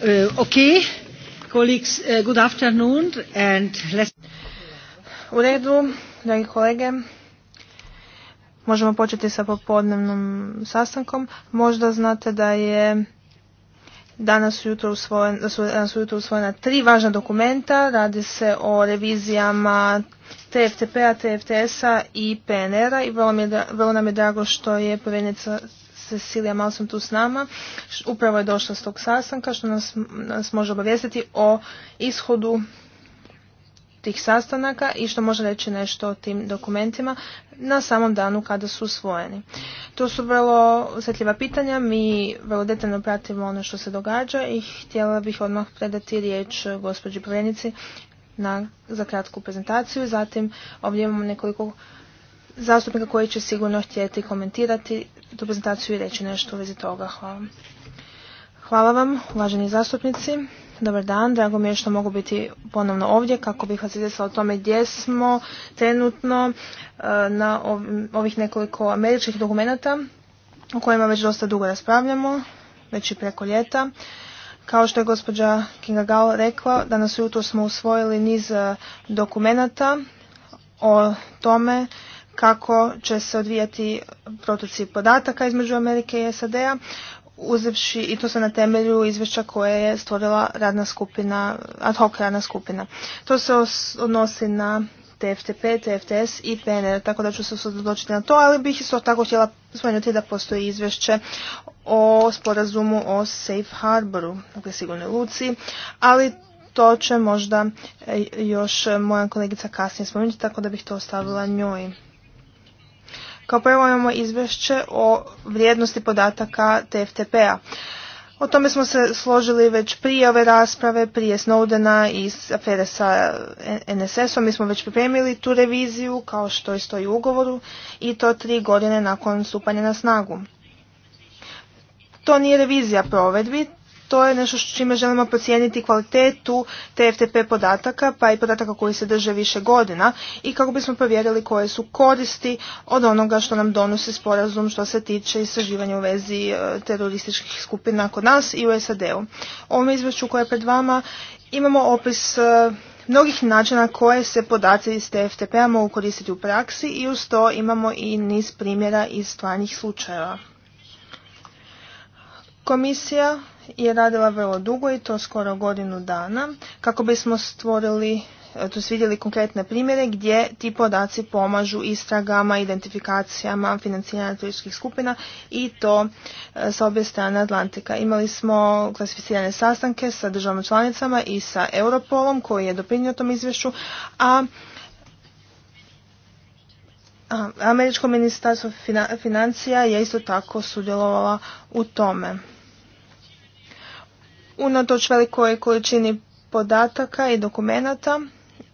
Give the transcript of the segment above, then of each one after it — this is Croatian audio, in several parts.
Uh, okay. Uh, good afternoon and U redu, dragi kolege, možemo početi sa popodnevnom sastankom. Možda znate da je danas ujutro su danas usvojena tri važna dokumenta. Radi se o revizijama TFTP-a, TFTS-a i PNR-a i vrlo, mi je, nam je drago što je povjerenica Cecilija Malson tu s nama. Upravo je došla s tog sastanka što nas, nas može obavijestiti o ishodu tih sastanaka i što može reći nešto o tim dokumentima na samom danu kada su usvojeni. To su vrlo osjetljiva pitanja, mi vrlo detaljno pratimo ono što se događa i htjela bih odmah predati riječ gospođi Povjenici na, za kratku prezentaciju. Zatim ovdje imamo nekoliko zastupnika koji će sigurno htjeti komentirati tu prezentaciju i reći nešto u vezi toga. Hvala. Hvala vam, uvaženi zastupnici. Dobar dan, drago mi je što mogu biti ponovno ovdje kako bih vas izvjesla o tome gdje smo trenutno e, na ovih nekoliko američkih dokumenata o kojima već dosta dugo raspravljamo, već i preko ljeta. Kao što je gospođa Kinga gao rekla, danas ujutro smo usvojili niz e, dokumenata o tome kako će se odvijati protoci podataka između Amerike i SAD-a, uzevši i to se na temelju izvješća koje je stvorila radna skupina, ad hoc radna skupina. To se odnosi na TFTP, TFTS i PNR, tako da ću se usredotočiti na to, ali bih isto tako htjela spomenuti da postoji izvješće o sporazumu o Safe Harboru, dakle sigurnoj luci, ali to će možda e, još moja kolegica kasnije spomenuti, tako da bih to ostavila njoj. Kao prvo imamo izvješće o vrijednosti podataka TFTP-a. O tome smo se složili već prije ove rasprave, prije Snowdena i afere sa NSS-om. Mi smo već pripremili tu reviziju, kao što i stoji u ugovoru, i to tri godine nakon stupanja na snagu. To nije revizija provedbi, to je nešto s čime želimo procijeniti kvalitetu TFTP podataka, pa i podataka koji se drže više godina i kako bismo provjerili koje su koristi od onoga što nam donosi sporazum što se tiče istraživanja u vezi e, terorističkih skupina kod nas i u SAD-u. Ovom izvješću koje je pred vama imamo opis e, mnogih načina koje se podaci iz TFTP-a mogu koristiti u praksi i uz to imamo i niz primjera iz stvarnih slučajeva. Komisija je radila vrlo dugo i to skoro godinu dana kako bismo stvorili e, tu svidjeli konkretne primjere gdje ti podaci pomažu istragama, identifikacijama, financiranja turističkih skupina i to e, sa obje strane Atlantika. Imali smo klasificirane sastanke sa državama članicama i sa Europolom koji je doprinio tom izvješću, a Američko ministarstvo financija je isto tako sudjelovala u tome. Unatoč velikoj količini podataka i dokumenata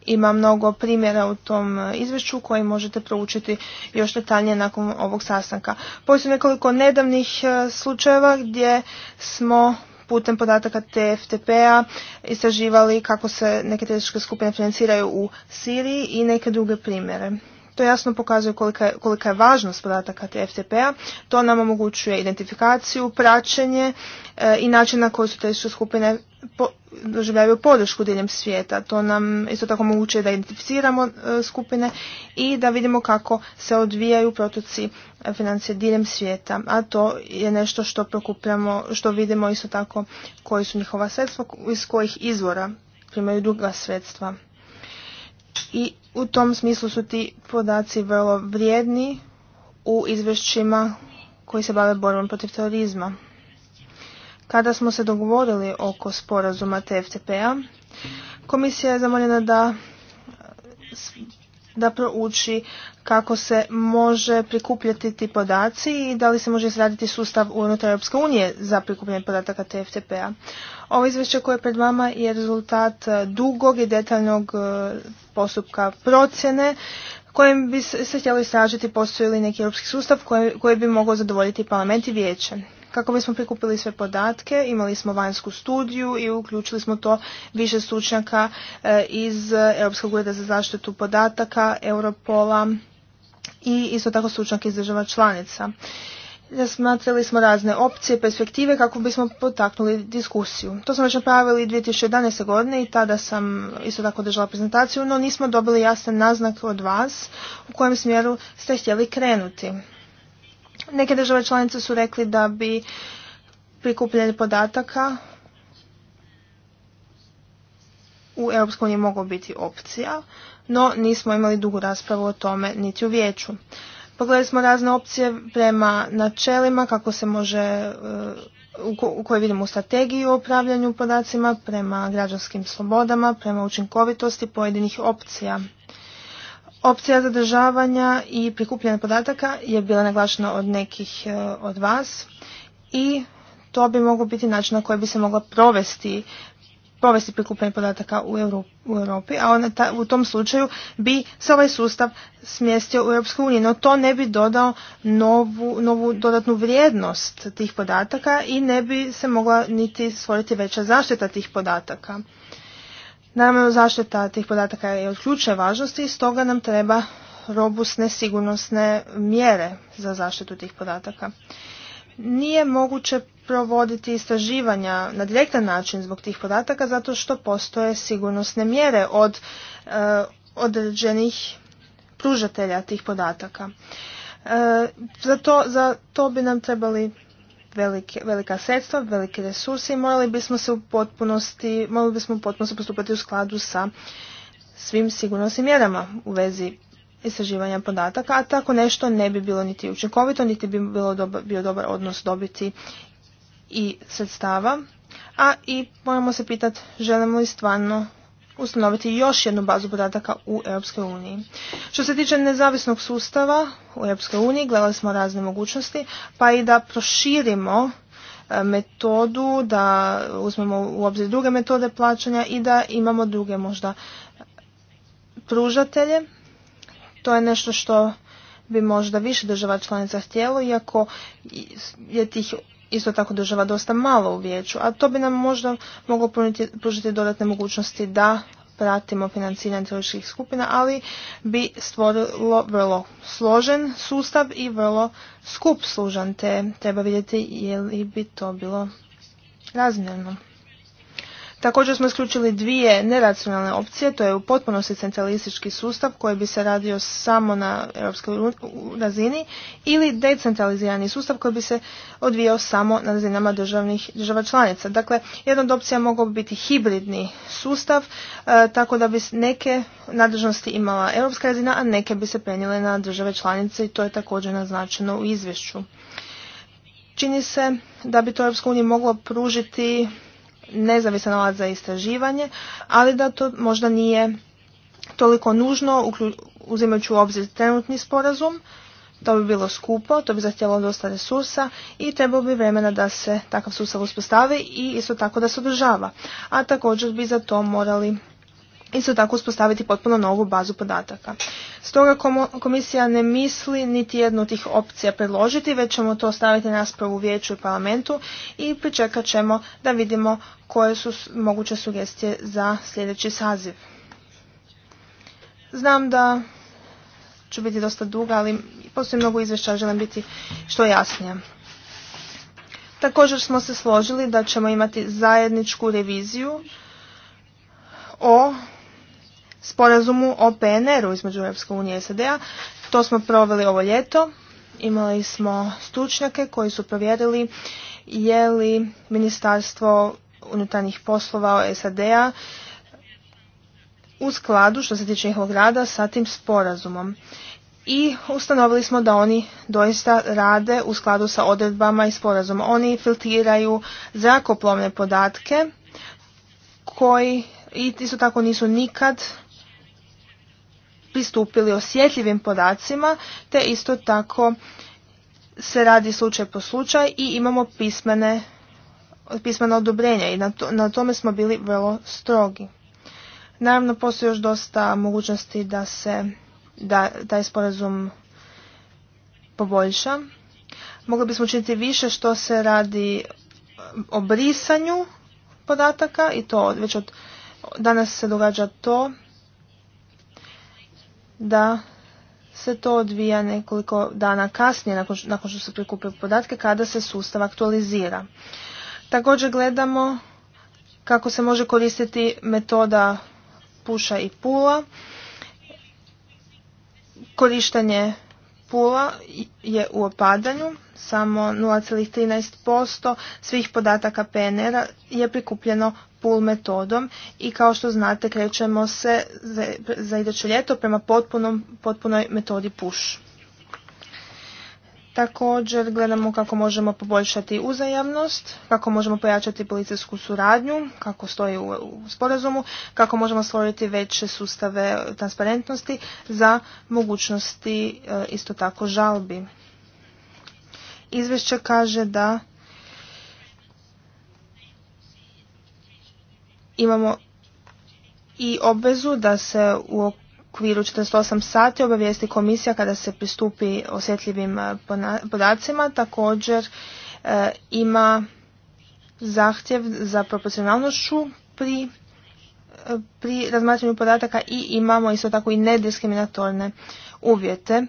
ima mnogo primjera u tom e, izvješću koji možete proučiti još detaljnije nakon ovog sastanka. Postoji nekoliko nedavnih e, slučajeva gdje smo putem podataka TFTP-a istraživali kako se neke terorističke skupine financiraju u Siriji i neke druge primjere. To jasno pokazuje kolika, kolika je važnost podataka te FTP-a. To nam omogućuje identifikaciju, praćenje e, i način na koji su te skupine po, doživljavaju podršku diljem svijeta. To nam isto tako omogućuje da identificiramo e, skupine i da vidimo kako se odvijaju protoci e, financije diljem svijeta. A to je nešto što prokupljamo, što vidimo isto tako koji su njihova sredstva, iz kojih izvora primaju druga sredstva i u tom smislu su ti podaci vrlo vrijedni u izvješćima koji se bave borbom protiv terorizma. Kada smo se dogovorili oko sporazuma TFTP-a, komisija je zamoljena da da prouči kako se može prikupljati ti podaci i da li se može izraditi sustav unutar Europske unije za prikupljanje podataka TFTP-a. Ovo izvješće koje je pred vama je rezultat e, dugog i detaljnog e, postupka procjene kojim bi se htjelo istražiti postoji li neki europski sustav koji bi mogao zadovoljiti parlament i vijeće. Kako bismo prikupili sve podatke, imali smo vanjsku studiju i uključili smo to više stručnjaka e, iz Europskog ureda za zaštitu podataka, Europola i isto tako stručnjaka iz država članica. Smatrali smo razne opcije, perspektive kako bismo potaknuli diskusiju. To smo već napravili 2011. godine i tada sam isto tako držala prezentaciju, no nismo dobili jasan naznak od vas u kojem smjeru ste htjeli krenuti. Neke države članice su rekli da bi prikupljanje podataka u EU moglo biti opcija, no nismo imali dugu raspravu o tome niti u vijeću. Pogledali smo razne opcije prema načelima kako se može e, u kojoj vidimo strategiju u upravljanju podacima, prema građanskim slobodama, prema učinkovitosti pojedinih opcija. Opcija zadržavanja i prikupljanja podataka je bila naglašena od nekih eh, od vas i to bi moglo biti način na koji bi se moglo provesti prikupljanje podataka u, Europi, a ona u tom slučaju bi se ovaj sustav smjestio u Europsku uniju, no to ne bi dodao novu, novu dodatnu vrijednost tih podataka i ne bi se mogla niti stvoriti veća zaštita tih podataka. Naravno, zaštita tih podataka je od ključne važnosti i stoga nam treba robustne sigurnosne mjere za zaštitu tih podataka. Nije moguće provoditi istraživanja na direktan način zbog tih podataka zato što postoje sigurnosne mjere od eh, određenih pružatelja tih podataka. E, za, to, za to bi nam trebali velike, velika sredstva, velike resursi i morali bismo se u potpunosti, morali bismo u potpunosti postupati u skladu sa svim sigurnosnim mjerama u vezi istraživanja podataka, a tako nešto ne bi bilo niti učinkovito, niti bi bilo bio dobar odnos dobiti i sredstava, a i moramo se pitati želimo li stvarno ustanoviti još jednu bazu podataka u EU. uniji. Što se tiče nezavisnog sustava u Europskoj uniji, gledali smo razne mogućnosti, pa i da proširimo e, metodu, da uzmemo u obzir druge metode plaćanja i da imamo druge možda pružatelje. To je nešto što bi možda više država članica htjelo, iako je tih isto tako država dosta malo u vijeću, a to bi nam možda moglo pružiti dodatne mogućnosti da pratimo financiranje teoričkih skupina, ali bi stvorilo vrlo složen sustav i vrlo skup služan, te treba vidjeti je li bi to bilo razmjerno. Također smo isključili dvije neracionalne opcije, to je u potpunosti centralistički sustav koji bi se radio samo na europskoj razini ili decentralizirani sustav koji bi se odvijao samo na razinama državnih, država članica. Dakle, jedna od opcija mogao biti hibridni sustav, e, tako da bi neke nadležnosti imala europska razina, a neke bi se prenijele na države članice i to je također naznačeno u izvješću. Čini se da bi to Europskoj uniji moglo pružiti nezavisan alat za istraživanje, ali da to možda nije toliko nužno uzimajući u obzir trenutni sporazum. To bi bilo skupo, to bi zahtjelo dosta resursa i trebalo bi vremena da se takav sustav uspostavi i isto tako da se održava. A također bi za to morali isto tako uspostaviti potpuno novu bazu podataka. Stoga komisija ne misli niti jednu od tih opcija predložiti, već ćemo to staviti na raspravu u vijeću i parlamentu i pričekat ćemo da vidimo koje su moguće sugestije za sljedeći saziv. Znam da ću biti dosta duga, ali poslije mnogo izvješća, želim biti što jasnije. Također smo se složili da ćemo imati zajedničku reviziju o sporazumu o PNR-u između Europske unije i SAD-a. To smo proveli ovo ljeto. Imali smo stručnjake koji su provjerili je li ministarstvo unutarnjih poslova SAD-a u skladu što se tiče njihovog rada sa tim sporazumom. I ustanovili smo da oni doista rade u skladu sa odredbama i sporazuma. Oni filtriraju zrakoplovne podatke koji isto tako nisu nikad pristupili osjetljivim podacima, te isto tako se radi slučaj po slučaj i imamo pismene, odobrenja i na, tome smo bili vrlo strogi. Naravno, postoji još dosta mogućnosti da se da, taj sporazum poboljša. Mogli bismo učiniti više što se radi e, o brisanju podataka i to već od danas se događa to da se to odvija nekoliko dana kasnije nakon, što se prikupe podatke kada se sustav aktualizira. Također gledamo kako se može koristiti metoda puša i pula, korištenje Pula je u opadanju, samo 0,13% svih podataka PNR-a je prikupljeno PUL metodom i kao što znate krećemo se za, za iduće ljeto prema potpunoj metodi push. Također gledamo kako možemo poboljšati uzajamnost, kako možemo pojačati policijsku suradnju, kako stoji u, u sporazumu, kako možemo stvoriti veće sustave transparentnosti za mogućnosti e, isto tako žalbi. Izvješće kaže da imamo i obvezu da se u okviru 48 sati obavijesti komisija kada se pristupi osjetljivim e, podacima. Također e, ima zahtjev za proporcionalnošću pri, e, pri razmatranju podataka i imamo isto tako i nediskriminatorne uvjete.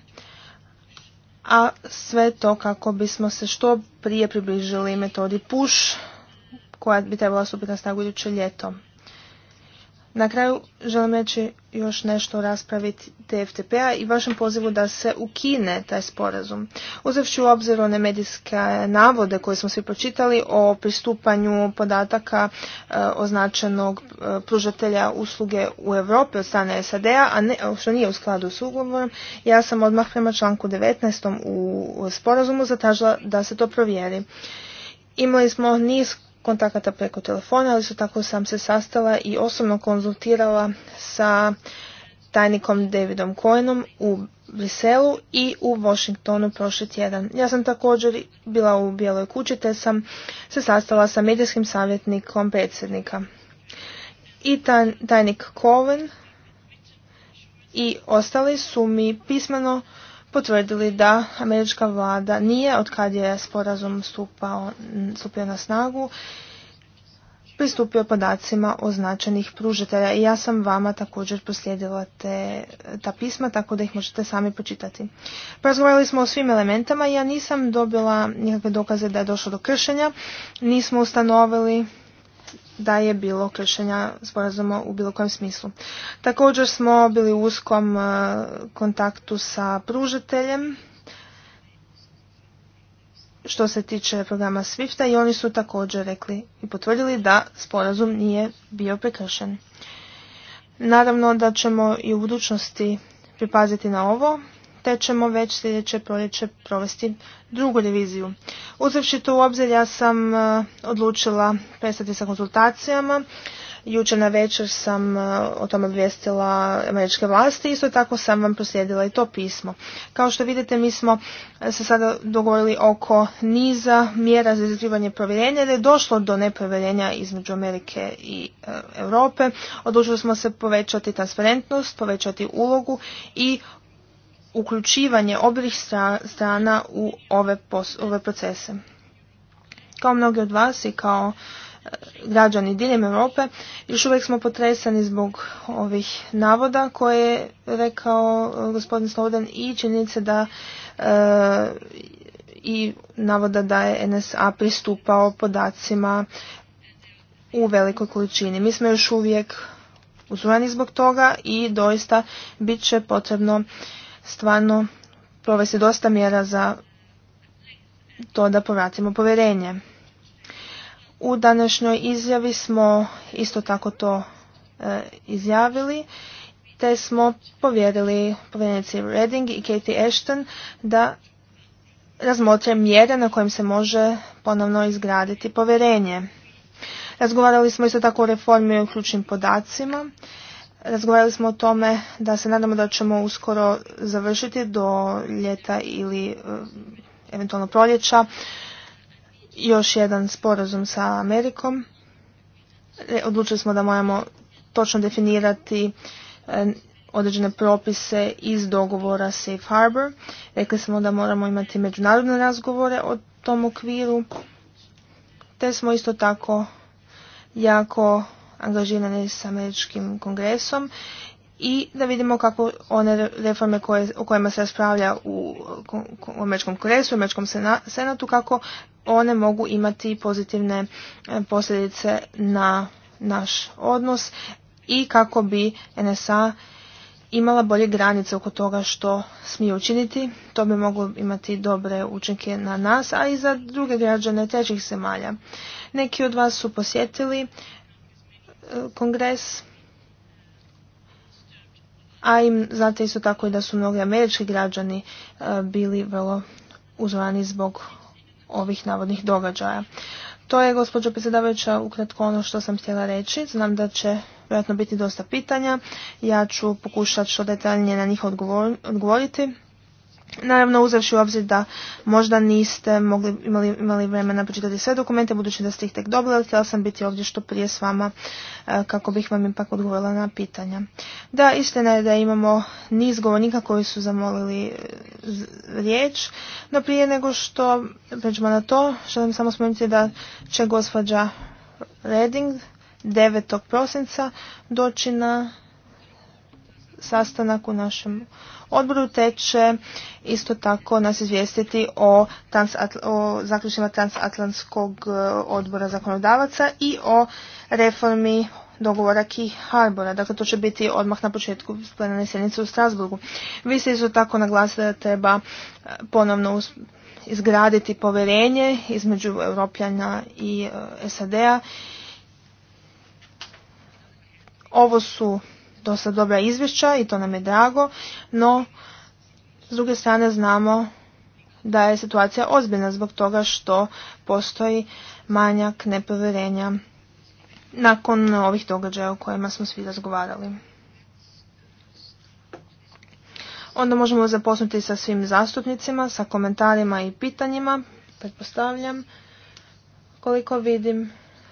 A sve to kako bismo se što prije približili metodi PUSH koja bi trebala stupiti na snagu iduće ljeto. Na kraju želim reći još nešto o raspravi TFTP-a i vašem pozivu da se ukine taj sporazum. Uzevši u obzir one medijske navode koje smo svi pročitali o pristupanju podataka e, označenog e, pružatelja usluge u Europi od strane SAD-a, a ne, što nije u skladu s ugovorom, ja sam odmah prema članku 19. u sporazumu zatražila da se to provjeri. Imali smo niz kontakata preko telefona, ali su tako sam se sastala i osobno konzultirala sa tajnikom Davidom Cohenom u Briselu i u Washingtonu prošli tjedan. Ja sam također bila u Bijeloj kući te sam se sastala sa medijskim savjetnikom predsjednika. I tajnik Cohen i ostali su mi pismeno potvrdili da američka vlada nije, od kad je sporazum stupao, stupio na snagu, pristupio podacima o pružitelja. i ja sam vama također poslijedila ta pisma tako da ih možete sami počitati. Razgovarali smo o svim elementama ja nisam dobila nikakve dokaze da je došlo do kršenja, nismo ustanovili da je bilo kršenja sporazuma u bilo kojem smislu. Također smo bili u uskom e, kontaktu sa pružateljem što se tiče programa Swifta i oni su također rekli i potvrdili da sporazum nije bio prekršen. Naravno da ćemo i u budućnosti pripaziti na ovo te ćemo već sljedeće proljeće provesti drugu reviziju. Uzevši to u obzir, ja sam e, odlučila prestati sa konsultacijama. Jučer na večer sam e, o tome obvijestila američke vlasti, isto tako sam vam proslijedila i to pismo. Kao što vidite, mi smo e, se sada dogovorili oko niza mjera za izazivanje provjerenja, jer je došlo do neprovjerenja između Amerike i Europe. Odlučili smo se povećati transparentnost, povećati ulogu i uključivanje obih strana u ove, ove procese. Kao mnogi od vas i kao e, građani diljem Europe, još uvijek smo potresani zbog ovih navoda koje je rekao e, gospodin Snowden i činjenice da e, i navoda da je NSA pristupao podacima u velikoj količini. Mi smo još uvijek uzurani zbog toga i doista bit će potrebno stvarno provesti dosta mjera za to da povratimo povjerenje. U današnjoj izjavi smo isto tako to e, izjavili, te smo povjerili povjerenici Redding i Katie Ashton da razmotre mjere na kojim se može ponovno izgraditi povjerenje. Razgovarali smo isto tako o reformi o ključnim podacima Razgovarali smo o tome da se nadamo da ćemo uskoro završiti do ljeta ili e, eventualno proljeća još jedan sporazum sa Amerikom. E, odlučili smo da moramo točno definirati e, određene propise iz dogovora Safe Harbor. Rekli smo da moramo imati međunarodne razgovore o tom okviru. Te smo isto tako jako angažirani s američkim kongresom i da vidimo kako one reforme koje, o kojima se raspravlja u, u američkom kongresu, u američkom senatu, kako one mogu imati pozitivne eh, posljedice na naš odnos i kako bi NSA imala bolje granice oko toga što smije učiniti. To bi moglo imati dobre učinke na nas, a i za druge građane trećih zemalja. Neki od vas su posjetili kongres. A im znate isto tako i da su mnogi američki građani e, bili vrlo uzvani zbog ovih navodnih događaja. To je, gospođo predsjedavajuća, ukratko ono što sam htjela reći. Znam da će vjerojatno biti dosta pitanja. Ja ću pokušati što detaljnije na njih odgovoriti. Naravno, uzavši u obzir da možda niste mogli, imali, imali vremena pročitati sve dokumente, budući da ste ih tek dobili, ali htjela sam biti ovdje što prije s vama e, kako bih vam ipak odgovorila na pitanja. Da, istina je da imamo niz govornika koji su zamolili e, riječ, no prije nego što pređemo na to, želim samo spomenuti da će gospođa Reding 9. prosinca doći na sastanak u našem odboru, te će isto tako nas izvijestiti o, o zaključima transatlantskog e, odbora zakonodavaca i o reformi dogovora Key Harbora. Dakle, to će biti odmah na početku plenarne sjednice u Strasburgu. Vi ste isto tako naglasili da treba e, ponovno izgraditi povjerenje između Europljana i e, SAD-a. Ovo su dosta dobra izvješća i to nam je drago, no s druge strane znamo da je situacija ozbiljna zbog toga što postoji manjak nepovjerenja nakon ovih događaja o kojima smo svi razgovarali. Onda možemo zaposnuti sa svim zastupnicima, sa komentarima i pitanjima, pretpostavljam. Koliko vidim,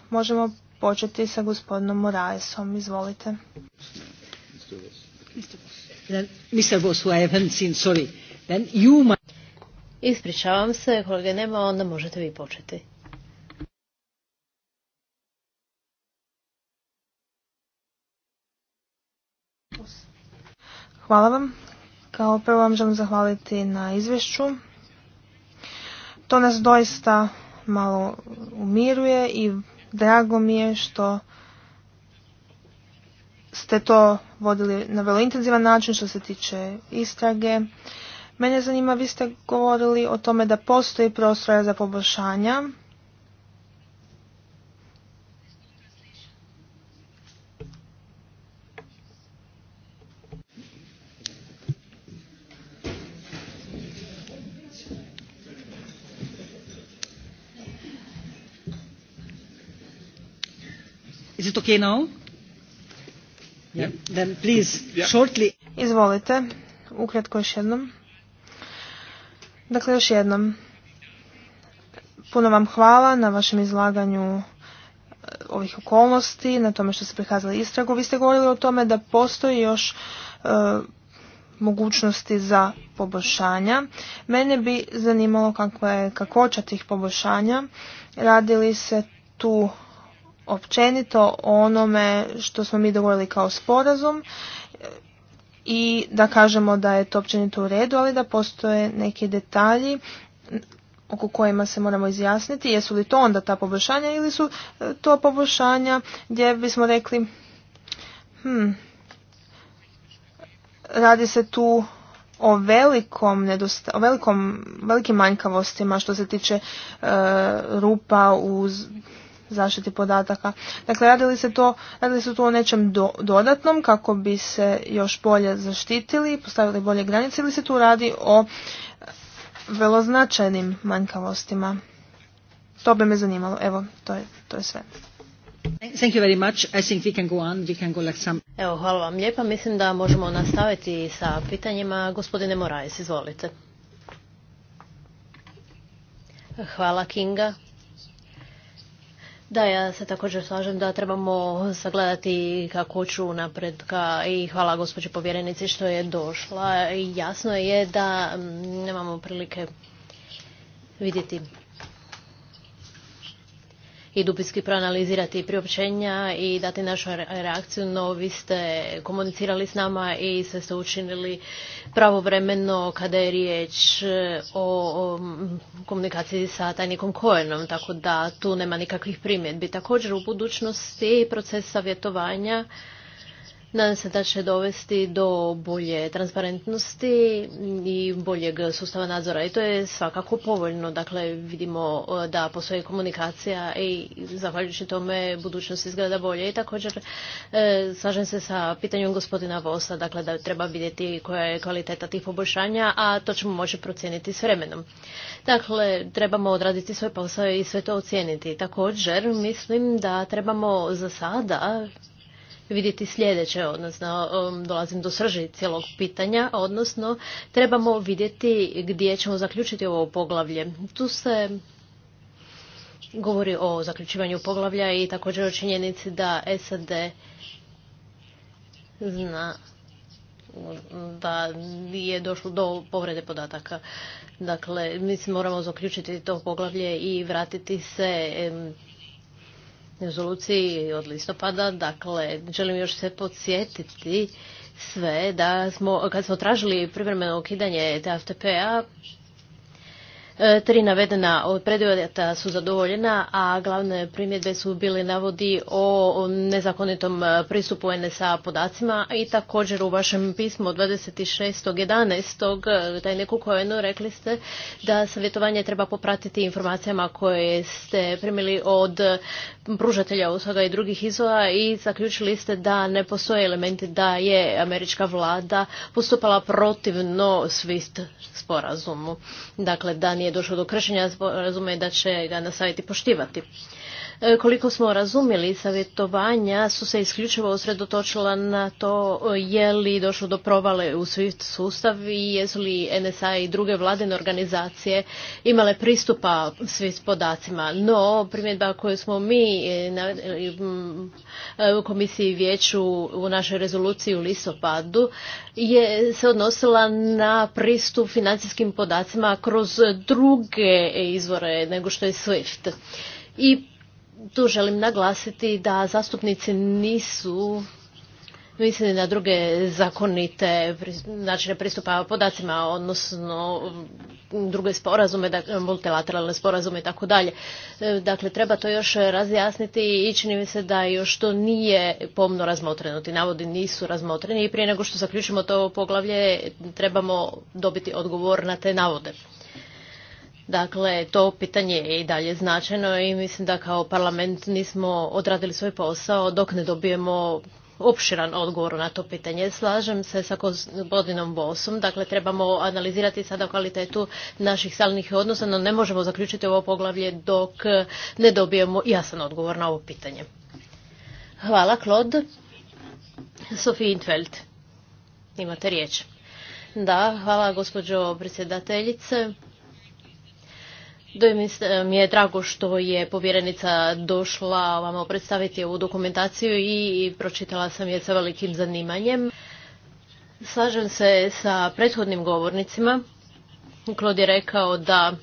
možemo početi sa gospodinom Moraesom. Izvolite. Mr. Voss. Mr. Voss. who I haven't seen, sorry. Then you might... Ispričavam se, kolege nema, onda možete vi početi. Hvala vam. Kao prvo vam želim zahvaliti na izvješću. To nas doista malo umiruje i drago mi je što ste to vodili na vrlo intenzivan način što se tiče istrage. Mene zanima, vi ste govorili o tome da postoji prostora za poboljšanja. Is it okay now? Izvolite, ukratko još jednom. Dakle, još jednom. Puno vam hvala na vašem izlaganju eh, ovih okolnosti, na tome što ste prikazali istragu. Vi ste govorili o tome da postoji još eh, mogućnosti za poboljšanja. Mene bi zanimalo kakva je kakvoća tih poboljšanja. Radili se tu općenito o onome što smo mi dovoljili kao sporazum i da kažemo da je to općenito u redu, ali da postoje neki detalji oko kojima se moramo izjasniti, jesu li to onda ta poboljšanja ili su e, to poboljšanja gdje bismo rekli hm, radi se tu o velikom, velikom velikim manjkavostima što se tiče e, rupa uz zaštiti podataka. Dakle, radili se to, radili se to o nečem dodatnom kako bi se još bolje zaštitili, postavili bolje granice ili se tu radi o vrlo značajnim manjkavostima. To bi me zanimalo. Evo, to je, to je sve. Thank you very much. I think we can go on. We can go like some... Evo, hvala vam lijepa. Mislim da možemo nastaviti sa pitanjima. Gospodine Morais, izvolite. Hvala Kinga. Da, ja se također slažem da trebamo sagledati ću napred i hvala gospođi povjerenici što je došla. Jasno je da mm, nemamo prilike vidjeti i dubinski proanalizirati priopćenja i dati našu reakciju, no vi ste komunicirali s nama i sve ste učinili pravovremeno kada je riječ eh, o komunikaciji sa tajnikom Kojenom, tako da tu nema nikakvih primjedbi. Također u budućnosti proces savjetovanja Nadam se da će dovesti do bolje transparentnosti i boljeg sustava nadzora i to je svakako povoljno. Dakle, vidimo da postoji komunikacija i zahvaljujući tome budućnost izgleda bolje i također e, slažem se sa pitanjem gospodina Vosa, dakle da treba vidjeti koja je kvaliteta tih poboljšanja, a to ćemo moći procijeniti s vremenom. Dakle, trebamo odraditi svoj posao i sve to ocijeniti. Također, mislim da trebamo za sada vidjeti sljedeće, odnosno um, dolazim do srži cijelog pitanja, odnosno trebamo vidjeti gdje ćemo zaključiti ovo poglavlje. Tu se govori o zaključivanju poglavlja i također o činjenici da SAD zna da je došlo do povrede podataka. Dakle, mislim, moramo zaključiti to poglavlje i vratiti se rezoluciji od listopada. Dakle, želim još se podsjetiti sve da smo, kad smo tražili privremeno ukidanje TFTP-a, E, tri navedena od preduvjeta su zadovoljena, a glavne primjedbe su bili navodi o nezakonitom e, pristupu NSA podacima i također u vašem pismu od 26.11. neku Kojenu rekli ste da savjetovanje treba popratiti informacijama koje ste primili od pružatelja usluga i drugih izvora i zaključili ste da ne postoje elementi da je američka vlada postupala protivno svist sporazumu. Dakle, da nije došlo do kršenja, razumije da će ga nastaviti poštivati. E, koliko smo razumjeli, savjetovanja su se isključivo osredotočila na to e, je li došlo do provale u SWIFT sustav i jesu li NSA i druge vladine organizacije imale pristupa SWIFT podacima. No, primjedba koju smo mi e, u komisiji vijeću u našoj rezoluciji u listopadu je se odnosila na pristup financijskim podacima kroz druge izvore nego što je SWIFT. I tu želim naglasiti da zastupnici nisu mislili na druge zakonite načine pristupa podacima, odnosno mm, druge sporazume, multilateralne sporazume i tako dalje. E, dakle, treba to još razjasniti i čini mi se da još to nije pomno razmotreno. Ti navodi nisu razmotreni i prije nego što zaključimo to poglavlje trebamo dobiti odgovor na te navode. Dakle, to pitanje je i dalje značajno i mislim da kao parlament nismo odradili svoj posao dok ne dobijemo opširan odgovor na to pitanje. Slažem se sa gospodinom Bosom, dakle trebamo analizirati sada kvalitetu naših stalnih odnosa, no ne možemo zaključiti ovo poglavlje dok ne dobijemo jasan odgovor na ovo pitanje. Hvala, Claude. Sofie Intveld, imate riječ. Da, hvala gospođo predsjedateljice. E, mi je drago što je povjerenica došla vama predstaviti ovu dokumentaciju i pročitala sam je sa velikim zanimanjem. Slažem se sa prethodnim govornicima. Klod je rekao da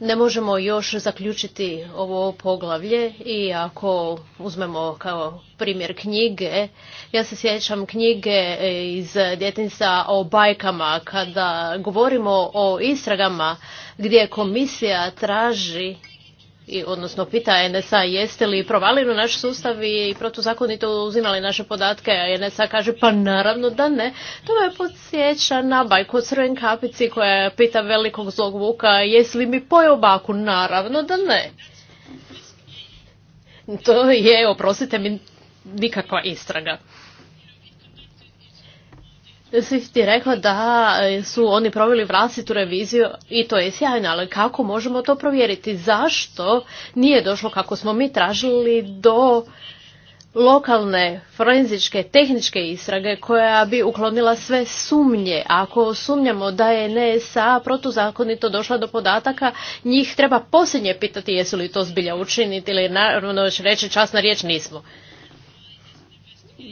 ne možemo još zaključiti ovo poglavlje i ako uzmemo kao primjer knjige, ja se sjećam knjige iz djetinjstva o bajkama kada govorimo o istragama gdje komisija traži i, odnosno pita NSA jeste li provalili naš sustav i protuzakonito uzimali naše podatke, a NSA kaže pa naravno da ne. To me podsjeća na bajku srven kapici koja pita velikog zlog vuka jesi li mi pojao baku, naravno da ne. To je, oprostite mi, nikakva istraga ti rekla da e, su oni proveli vlastitu reviziju i to je sjajno, ali kako možemo to provjeriti? Zašto nije došlo kako smo mi tražili do lokalne forenzičke tehničke istrage koja bi uklonila sve sumnje. Ako sumnjamo da je NSA protuzakonito došla do podataka, njih treba posljednje pitati jesu li to zbilja učiniti ili naravno još reći časna riječ nismo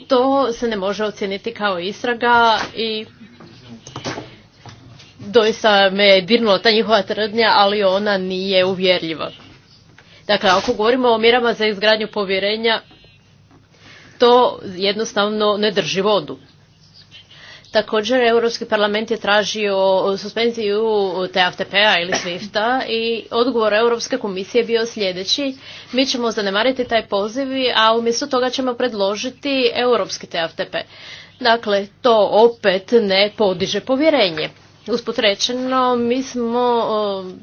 to se ne može ocijeniti kao istraga i doista me je dirnula ta njihova tvrdnja, ali ona nije uvjerljiva. Dakle, ako govorimo o mjerama za izgradnju povjerenja, to jednostavno ne drži vodu. Također, Europski parlament je tražio suspenziju TFTP-a ili SWIFT-a i odgovor Europske komisije je bio sljedeći. Mi ćemo zanemariti taj poziv, a umjesto toga ćemo predložiti Europski TFTP. Dakle, to opet ne podiže povjerenje. Usput mi smo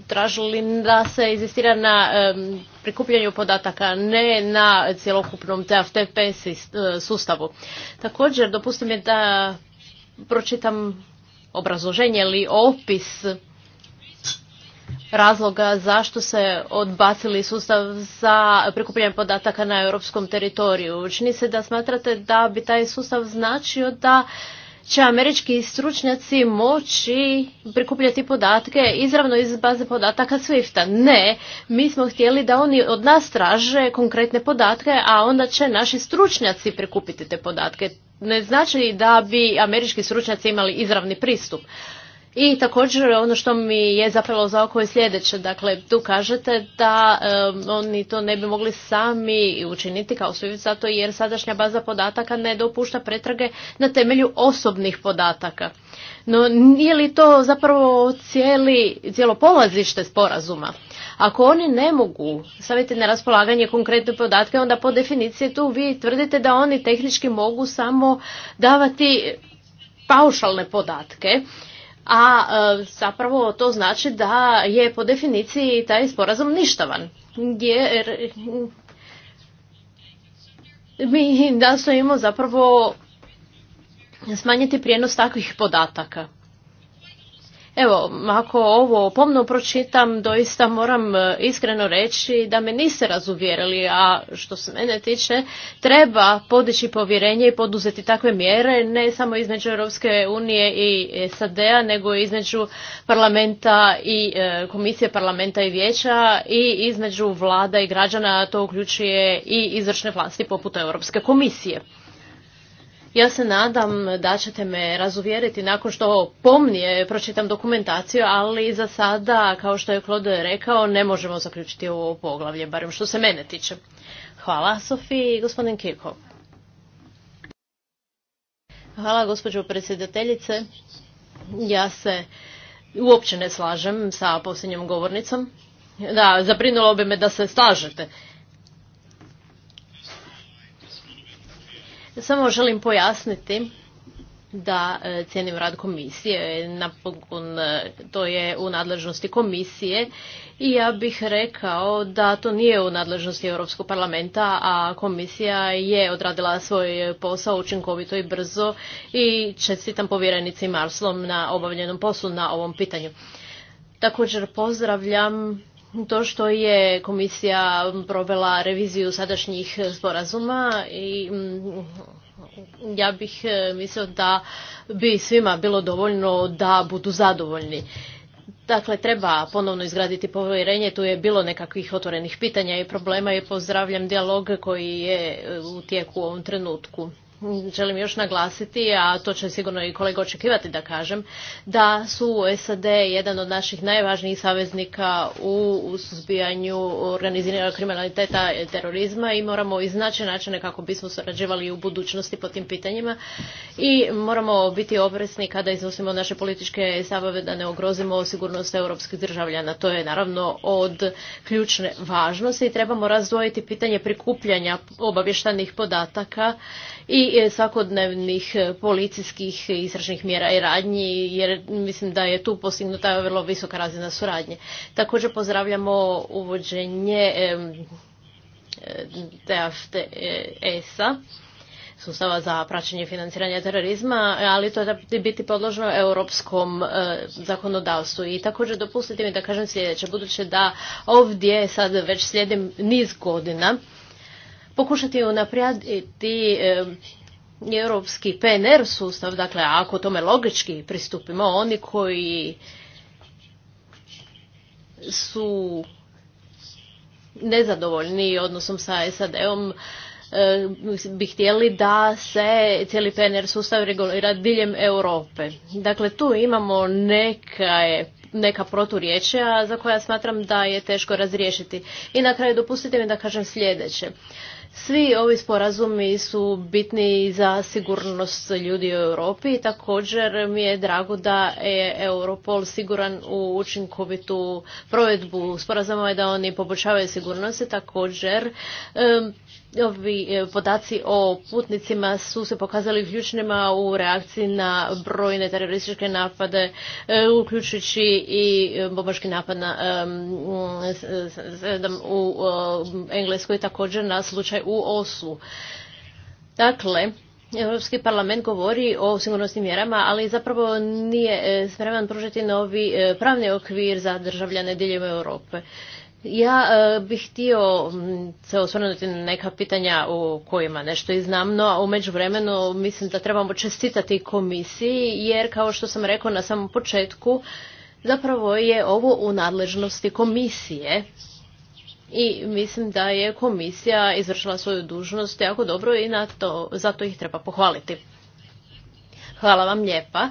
tražili da se izistira na prikupljanju podataka, ne na cjelokupnom TFTP e, sustavu. Također, dopustim je da pročitam obrazloženje ili opis razloga zašto se odbacili sustav za prikupljanje podataka na europskom teritoriju. Čini se da smatrate da bi taj sustav značio da će američki stručnjaci moći prikupljati podatke izravno iz baze podataka Swifta. Ne, mi smo htjeli da oni od nas traže konkretne podatke, a onda će naši stručnjaci prikupiti te podatke. Ne znači da bi američki stručnjaci imali izravni pristup. I također ono što mi je zapelo za oko je sljedeće, dakle tu kažete da oni to ne bi mogli sami učiniti kao svi zato jer sadašnja baza podataka ne dopušta pretrage na temelju osobnih podataka. No nije li to zapravo cijeli, cijelo polazište sporazuma? Ako oni ne mogu staviti na raspolaganje konkretne podatke, onda po definiciji tu vi tvrdite da oni tehnički mogu samo davati paušalne podatke a e, zapravo to znači da je po definiciji taj sporazum ništavan. Jer mi nastojimo zapravo smanjiti prijenos takvih podataka. Evo, ako ovo pomno pročitam, doista moram e, iskreno reći da me niste razuvjerili, a što se mene tiče, treba podići povjerenje i poduzeti takve mjere, ne samo između Europske unije i SAD-a, nego između parlamenta i e, komisije parlamenta i vijeća i između vlada i građana, to uključuje i izvršne vlasti poput Europske komisije. Ja se nadam da ćete me razuvjeriti nakon što pomnije pročitam dokumentaciju, ali za sada, kao što je Claude rekao, ne možemo zaključiti ovo poglavlje, barem što se mene tiče. Hvala, Sofi i gospodin Kirko. Hvala, gospođo predsjedateljice. Ja se uopće ne slažem sa posljednjom govornicom. Da, zabrinulo bi me da se slažete. Samo želim pojasniti da e, cijenim rad komisije. Napokon e, to je u nadležnosti komisije i ja bih rekao da to nije u nadležnosti Europskog parlamenta, a komisija je odradila svoj posao učinkovito i brzo i čestitam povjerenici Marslom na obavljenom poslu na ovom pitanju. Također pozdravljam to što je komisija provela reviziju sadašnjih sporazuma i mm, ja bih e, mislio da bi svima bilo dovoljno da budu zadovoljni. Dakle, treba ponovno izgraditi povjerenje, tu je bilo nekakvih otvorenih pitanja i problema i pozdravljam dijalog koji je e, u tijeku u ovom trenutku želim još naglasiti, a to će sigurno i kolega očekivati da kažem, da su SAD jedan od naših najvažnijih saveznika u suzbijanju organiziranog kriminaliteta i terorizma i moramo iznaći načine kako bismo surađivali u budućnosti po tim pitanjima i moramo biti opresni kada iznosimo naše političke stavove da ne ugrozimo sigurnost europskih državljana. To je naravno od ključne važnosti i trebamo razdvojiti pitanje prikupljanja obavještanih podataka i e, svakodnevnih e, policijskih e, istražnih mjera i radnji, jer mislim da je tu postignuta vrlo visoka razina suradnje. Također pozdravljamo uvođenje DFTS-a, sustava za praćenje financiranja terorizma, ali to da biti podložno europskom zakonodavstvu. I također dopustite mi da kažem sljedeće, budući da ovdje sad već slijedim niz godina, pokušati unaprijediti europski PNR sustav, dakle ako tome logički pristupimo, oni koji su nezadovoljni odnosom sa SAD-om bi htjeli da se cijeli PNR sustav regulira diljem Europe. Dakle, tu imamo neka, neka za koja smatram da je teško razriješiti. I na kraju dopustite mi da kažem sljedeće. Svi ovi sporazumi su bitni za sigurnost ljudi u Europi i također mi je drago da je Europol siguran u učinkovitu provedbu sporazuma i da oni poboljšavaju sigurnost i također Ovi e, podaci o putnicima su se pokazali ključnima u reakciji na brojne terorističke napade, e, uključujući i e, bombaški napad na, u Engleskoj također na slučaj u Osu. Dakle, Europski parlament govori o sigurnosnim mjerama, ali zapravo nije spreman pružiti novi pravni okvir za državljane diljem Europe. Ja e, bih htio se osvrnuti na neka pitanja o kojima nešto i znam, no a u međuvremenu mislim da trebamo čestitati komisiji jer kao što sam rekao na samom početku zapravo je ovo u nadležnosti komisije i mislim da je komisija izvršila svoju dužnost jako dobro i na to, zato ih treba pohvaliti. Hvala vam lijepa.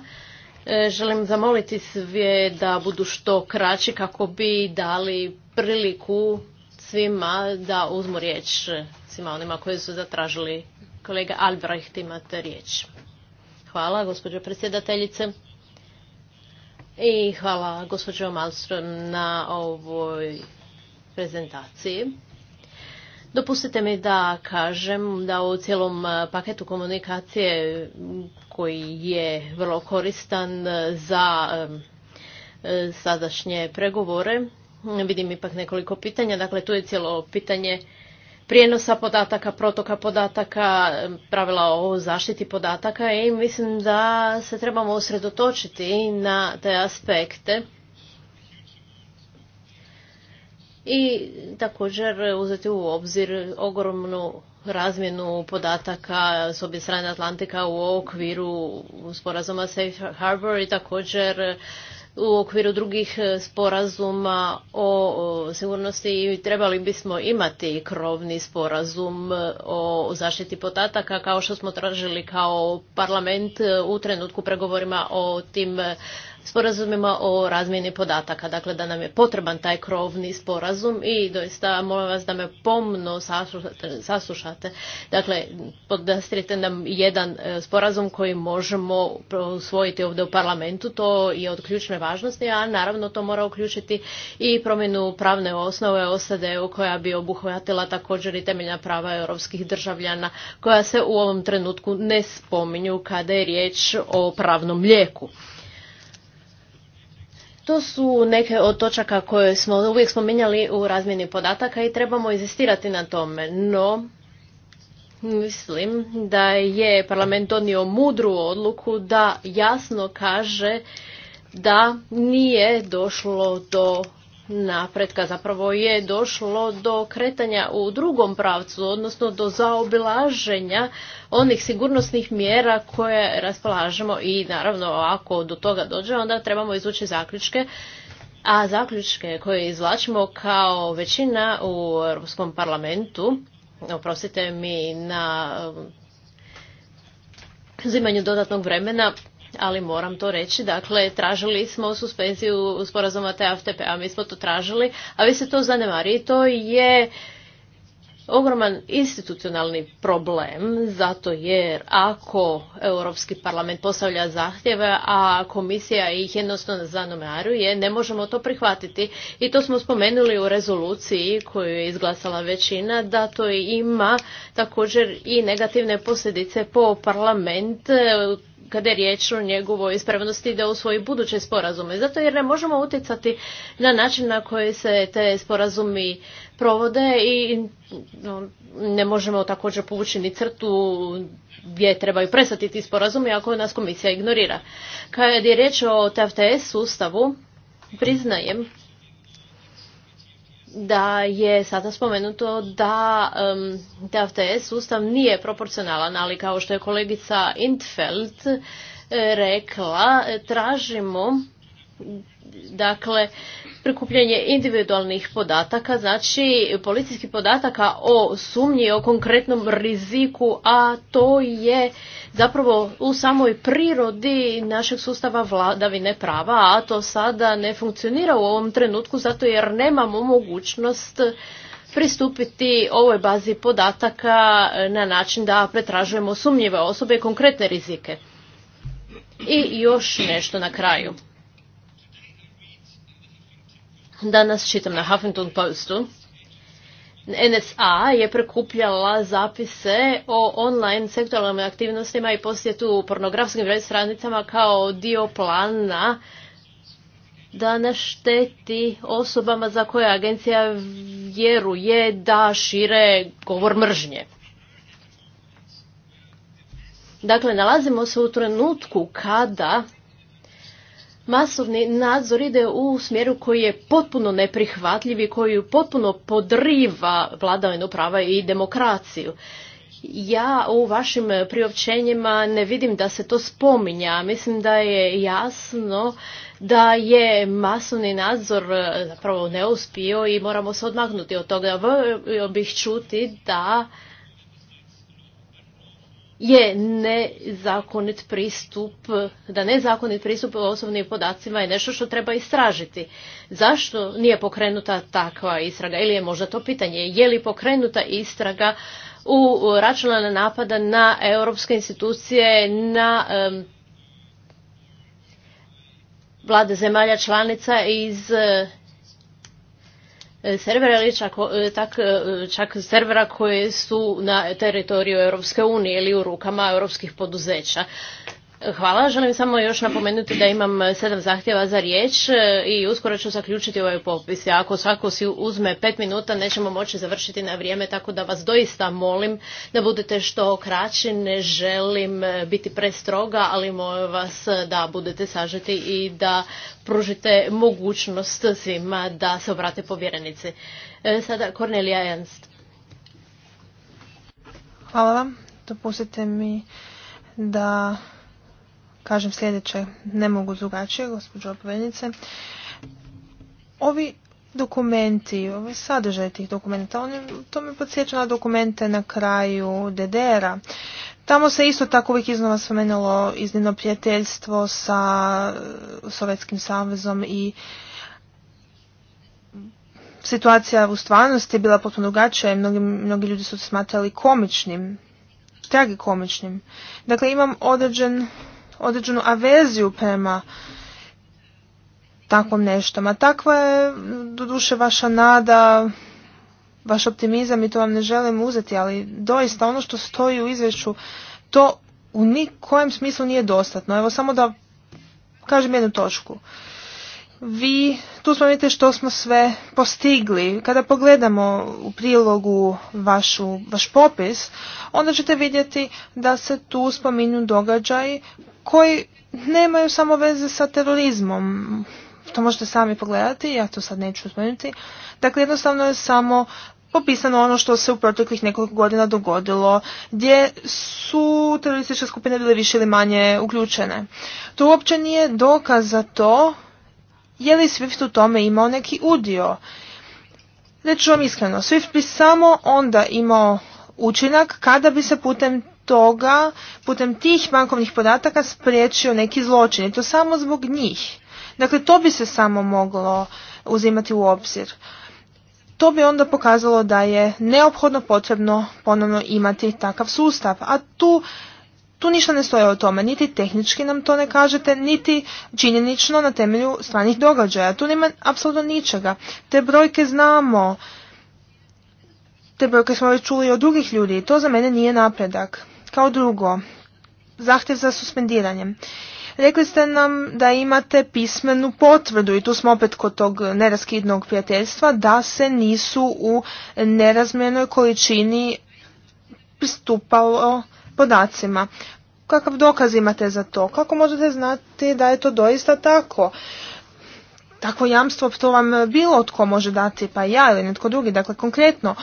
E, želim zamoliti sve da budu što kraći kako bi dali priliku svima da uzmu riječ, svima onima koji su zatražili. Kolega Albrecht imate riječ. Hvala gospođo predsjedateljice. I hvala gospođo Malstrom na ovoj prezentaciji. Dopustite mi da kažem da u cijelom e, paketu komunikacije koji je vrlo koristan za e, sadašnje pregovore, vidim ipak nekoliko pitanja. Dakle, tu je cijelo pitanje prijenosa podataka, protoka podataka, pravila o zaštiti podataka i mislim da se trebamo usredotočiti na te aspekte i također uzeti u obzir ogromnu razmjenu podataka s obje strane Atlantika u okviru sporazuma Safe Harbor i također u okviru drugih sporazuma o sigurnosti i trebali bismo imati krovni sporazum o zaštiti podataka kao što smo tražili kao parlament u trenutku pregovorima o tim sporazumima o razmjeni podataka. Dakle, da nam je potreban taj krovni sporazum i doista molim vas da me pomno saslušate. Dakle, podastrite nam jedan e, sporazum koji možemo usvojiti ovdje u parlamentu. To je od ključne važnosti, a naravno to mora uključiti i promjenu pravne osnove osade u koja bi obuhvatila također i temeljna prava europskih državljana koja se u ovom trenutku ne spominju kada je riječ o pravnom lijeku. To su neke od točaka koje smo uvijek spominjali u razmjeni podataka i trebamo izistirati na tome. No, mislim da je parlament donio mudru odluku da jasno kaže da nije došlo do napretka zapravo je došlo do kretanja u drugom pravcu, odnosno do zaobilaženja onih sigurnosnih mjera koje raspolažemo i naravno ako do toga dođe onda trebamo izvući zaključke a zaključke koje izvlačimo kao većina u Europskom parlamentu, oprostite mi na eh, uzimanju dodatnog vremena, ali moram to reći. Dakle, tražili smo suspenziju sporazuma TFTP, a mi smo to tražili, a vi ste to zanemari. To je ogroman institucionalni problem, zato jer ako Europski parlament postavlja zahtjeve, a komisija ih jednostavno zanomaruje, ne možemo to prihvatiti. I to smo spomenuli u rezoluciji koju je izglasala većina, da to ima također i negativne posljedice po parlament e, kada je riječ o njegovoj ispravnosti da usvoji buduće sporazume. Zato jer ne možemo utjecati na način na koji se te sporazumi provode i ne možemo također povući ni crtu gdje trebaju prestati ti sporazumi ako nas komisija ignorira. Kad je riječ o TFTS sustavu, priznajem da je sada spomenuto da um, TFTS sustav nije proporcionalan, ali kao što je kolegica Intfeld eh, rekla, tražimo dakle prikupljanje individualnih podataka, znači policijskih podataka o sumnji, o konkretnom riziku, a to je zapravo u samoj prirodi našeg sustava vladavine prava, a to sada ne funkcionira u ovom trenutku zato jer nemamo mogućnost pristupiti ovoj bazi podataka na način da pretražujemo sumnjive osobe i konkretne rizike. I još nešto na kraju. Danas čitam na Huffington Postu. NSA je prekupljala zapise o online sektoralnim aktivnostima i posjetu pornografskim web stranicama kao dio plana da našteti osobama za koje agencija vjeruje da šire govor mržnje. Dakle, nalazimo se u trenutku kada masovni nadzor ide u smjeru koji je potpuno neprihvatljiv i koji potpuno podriva vladavinu prava i demokraciju. Ja u vašim priopćenjima ne vidim da se to spominja. Mislim da je jasno da je masovni nadzor e, zapravo neuspio i moramo se odmagnuti od toga. Volio bih čuti da je nezakonit pristup, da nezakonit pristup osobnim podacima je nešto što treba istražiti. Zašto nije pokrenuta takva istraga? Ili je možda to pitanje, je li pokrenuta istraga u računalne napada na europske institucije, na vlade zemalja članica iz E, servera ili čak, e, tak, e, čak servera koje su na teritoriju Europske unije ili u rukama europskih poduzeća. Hvala. Želim samo još napomenuti da imam sedam zahtjeva za riječ e, i uskoro ću zaključiti ovaj popis. Ako svako si uzme pet minuta nećemo moći završiti na vrijeme, tako da vas doista molim da budete što kraći. Ne želim e, biti prestroga, ali molim vas e, da budete sažeti i da pružite mogućnost svima da se obrate povjerenici. Sada Kornelija Ernst. Hvala vam. Dopustite mi da kažem sljedeće, ne mogu drugačije, gospođo opovednice. Ovi dokumenti, ovaj sadržaj tih dokumenta, oni, to me podsjeća na dokumente na kraju DDR-a. Tamo se isto tako uvijek iznova spomenulo iznimno prijateljstvo sa Sovjetskim savezom i situacija u stvarnosti je bila potpuno drugačija i mnogi, mnogi ljudi su smatrali komičnim, tragikomičnim. Dakle, imam određen određenu averziju prema takvom neštom. A takva je, doduše, vaša nada, vaš optimizam i to vam ne želim uzeti, ali doista ono što stoji u izvješću, to u nikojem smislu nije dostatno. Evo samo da kažem jednu točku. Vi, tu smo vidite što smo sve postigli. Kada pogledamo u prilogu vaš popis, onda ćete vidjeti da se tu spominju događaj koji nemaju samo veze sa terorizmom. To možete sami pogledati, ja to sad neću spomenuti. Dakle, jednostavno je samo popisano ono što se u proteklih nekoliko godina dogodilo, gdje su terorističke skupine bile više ili manje uključene. To uopće nije dokaz za to je li Swift u tome imao neki udio. Reći vam iskreno, Swift bi samo onda imao učinak kada bi se putem toga putem tih bankovnih podataka spriječio neki zločin i to samo zbog njih. Dakle, to bi se samo moglo uzimati u obzir. To bi onda pokazalo da je neophodno potrebno ponovno imati takav sustav, a tu tu ništa ne stoje o tome, niti tehnički nam to ne kažete, niti činjenično na temelju stvarnih događaja. Tu nema apsolutno ničega. Te brojke znamo, te brojke smo već čuli od drugih ljudi to za mene nije napredak. Kao drugo, zahtjev za suspendiranje. Rekli ste nam da imate pismenu potvrdu i tu smo opet kod tog neraskidnog prijateljstva da se nisu u nerazmjernoj količini pristupalo podacima. Kakav dokaz imate za to? Kako možete znati da je to doista tako? Takvo jamstvo to vam bilo tko može dati, pa ja ili netko drugi. Dakle, konkretno,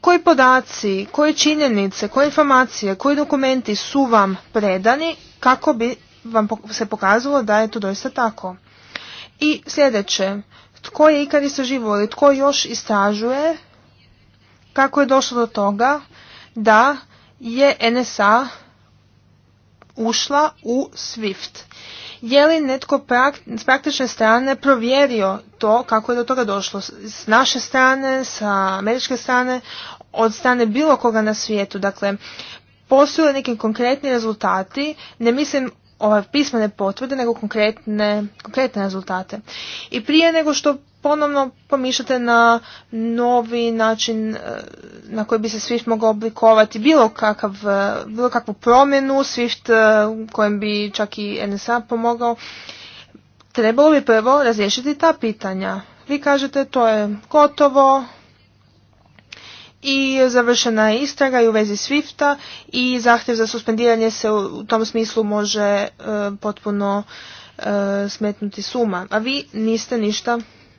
koji podaci, koje činjenice, koje informacije, koji dokumenti su vam predani kako bi vam se pokazalo da je to doista tako. I sljedeće, tko je ikad istraživo ili tko još istražuje kako je došlo do toga da je NSA ušla u SWIFT. Je li netko s praktične strane provjerio to kako je do toga došlo? S naše strane, sa američke strane, od strane bilo koga na svijetu. Dakle, postoje neki konkretni rezultati, ne mislim ove pismene potvrde, nego konkretne, konkretne rezultate. I prije nego što ponovno pomišljate na novi način e, na koji bi se Swift mogao oblikovati bilo, kakav, e, bilo kakvu promjenu Swift e, kojem bi čak i NSA pomogao. Trebalo bi prvo razriješiti ta pitanja. Vi kažete to je gotovo i završena je istraga i u vezi Swifta i zahtjev za suspendiranje se u tom smislu može potpuno smetnuti suma. A vi niste ništa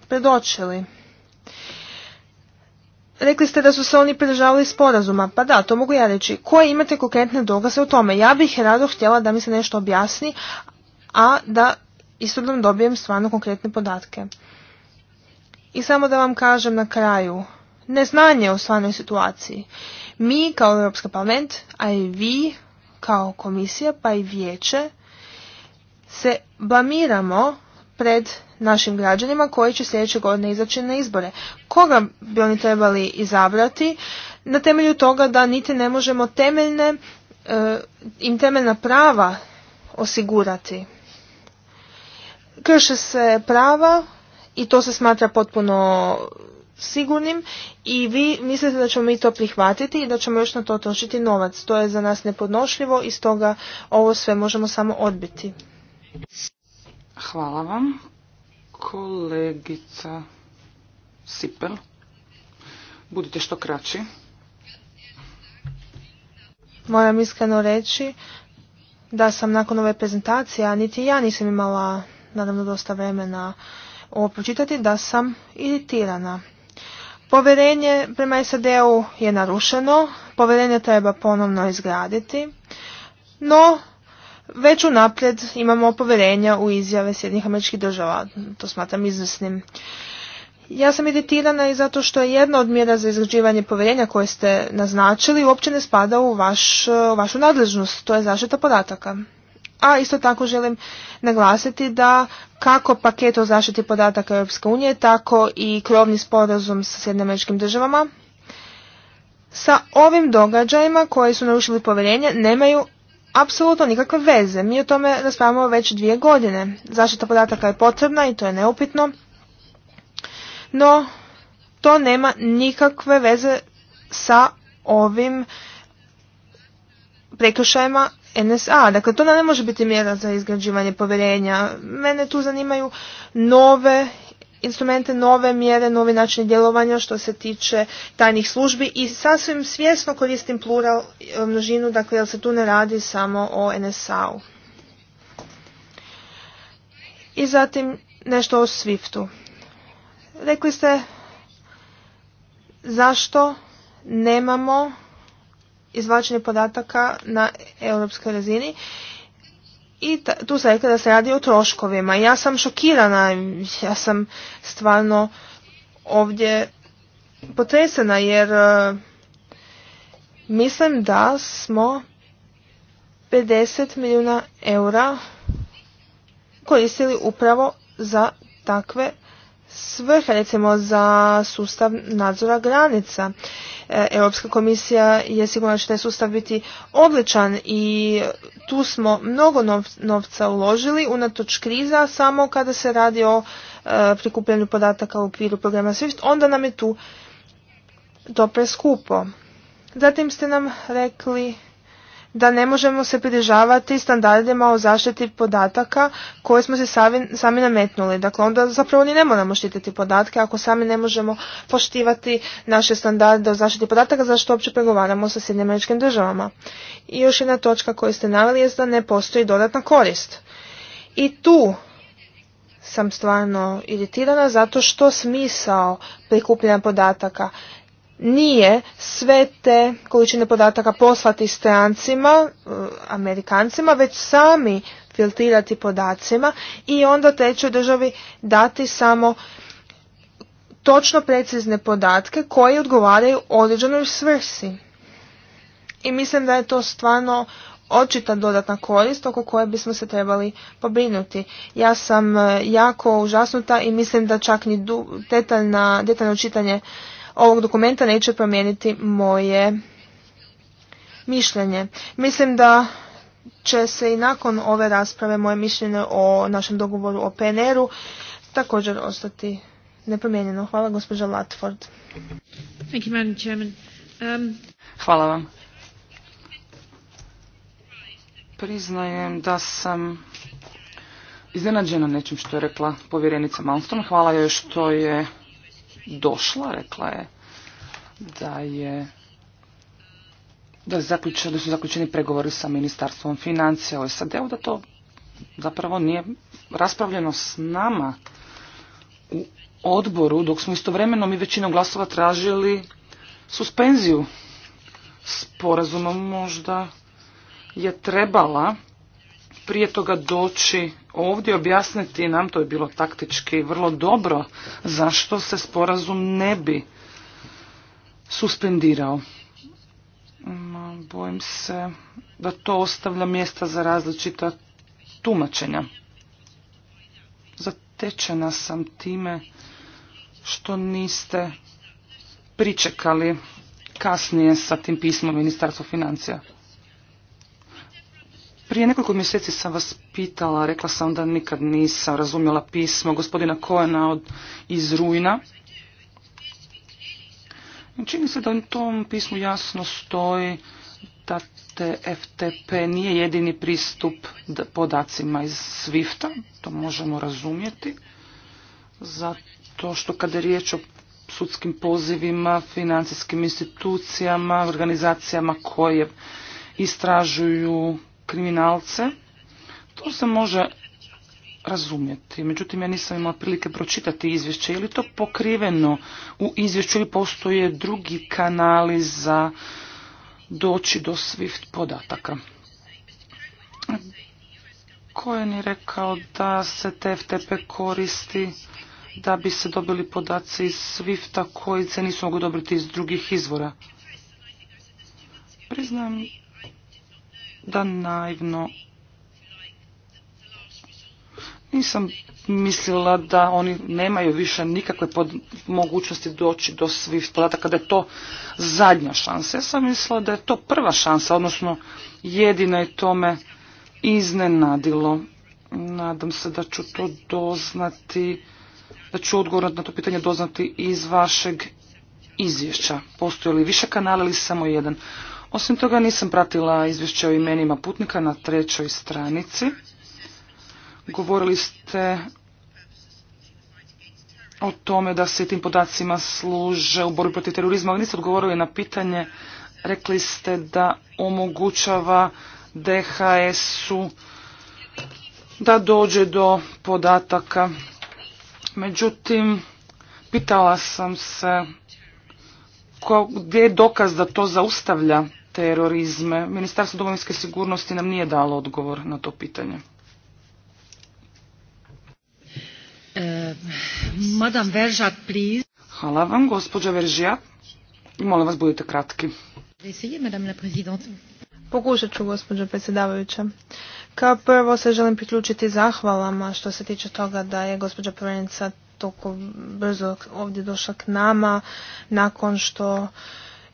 predočili. Rekli ste da su se oni pridržavali sporazuma. Pa da, to mogu ja reći. Koje imate konkretne dokaze o tome? Ja bih rado htjela da mi se nešto objasni, a da istodobno dobijem stvarno konkretne podatke. I samo da vam kažem na kraju, neznanje o stvarnoj situaciji. Mi kao Europski parlament, a i vi kao komisija, pa i vijeće, se blamiramo pred našim građanima koji će sljedeće godine izaći na izbore. Koga bi oni trebali izabrati na temelju toga da niti ne možemo temeljne, e, im temeljna prava osigurati. Krše se prava i to se smatra potpuno sigurnim i vi mislite da ćemo mi to prihvatiti i da ćemo još na to trošiti novac. To je za nas nepodnošljivo i stoga ovo sve možemo samo odbiti. Hvala vam. Kolegica Sipel, budite što kraći. Moram iskreno reći da sam nakon ove prezentacije, a niti ja nisam imala, naravno, dosta vremena ovo pročitati, da sam iritirana. Povjerenje prema SAD-u je narušeno, povjerenje treba ponovno izgraditi, no već unaprijed imamo povjerenja u izjave Sjednih američkih država. To smatram izvrsnim. Ja sam iritirana i zato što je jedna od mjera za izgrađivanje povjerenja koje ste naznačili uopće ne spada u vaš, vašu nadležnost, to je zaštita podataka. A isto tako želim naglasiti da kako paket o zaštiti podataka Europske unije, tako i krovni sporazum sa Sjednim američkim državama, sa ovim događajima koji su narušili povjerenje nemaju apsolutno nikakve veze. Mi o tome raspravljamo već dvije godine. Zaštita podataka je potrebna i to je neupitno. No, to nema nikakve veze sa ovim prekršajima NSA. Dakle, to ne može biti mjera za izgrađivanje povjerenja. Mene tu zanimaju nove instrumente, nove mjere, novi način djelovanja što se tiče tajnih službi i sasvim svjesno koristim plural e, množinu, dakle jer se tu ne radi samo o NSA-u. I zatim nešto o Swiftu. Rekli ste zašto nemamo izvlačenje podataka na europskoj razini i tu se rekla da se radi o troškovima. Ja sam šokirana, ja sam stvarno ovdje potresena jer e, mislim da smo 50 milijuna eura koristili upravo za takve svrha, recimo za sustav nadzora granica. E, Europska komisija je sigurno da će taj sustav biti odličan i tu smo mnogo novca uložili unatoč kriza samo kada se radi o e, prikupljanju podataka u okviru programa SWIFT, onda nam je tu to preskupo. Zatim ste nam rekli da ne možemo se pridržavati standardima o zaštiti podataka koje smo se sami, nametnuli. Dakle, onda zapravo ni ne moramo štititi podatke ako sami ne možemo poštivati naše standarde o zaštiti podataka zašto uopće pregovaramo sa Sjednjim državama. I još jedna točka koju ste naveli je da ne postoji dodatna korist. I tu sam stvarno iritirana zato što smisao prikupljanja podataka nije sve te količine podataka poslati strancima, e, amerikancima, već sami filtrirati podacima i onda trećoj državi dati samo točno precizne podatke koji odgovaraju određenoj svrsi. I mislim da je to stvarno očita dodatna korist oko koje bismo se trebali pobrinuti. Ja sam e, jako užasnuta i mislim da čak ni detaljno čitanje ovog dokumenta neće promijeniti moje mišljenje. Mislim da će se i nakon ove rasprave moje mišljenje o našem dogovoru o PNR-u također ostati nepromijenjeno. Hvala gospođa Latford. Um, Hvala vam. Priznajem da sam iznenađena nečim što je rekla povjerenica Malmström. Hvala joj što je došla, rekla je da je da, da su zaključeni pregovori sa Ministarstvom financija o SAD-u, da to zapravo nije raspravljeno s nama u odboru, dok smo istovremeno mi većinom glasova tražili suspenziju sporazuma možda je trebala prije toga doći ovdje objasniti nam, to je bilo taktički vrlo dobro, zašto se sporazum ne bi suspendirao. Bojim se da to ostavlja mjesta za različita tumačenja. Zatečena sam time što niste pričekali kasnije sa tim pismom Ministarstva financija. Prije nekoliko mjeseci sam vas pitala, rekla sam da nikad nisam razumjela pismo gospodina Koena od, iz Rujna. Čini se da u tom pismu jasno stoji da te FTP nije jedini pristup podacima iz Swifta, to možemo razumjeti, zato što kada je riječ o sudskim pozivima, financijskim institucijama, organizacijama koje istražuju kriminalce, to se može razumjeti. Međutim, ja nisam imala prilike pročitati izvješće. Je li to pokriveno u izvješću ili postoje drugi kanali za doći do SWIFT podataka? Kojen je rekao da se TFTP koristi da bi se dobili podaci iz Swifta koji se nisu mogli dobiti iz drugih izvora. Priznam da naivno nisam mislila da oni nemaju više nikakve mogućnosti doći do svih podataka, da je to zadnja šansa. Ja sam mislila da je to prva šansa, odnosno jedina je tome iznenadilo. Nadam se da ću to doznati, da ću odgovor na to pitanje doznati iz vašeg izvješća. Postoji li više kanala ili samo jedan? Osim toga nisam pratila izvješće o imenima putnika na trećoj stranici. Govorili ste o tome da se tim podacima služe u borbi protiv terorizma, ali niste odgovorili na pitanje. Rekli ste da omogućava DHS-u da dođe do podataka. Međutim, pitala sam se gdje je dokaz da to zaustavlja terorizme. Ministarstvo domovinske sigurnosti nam nije dalo odgovor na to pitanje. Eh, Hvala vam, gospođa Veržija. Molim vas, budite kratki. Pokušat ću, gospođo predsjedavajuća. Kao prvo se želim priključiti zahvalama što se tiče toga da je gospođa povjerenica toliko brzo ovdje došla k nama nakon što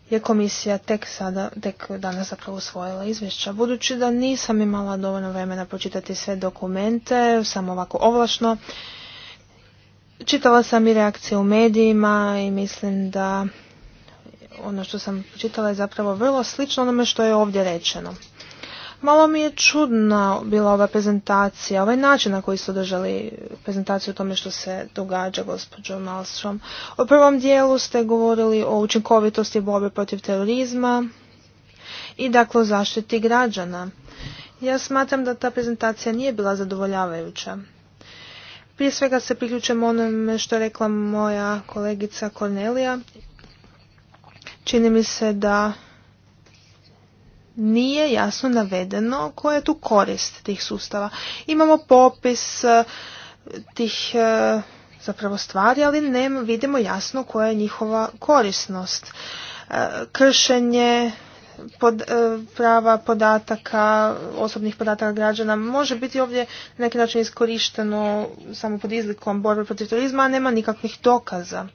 je komisija tek sada, tek danas zapravo usvojila izvješća. Budući da nisam imala dovoljno vremena pročitati sve dokumente, samo ovako ovlašno, čitala sam i reakcije u medijima i mislim da ono što sam čitala je zapravo vrlo slično onome što je ovdje rečeno. Malo mi je čudna bila ova prezentacija, ovaj način na koji su održali prezentaciju o tome što se događa, gospođo Malstrom. U prvom dijelu ste govorili o učinkovitosti bobe protiv terorizma i dakle o zaštiti građana. Ja smatram da ta prezentacija nije bila zadovoljavajuća. Prije svega se priključujem onome što je rekla moja kolegica Kornelija. Čini mi se da nije jasno navedeno koja je tu korist tih sustava. Imamo popis e, tih e, zapravo stvari, ali ne vidimo jasno koja je njihova korisnost. E, kršenje prava podataka, osobnih podataka građana može biti ovdje na neki način iskorišteno samo pod izlikom borbe protiv turizma, a nema nikakvih dokaza.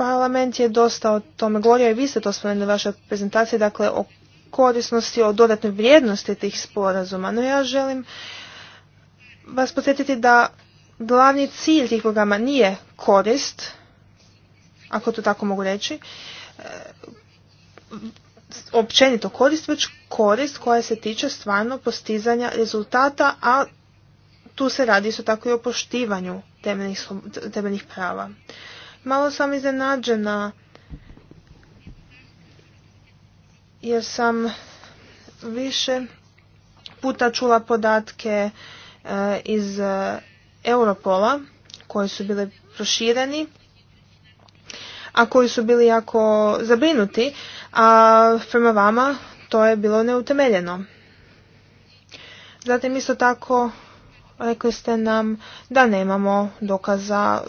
Parlament je dosta o tome govorio i vi ste to spomenuli u vašoj prezentaciji, dakle o korisnosti, o dodatnoj vrijednosti tih sporazuma. No ja želim vas podsjetiti da glavni cilj tih programa nije korist, ako to tako mogu reći, e, općenito korist, već korist koja se tiče stvarno postizanja rezultata, a tu se radi isto tako i o poštivanju temeljnih prava. Malo sam iznenađena jer sam više puta čula podatke e, iz e, Europola koji su bili prošireni a koji su bili jako zabrinuti, a prema vama to je bilo neutemeljeno. Zatim isto tako rekli ste nam da nemamo dokaza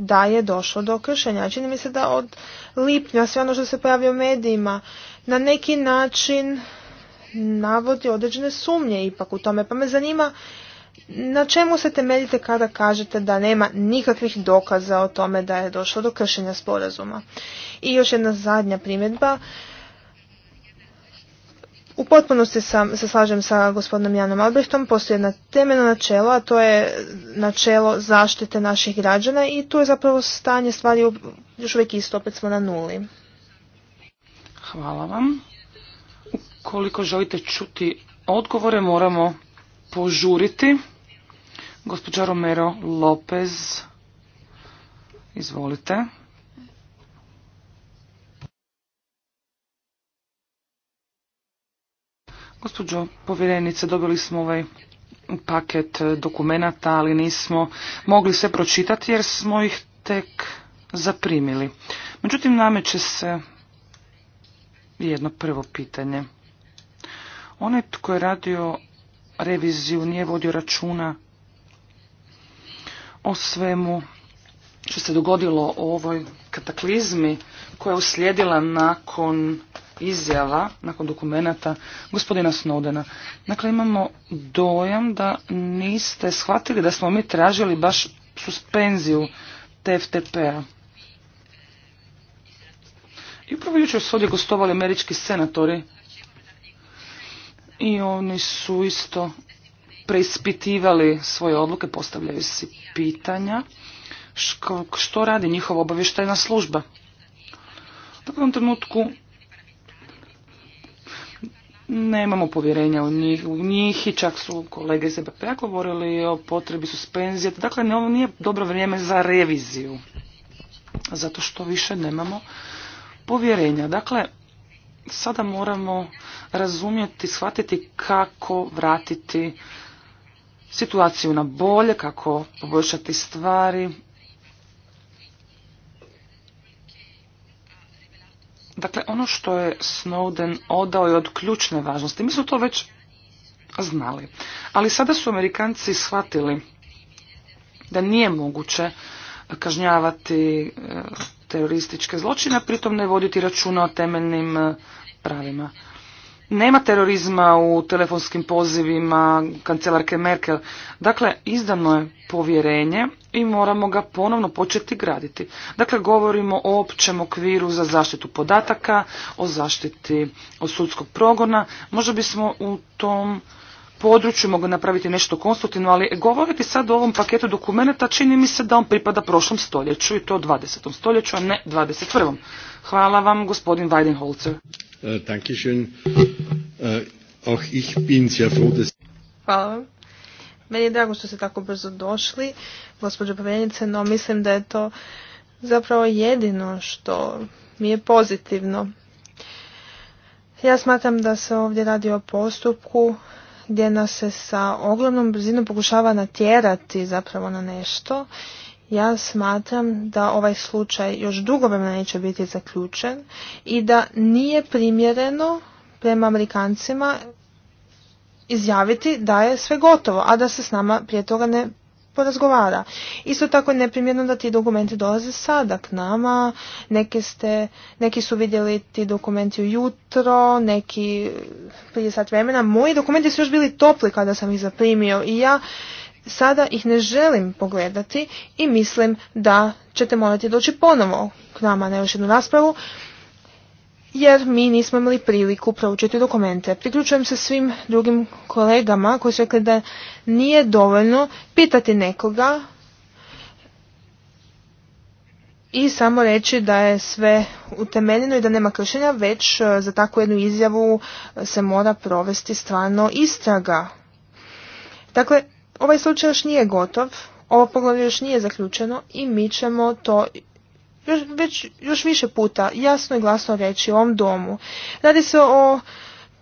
da je došlo do kršenja. Čini mi se da od lipnja sve ono što se pojavlja u medijima na neki način navodi određene sumnje ipak u tome. Pa me zanima na čemu se temeljite kada kažete da nema nikakvih dokaza o tome da je došlo do kršenja sporazuma. I još jedna zadnja primjedba. U potpunosti se, sam, slažem sa gospodinom Janom Albrechtom, postoji jedna temeljna načela, a to je načelo zaštite naših građana i tu je zapravo stanje stvari još uvijek isto, opet smo na nuli. Hvala vam. Ukoliko želite čuti odgovore, moramo požuriti. Gospođa Romero Lopez, izvolite. Gospođo povjerenice, dobili smo ovaj paket dokumenata, ali nismo mogli sve pročitati jer smo ih tek zaprimili. Međutim, nameće se jedno prvo pitanje. Onaj tko je radio reviziju nije vodio računa o svemu što se dogodilo o ovoj kataklizmi koja je uslijedila nakon izjava nakon dokumenata gospodina Snowdena. Dakle, imamo dojam da niste shvatili da smo mi tražili baš suspenziju TFTP-a. I upravo jučer su ovdje gostovali američki senatori i oni su isto preispitivali svoje odluke, postavljaju si pitanja što radi njihova obavještajna služba. Dakle, u tom trenutku nemamo povjerenja u njih, u njih i čak su kolege iz ebp govorili o potrebi suspenzije. Dakle, ovo nije dobro vrijeme za reviziju, zato što više nemamo povjerenja. Dakle, sada moramo razumjeti, shvatiti kako vratiti situaciju na bolje, kako poboljšati stvari. Dakle, ono što je Snowden odao je od ključne važnosti. Mi smo to već znali. Ali sada su Amerikanci shvatili da nije moguće kažnjavati e, terorističke zločine, pritom ne voditi računa o temeljnim e, pravima. Nema terorizma u telefonskim pozivima kancelarke Merkel. Dakle, izdano je povjerenje i moramo ga ponovno početi graditi. Dakle, govorimo o općem okviru za zaštitu podataka, o zaštiti od sudskog progona. Možda bismo u tom području mogli napraviti nešto konstruktivno, ali govoriti sad o ovom paketu dokumenta čini mi se da on pripada prošlom stoljeću i to 20. stoljeću, a ne 21. Hvala vam, gospodin Weidenholzer. Hvala vam. Meni je drago što ste tako brzo došli, gospođo povjerenice, no mislim da je to zapravo jedino što mi je pozitivno. Ja smatram da se ovdje radi o postupku gdje nas se sa ogromnom brzinom pokušava natjerati zapravo na nešto. Ja smatram da ovaj slučaj još dugo vremena neće biti zaključen i da nije primjereno prema Amerikancima izjaviti da je sve gotovo, a da se s nama prije toga ne porazgovara. Isto tako je neprimjerno da ti dokumenti dolaze sada k nama, Neke ste, neki su vidjeli ti dokumenti ujutro, neki prije sat vremena. Moji dokumenti su još bili topli kada sam ih zaprimio i ja sada ih ne želim pogledati i mislim da ćete morati doći ponovo k nama na još jednu raspravu jer mi nismo imali priliku proučiti dokumente. Priključujem se svim drugim kolegama koji su rekli da nije dovoljno pitati nekoga i samo reći da je sve utemeljeno i da nema kršenja, već e, za takvu jednu izjavu e, se mora provesti stvarno istraga. Dakle, ovaj slučaj još nije gotov, ovo poglavlje još nije zaključeno i mi ćemo to još, već, još više puta jasno i glasno reći u ovom domu. Radi se o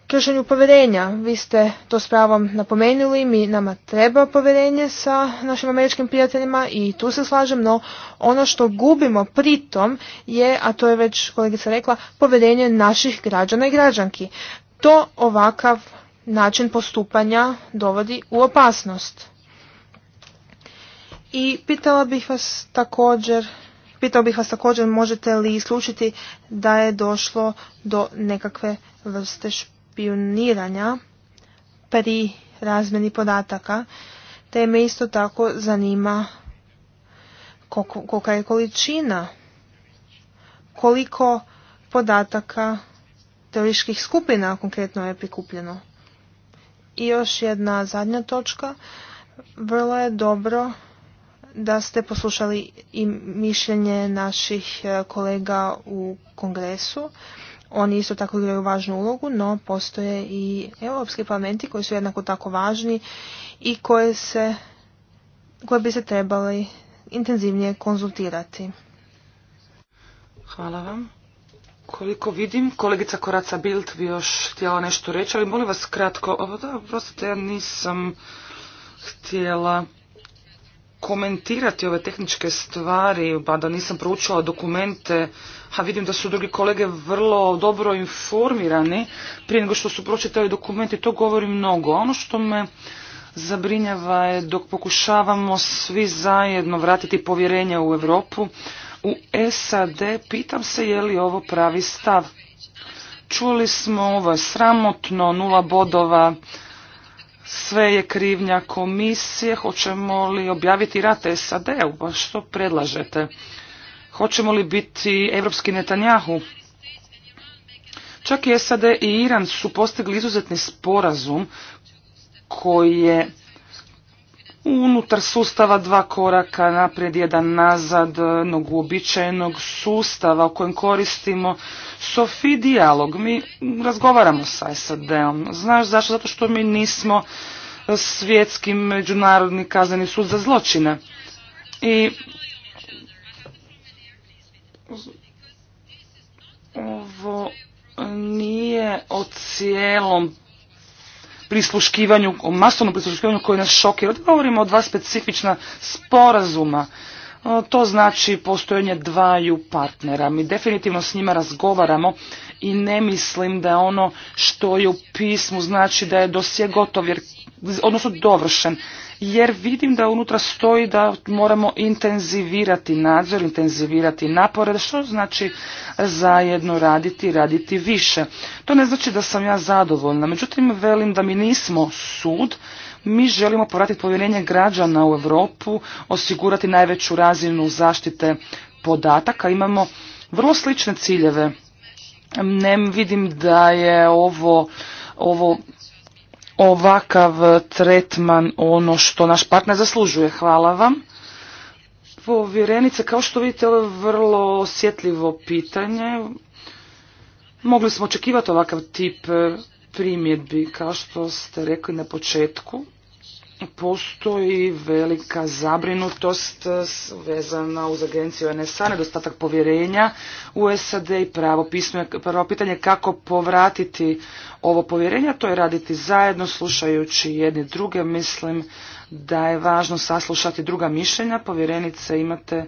kršenju povjerenja. Vi ste to s pravom napomenuli, mi nama treba povjerenje sa našim američkim prijateljima i tu se slažem, no ono što gubimo pritom je, a to je već kolegica rekla, povjerenje naših građana i građanki. To ovakav način postupanja dovodi u opasnost. I pitala bih vas također Pitao bih vas također možete li isključiti da je došlo do nekakve vrste špioniranja pri razmeni podataka, te me isto tako zanima kolika je količina, koliko podataka teoriških skupina konkretno je prikupljeno. I još jedna zadnja točka. Vrlo je dobro da ste poslušali i mišljenje naših e, kolega u kongresu. Oni isto tako igraju važnu ulogu, no postoje i europski parlamenti koji su jednako tako važni i koje, se, koje bi se trebali intenzivnije konzultirati. Hvala vam. Koliko vidim, kolegica Koraca Bild bi još htjela nešto reći, ali molim vas kratko, ovo da, prostite, ja nisam htjela komentirati ove tehničke stvari, pa da nisam proučila dokumente, a vidim da su drugi kolege vrlo dobro informirani prije nego što su pročitali dokumente, to govori mnogo. Ono što me zabrinjava je dok pokušavamo svi zajedno vratiti povjerenje u Europu, u SAD pitam se je li ovo pravi stav. Čuli smo ovo sramotno, nula bodova, sve je krivnja komisije, hoćemo li objaviti rat SAD-u, pa što predlažete? Hoćemo li biti evropski Netanjahu? Čak i SAD i Iran su postigli izuzetni sporazum koji je unutar sustava dva koraka naprijed, jedan nazad, jednog sustava u kojem koristimo Sofi dijalog. Mi razgovaramo sa SAD-om. Znaš zašto? Zato što mi nismo svjetski međunarodni kazneni sud za zločine. I ovo nije o cijelom prisluškivanju, o masovnom prisluškivanju koje nas šokira. Govorimo o dva specifična sporazuma to znači postojanje dvaju partnera. Mi definitivno s njima razgovaramo i ne mislim da ono što je u pismu znači da je dosje gotov, jer, odnosno dovršen. Jer vidim da unutra stoji da moramo intenzivirati nadzor, intenzivirati napore, što znači zajedno raditi, raditi više. To ne znači da sam ja zadovoljna, međutim velim da mi nismo sud, mi želimo povratiti povjerenje građana u Europu, osigurati najveću razinu zaštite podataka. Imamo vrlo slične ciljeve. Ne vidim da je ovo, ovo ovakav tretman ono što naš partner zaslužuje. Hvala vam. Povjerenice, kao što vidite, ovo je vrlo osjetljivo pitanje. Mogli smo očekivati ovakav tip primjedbi, kao što ste rekli na početku postoji velika zabrinutost eh, vezana uz agenciju NSA, nedostatak povjerenja u SAD i pravo, pismo, pravo pitanje kako povratiti ovo povjerenje, to je raditi zajedno slušajući jedni druge. Mislim da je važno saslušati druga mišljenja. Povjerenice imate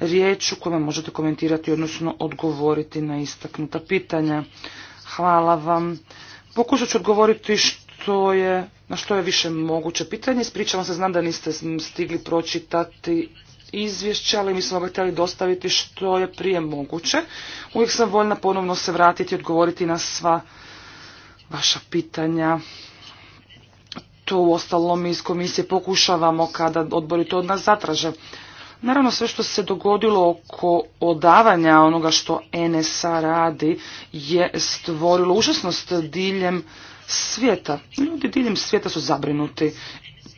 riječ u kojima možete komentirati, odnosno odgovoriti na istaknuta pitanja. Hvala vam. Pokušat ću odgovoriti to je, na što je više moguće pitanje. Ispričavam se, znam da niste stigli pročitati izvješće, ali mi smo ga htjeli dostaviti što je prije moguće. Uvijek sam voljna ponovno se vratiti i odgovoriti na sva vaša pitanja. To u ostalom mi iz komisije pokušavamo kada odbori to od nas zatraže. Naravno sve što se dogodilo oko odavanja onoga što NSA radi je stvorilo užasnost diljem svijeta. Ljudi diljem svijeta su zabrinuti.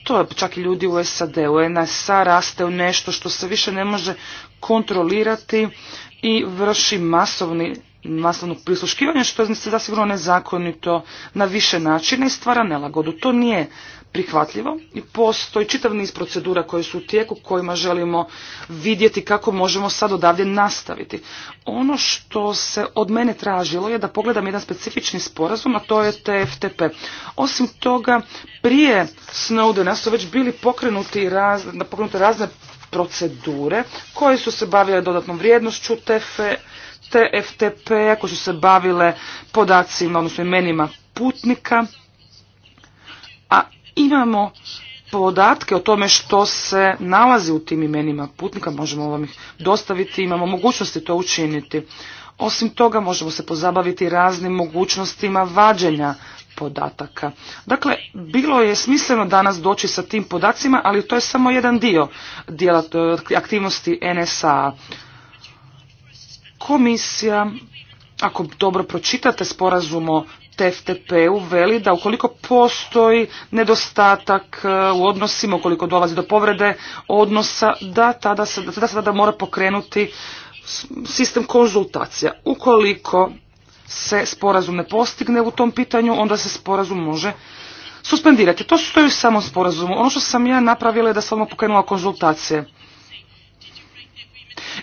To je čak i ljudi u SAD-u. NSA raste u nešto što se više ne može kontrolirati i vrši masovni masovno prisluškivanje što je zasigurno nezakonito na više načina i stvara nelagodu. To nije prihvatljivo i postoji čitav niz procedura koje su u tijeku kojima želimo vidjeti kako možemo sad odavdje nastaviti. Ono što se od mene tražilo je da pogledam jedan specifični sporazum, a to je TFTP. Osim toga, prije Snowdena su već bili pokrenuti pokrenute razne procedure koje su se bavile dodatnom vrijednošću TFTP, p-a, koje su se bavile podacima, odnosno imenima putnika imamo podatke o tome što se nalazi u tim imenima putnika, možemo vam ih dostaviti, imamo mogućnosti to učiniti. Osim toga možemo se pozabaviti raznim mogućnostima vađenja podataka. Dakle, bilo je smisleno danas doći sa tim podacima, ali to je samo jedan dio e, aktivnosti NSA. Komisija, ako dobro pročitate sporazum o TFTP-u veli da ukoliko postoji nedostatak e, u odnosima, ukoliko dolazi do povrede odnosa, da tada se, da se tada mora pokrenuti sistem konzultacija. Ukoliko se sporazum ne postigne u tom pitanju, onda se sporazum može suspendirati. To stoji u samom sporazumu. Ono što sam ja napravila je da sam pokrenula konzultacije.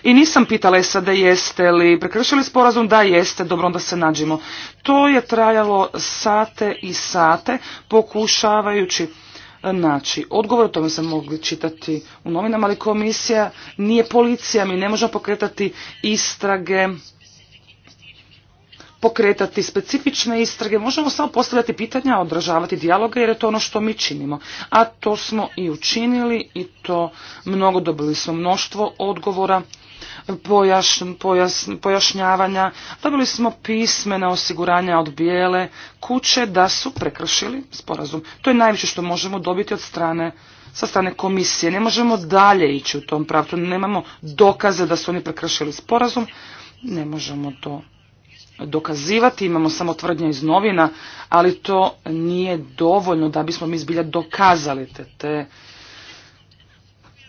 I nisam pitala e, sada jeste li prekršili sporazum, da jeste, dobro onda se nađemo. To je trajalo sate i sate pokušavajući e, naći. Odgovor o tome se mogli čitati u novinama, ali komisija nije policija, mi ne možemo pokretati istrage pokretati specifične istrage, možemo samo postavljati pitanja, odražavati dijaloge jer je to ono što mi činimo. A to smo i učinili i to mnogo dobili smo mnoštvo odgovora pojašnjavanja. Dobili smo pismena osiguranja od bijele kuće da su prekršili sporazum. To je najviše što možemo dobiti od strane sa strane komisije. Ne možemo dalje ići u tom pravcu. Nemamo dokaze da su oni prekršili sporazum. Ne možemo to dokazivati, imamo samo tvrdnje iz novina, ali to nije dovoljno da bismo mi zbilja dokazali te, te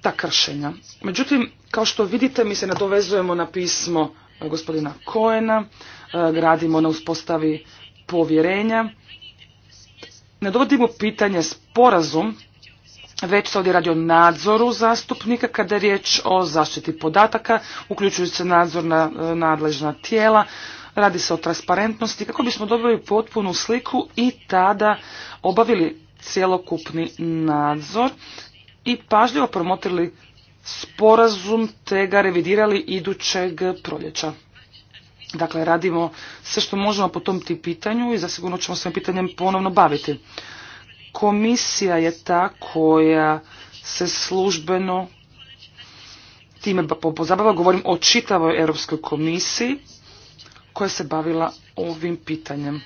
ta kršenja. Međutim, kao što vidite, mi se nadovezujemo na pismo e, gospodina Koena, e, gradimo na uspostavi povjerenja. Ne dovodimo pitanje sporazum, već se ovdje radi o nadzoru zastupnika kada je riječ o zaštiti podataka, uključujući se nadzor na e, nadležna tijela, radi se o transparentnosti kako bismo dobili potpunu sliku i tada obavili cjelokupni nadzor i pažljivo promotrili sporazum te ga revidirali idućeg proljeća. Dakle, radimo sve što možemo po tom ti pitanju i zasigurno ćemo se pitanjem ponovno baviti. Komisija je ta koja se službeno time pozabava, govorim o čitavoj Europskoj komisiji koja se bavila ovim pitanjem.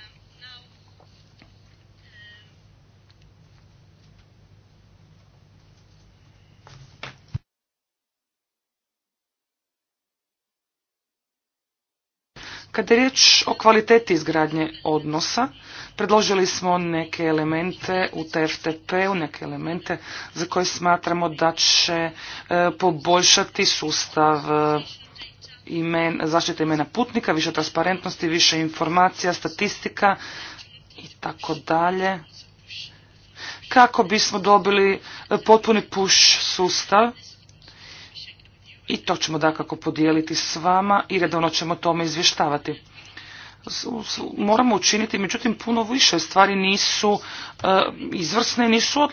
Kada je riječ o kvaliteti izgradnje odnosa, predložili smo neke elemente u TFTP-u, neke elemente za koje smatramo da će e, poboljšati sustav e, imen, zaštite imena putnika, više transparentnosti, više informacija, statistika i tako dalje. Kako bismo dobili e, potpuni push sustav i to ćemo dakako podijeliti s vama i redovno ćemo tome izvještavati. Moramo učiniti, međutim, puno više stvari nisu e, izvrsne, nisu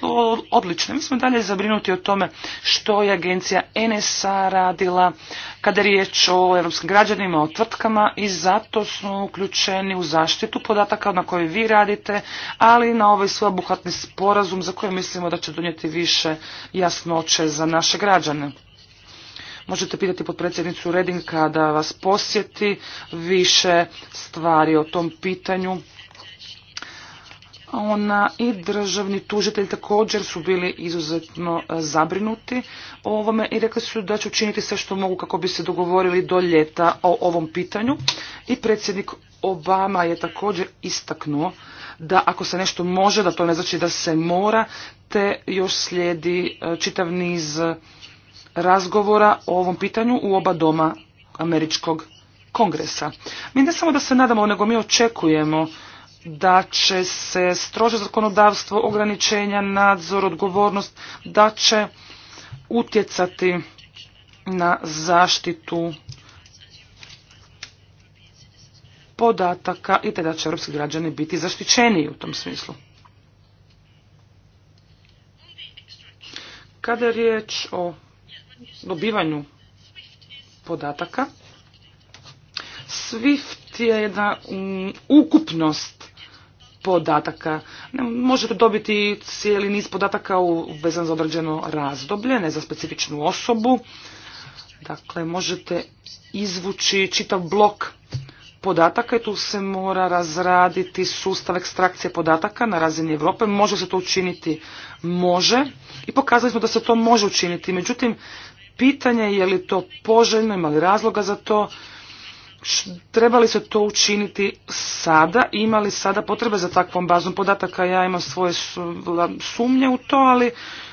odlične. Mi smo dalje zabrinuti o tome što je agencija NSA radila kada je riječ o europskim građanima, o tvrtkama i zato smo uključeni u zaštitu podataka na koje vi radite, ali na ovaj sveobuhvatni sporazum za koje mislimo da će donijeti više jasnoće za naše građane. Možete pitati potpredsjednicu Reding kada vas posjeti više stvari o tom pitanju. Ona i državni tužitelj također su bili izuzetno e, zabrinuti o ovome i rekli su da će učiniti sve što mogu kako bi se dogovorili do ljeta o ovom pitanju. I predsjednik Obama je također istaknuo da ako se nešto može, da to ne znači da se mora, te još slijedi e, čitav niz razgovora o ovom pitanju u oba doma američkog kongresa. Mi ne samo da se nadamo, nego mi očekujemo da će se strože zakonodavstvo, ograničenja, nadzor, odgovornost, da će utjecati na zaštitu podataka i te da će europski građani biti zaštićeniji u tom smislu. Kada je riječ o dobivanju podataka. SWIFT je jedna mm, ukupnost podataka. možete dobiti cijeli niz podataka u, vezan za određeno razdoblje, ne za specifičnu osobu. Dakle, možete izvući čitav blok podataka i tu se mora razraditi sustav ekstrakcije podataka na razini Europe. Može se to učiniti? Može. I pokazali smo da se to može učiniti. Međutim, Pitanje je li to poželjno, ima li razloga za to, treba li se to učiniti sada, ima li sada potrebe za takvom bazom podataka, ja imam svoje sumnje u to, ali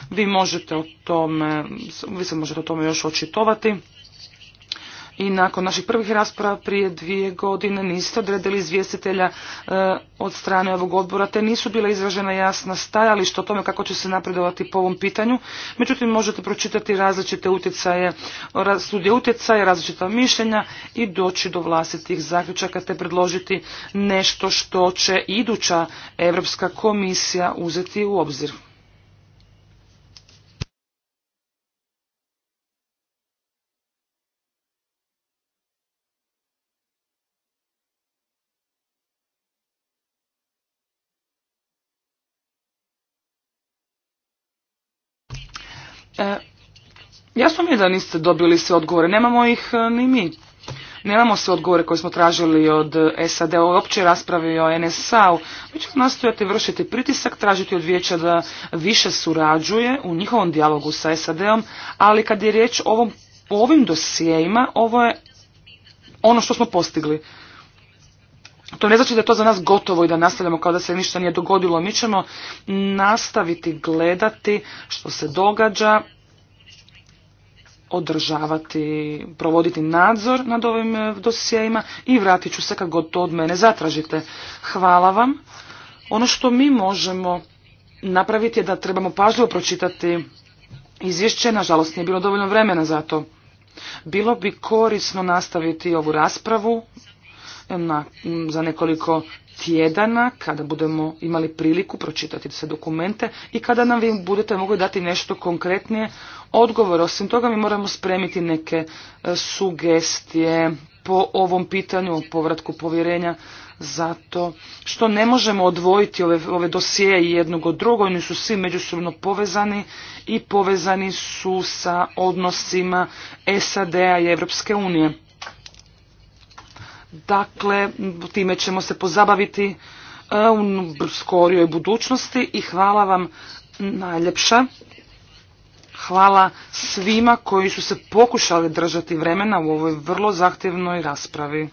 vi možete o tome, vi se možete o tome još očitovati i nakon naših prvih rasprava prije dvije godine niste odredili izvjestitelja e, od strane ovog odbora, te nisu bila izražena jasna stajališta o tome kako će se napredovati po ovom pitanju. Međutim, možete pročitati različite utjecaje, studije utjecaja, različita mišljenja i doći do vlastitih zaključaka te predložiti nešto što će iduća Europska komisija uzeti u obzir. Jasno mi da niste dobili sve odgovore, nemamo ih e, ni mi. Nemamo sve odgovore koje smo tražili od SAD o općoj raspravi o NSA-u. Mi ćemo nastojati vršiti pritisak, tražiti od vijeća da više surađuje u njihovom dijalogu sa SAD-om, ali kad je riječ o, ovom, ovim dosijejima, ovo je ono što smo postigli. To ne znači da je to za nas gotovo i da nastavljamo kao da se ništa nije dogodilo. Mi ćemo nastaviti gledati što se događa održavati, provoditi nadzor nad ovim eh, dosijajima i vratit ću se kad god to od mene zatražite. Hvala vam. Ono što mi možemo napraviti je da trebamo pažljivo pročitati izvješće, nažalost nije bilo dovoljno vremena za to. Bilo bi korisno nastaviti ovu raspravu eh, na, za nekoliko tjedana kada budemo imali priliku pročitati se dokumente i kada nam vi budete mogli dati nešto konkretnije odgovor. Osim toga mi moramo spremiti neke e, sugestije po ovom pitanju o povratku povjerenja zato što ne možemo odvojiti ove, ove dosije jednog od drugog, oni su svi međusobno povezani i povezani su sa odnosima SAD-a i Europske unije. Dakle, time ćemo se pozabaviti e, u skorijoj budućnosti i hvala vam najljepša hvala svima koji su se pokušali držati vremena u ovoj vrlo zahtjevnoj raspravi.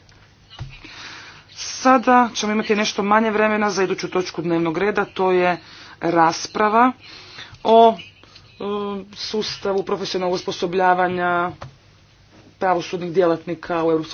Sada ćemo imati nešto manje vremena za iduću točku dnevnog reda, to je rasprava o e, sustavu profesionalnog osposobljavanja pravosudnih djelatnika u EU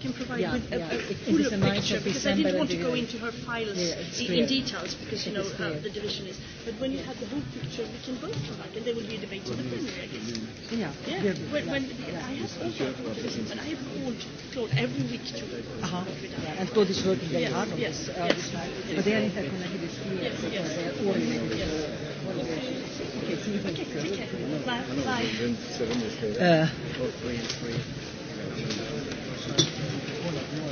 can provide yeah, with a, yeah. a fuller it picture because I didn't want to go into her files yeah, in details because you know how the division is. But when you have the whole picture, we can both for that, and there will be a debate in the plenary, I guess. Yeah. Yeah. yeah. When, when yeah. I have also yeah. activism, but I have called Claude every week to uh -huh. work with her. Yeah, and Claude is working very yeah. hard on yes, this. Uh, yes, yes. But they are interconnected with you. Yes, yes. yes. Okay, take care. Bye. Bye. Uh, oh, Jó,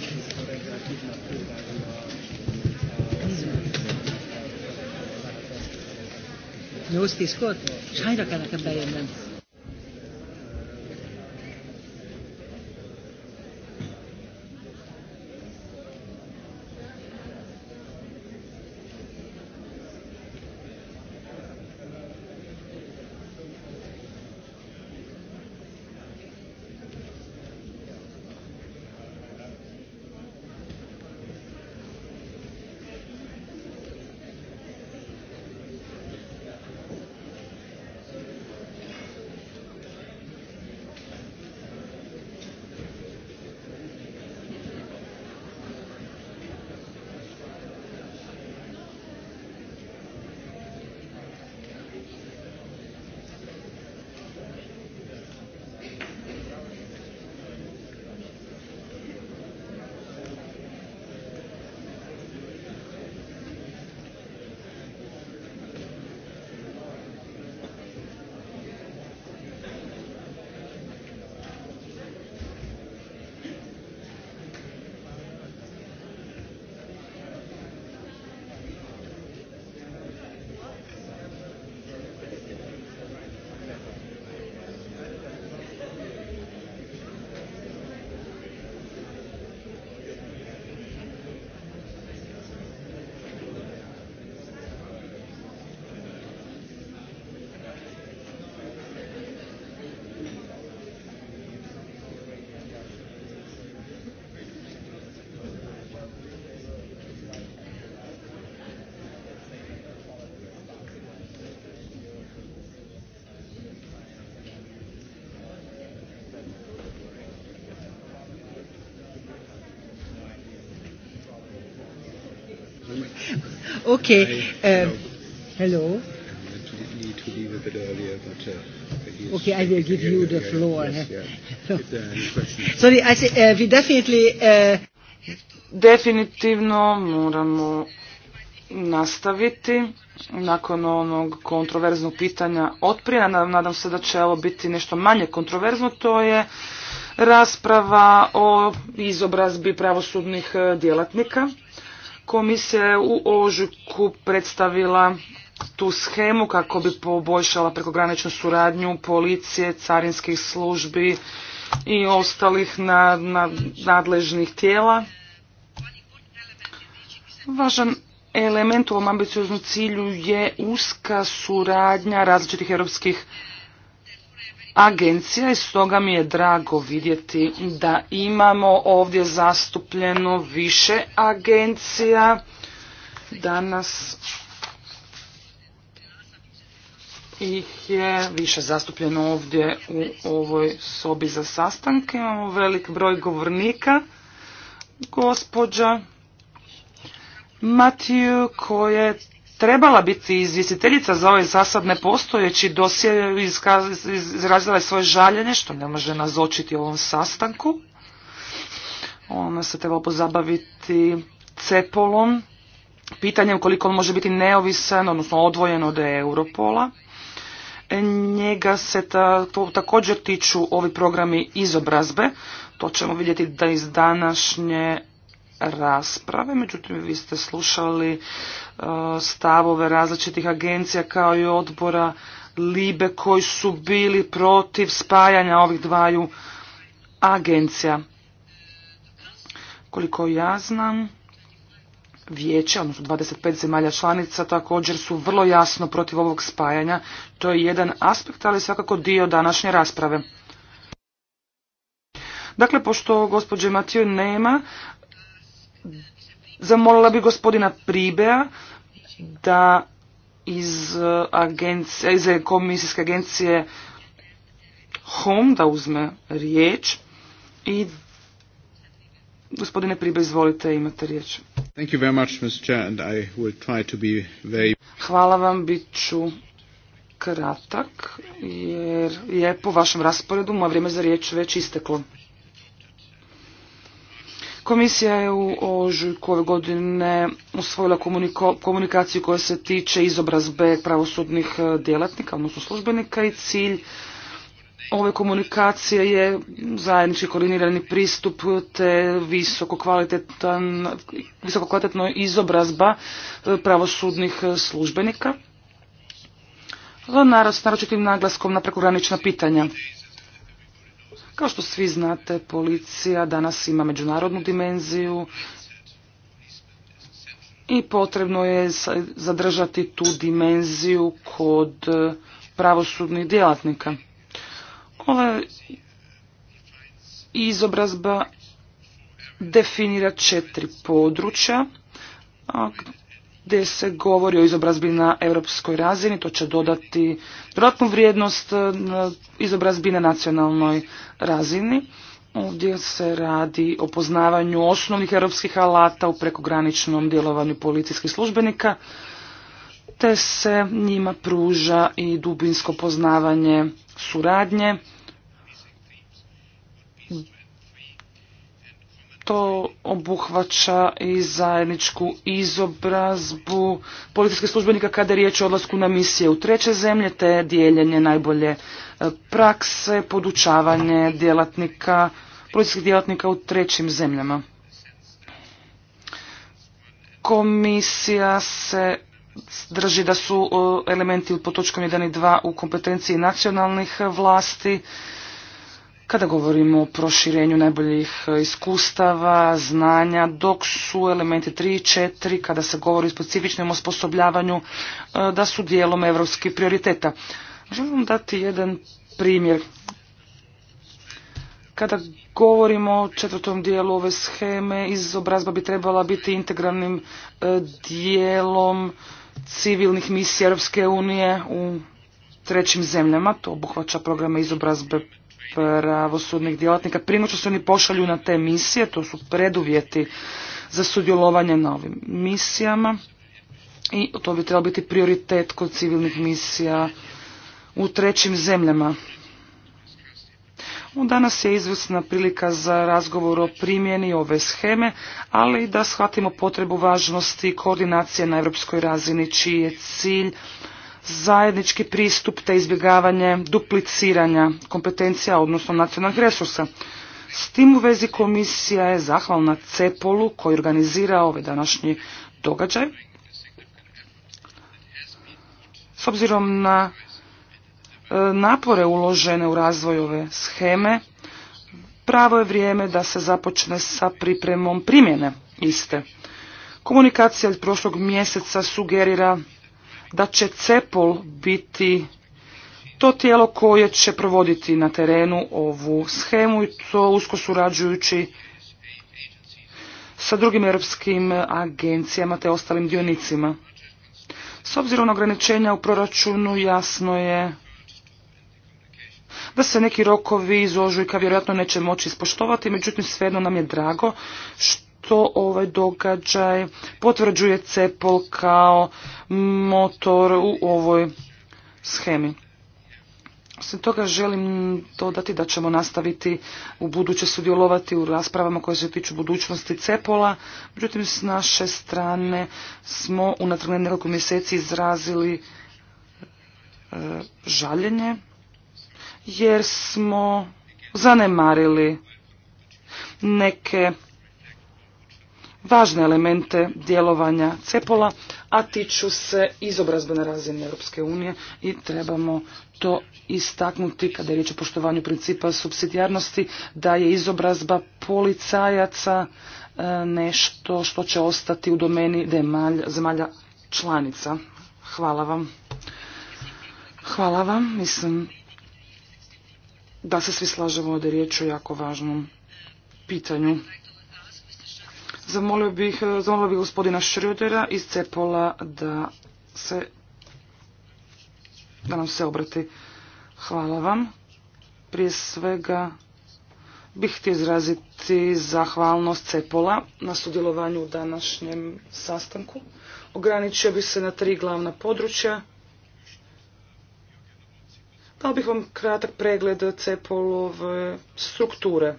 tízkor? bejönnöm. Okay. hello. Okay, I will give you the floor. Sorry, I eh, we definitely... Eh, Definitivno moramo nastaviti nakon onog kontroverznog pitanja otprije. Nadam se da će ovo biti nešto manje kontroverzno. To je rasprava o izobrazbi pravosudnih eh, djelatnika. Komisija je u ožujku predstavila tu schemu kako bi poboljšala prekograničnu suradnju policije, carinskih službi i ostalih nadležnih tijela. Važan element u ovom ambicioznom cilju je uska suradnja različitih europskih agencija i stoga mi je drago vidjeti da imamo ovdje zastupljeno više agencija. Danas ih je više zastupljeno ovdje u ovoj sobi za sastanke. Imamo velik broj govornika. Gospođa Matiju koje trebala biti izvjestiteljica za ovaj zasad nepostojeći dosje izrazila je svoje žaljenje što ne može nazočiti ovom sastanku. Ona se trebala pozabaviti cepolom, pitanjem koliko on može biti neovisan, odnosno odvojen od Europola. E, njega se to, također tiču ovi programi izobrazbe. To ćemo vidjeti da iz današnje rasprave, međutim vi ste slušali e, stavove različitih agencija kao i odbora Libe koji su bili protiv spajanja ovih dvaju agencija. Koliko ja znam, vijeće, odnosno 25 zemalja članica također su vrlo jasno protiv ovog spajanja. To je jedan aspekt, ali svakako dio današnje rasprave. Dakle, pošto gospođe Matiju nema, zamolila bi gospodina Pribea da iz, eh, agencije, iz komisijske agencije HOME da uzme riječ i gospodine Pribe izvolite imate riječ. Thank you very much, and I will try to be very... Hvala vam, bit ću kratak jer je po vašem rasporedu moje vrijeme za riječ već isteklo. Komisija je u ožujku ove godine usvojila komunikaciju koja se tiče izobrazbe pravosudnih e, djelatnika, odnosno službenika i cilj ove komunikacije je zajednički koordinirani pristup te visoko, kvalitetan, kvalitetna izobrazba e, pravosudnih e, službenika naročitim naglaskom na prekogranična pitanja. Kao što svi znate, policija danas ima međunarodnu dimenziju i potrebno je zadržati tu dimenziju kod e, pravosudnih djelatnika. Ova izobrazba definira četiri područja gdje se govori o izobrazbi na europskoj razini, to će dodati dodatnu vrijednost e, izobrazbi na nacionalnoj razini. Ovdje se radi o poznavanju osnovnih europskih alata u prekograničnom djelovanju policijskih službenika, te se njima pruža i dubinsko poznavanje suradnje to obuhvaća i zajedničku izobrazbu policijskih službenika kada je riječ o odlasku na misije u treće zemlje, te dijeljenje najbolje e, prakse, podučavanje djelatnika, policijskih djelatnika u trećim zemljama. Komisija se drži da su e, elementi pod točkom 1 i 2 u kompetenciji nacionalnih vlasti, kada govorimo o proširenju najboljih e, iskustava, znanja, dok su elementi 3 i 4, kada se govori o specifičnom osposobljavanju, e, da su dijelom evropskih prioriteta. Želim vam dati jedan primjer. Kada govorimo o četvrtom dijelu ove scheme, izobrazba bi trebala biti integralnim e, dijelom civilnih misija Europske unije u trećim zemljama. To obuhvaća programe izobrazbe pravosudnih djelatnika. Primo što se oni pošalju na te misije, to su preduvjeti za sudjelovanje na ovim misijama i to bi trebalo biti prioritet kod civilnih misija u trećim zemljama. Danas je izvrsna prilika za razgovor o primjeni ove scheme, ali i da shvatimo potrebu važnosti koordinacije na europskoj razini, čiji je cilj zajednički pristup te izbjegavanje dupliciranja kompetencija, odnosno nacionalnih resursa. S tim u vezi komisija je zahvalna Cepolu koji organizira ovaj današnji događaj. S obzirom na e, napore uložene u razvoj ove sheme, pravo je vrijeme da se započne sa pripremom primjene iste. Komunikacija iz prošlog mjeseca sugerira da će CEPOL biti to tijelo koje će provoditi na terenu ovu schemu i to usko surađujući sa drugim europskim agencijama te ostalim dionicima. S obzirom na ograničenja u proračunu jasno je da se neki rokovi iz ožujka vjerojatno neće moći ispoštovati, međutim svejedno nam je drago što to ovaj događaj potvrđuje Cepol kao motor u ovoj schemi. Osim toga želim dodati da ćemo nastaviti u buduće sudjelovati u raspravama koje se tiču budućnosti Cepola. Međutim, s naše strane smo unatrag nekoliko mjeseci izrazili e, žaljenje jer smo zanemarili neke važne elemente djelovanja Cepola, a tiču se izobrazbe na razini Europske unije i trebamo to istaknuti kada je riječ o poštovanju principa subsidijarnosti, da je izobrazba policajaca e, nešto što će ostati u domeni zemalja članica. Hvala vam. Hvala vam. Mislim da se svi slažemo da je riječ o jako važnom pitanju. Zamolio bih, zamolio gospodina Šrjodera iz Cepola da se da nam se obrati. Hvala vam. Prije svega bih htio izraziti zahvalnost Cepola na sudjelovanju u današnjem sastanku. Ograničio bi se na tri glavna područja. Dao bih vam kratak pregled Cepolove strukture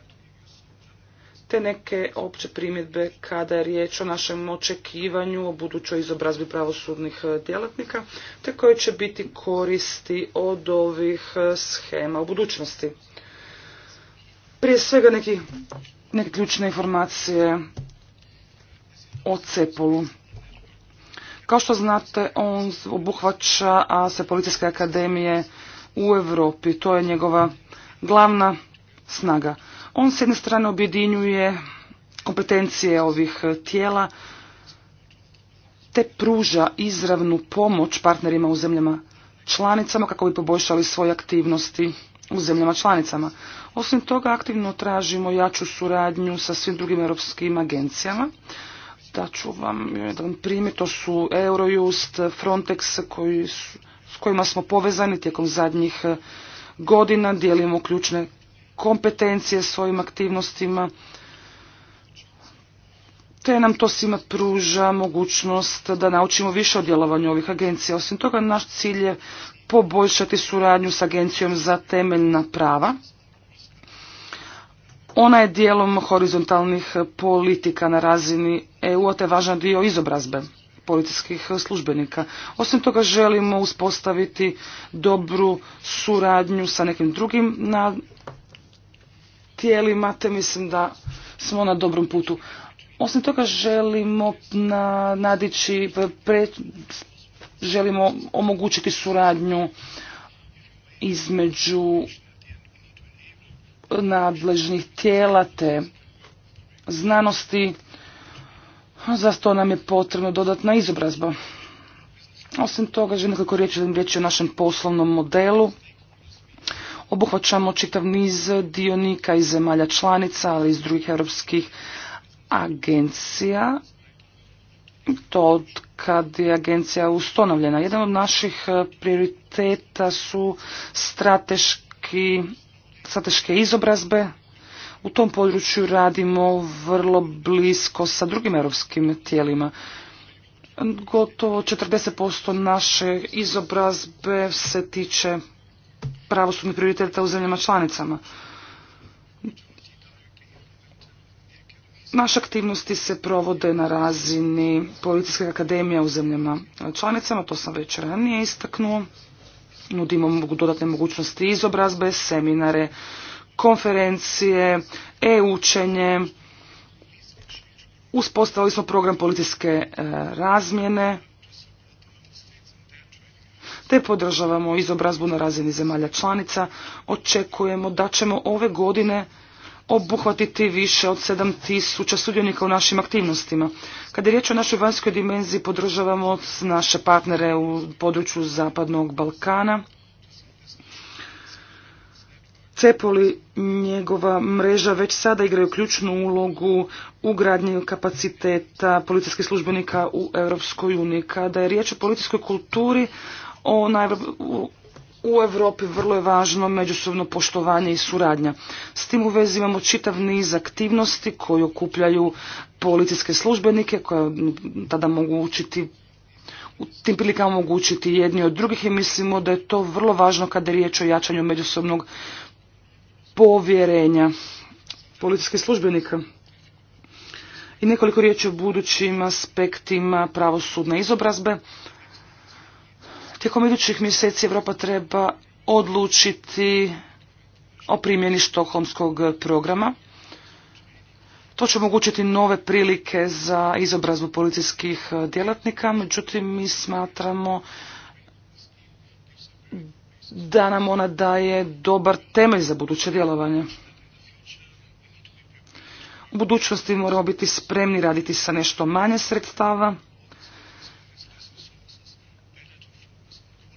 neke opće primjedbe kada je riječ o našem očekivanju o budućoj izobrazbi pravosudnih e, djelatnika, te koje će biti koristi od ovih e, schema u budućnosti. Prije svega neki, neke ključne informacije o Cepolu. Kao što znate, on obuhvaća se policijske akademije u Europi. To je njegova glavna snaga. On s jedne strane objedinjuje kompetencije ovih e, tijela te pruža izravnu pomoć partnerima u zemljama članicama kako bi poboljšali svoje aktivnosti u zemljama članicama. Osim toga aktivno tražimo jaču suradnju sa svim drugim europskim agencijama. ću vam jedan primjer, to su Eurojust, Frontex koji s kojima smo povezani tijekom zadnjih e, godina, dijelimo ključne kompetencije svojim aktivnostima, te nam to svima pruža mogućnost da naučimo više o djelovanju ovih agencija. Osim toga, naš cilj je poboljšati suradnju s Agencijom za temeljna prava. Ona je dijelom horizontalnih politika na razini EU, a te važan dio izobrazbe policijskih službenika. Osim toga želimo uspostaviti dobru suradnju sa nekim drugim tijelima, te mislim da smo na dobrom putu. Osim toga želimo na, nadići, želimo omogućiti suradnju između nadležnih tijela te znanosti. Za to nam je potrebna dodatna izobrazba. Osim toga, želim nekoliko riječi, riječi o našem poslovnom modelu obuhvaćamo čitav niz dionika iz zemalja članica, ali iz drugih europskih agencija. To od kad je agencija ustanovljena. Jedan od naših e, prioriteta su strateški, strateške izobrazbe. U tom području radimo vrlo blisko sa drugim europskim tijelima. Gotovo 40% naše izobrazbe se tiče pravosudnih prioriteta u zemljama članicama. Naše aktivnosti se provode na razini Policijske akademija u zemljama članicama, to sam već ranije istaknuo. Nudimo dodatne mogućnosti izobrazbe, seminare, konferencije, e-učenje. Uspostavili smo program policijske e, razmjene, te podržavamo izobrazbu na razini zemalja članica. Očekujemo da ćemo ove godine obuhvatiti više od 7000 sudionika u našim aktivnostima. Kada je riječ o našoj vanjskoj dimenziji, podržavamo naše partnere u području Zapadnog Balkana. Cepoli njegova mreža već sada igraju ključnu ulogu u gradnji kapaciteta policijskih službenika u Europskoj uniji. Kada je riječ o policijskoj kulturi, u Europi vrlo je važno međusobno poštovanje i suradnja. S tim u vezi imamo čitav niz aktivnosti koje okupljaju policijske službenike koje tada mogu učiti u tim prilikama omogućiti jedni od drugih i mislimo da je to vrlo važno kada je riječ o jačanju međusobnog povjerenja policijskih službenika. I nekoliko riječi o budućim aspektima pravosudne izobrazbe. Tijekom idućih mjeseci Europa treba odlučiti o primjeni štokholmskog programa. To će omogućiti nove prilike za izobrazbu policijskih e, djelatnika, međutim mi smatramo da nam ona daje dobar temelj za buduće djelovanje. U budućnosti moramo biti spremni raditi sa nešto manje sredstava,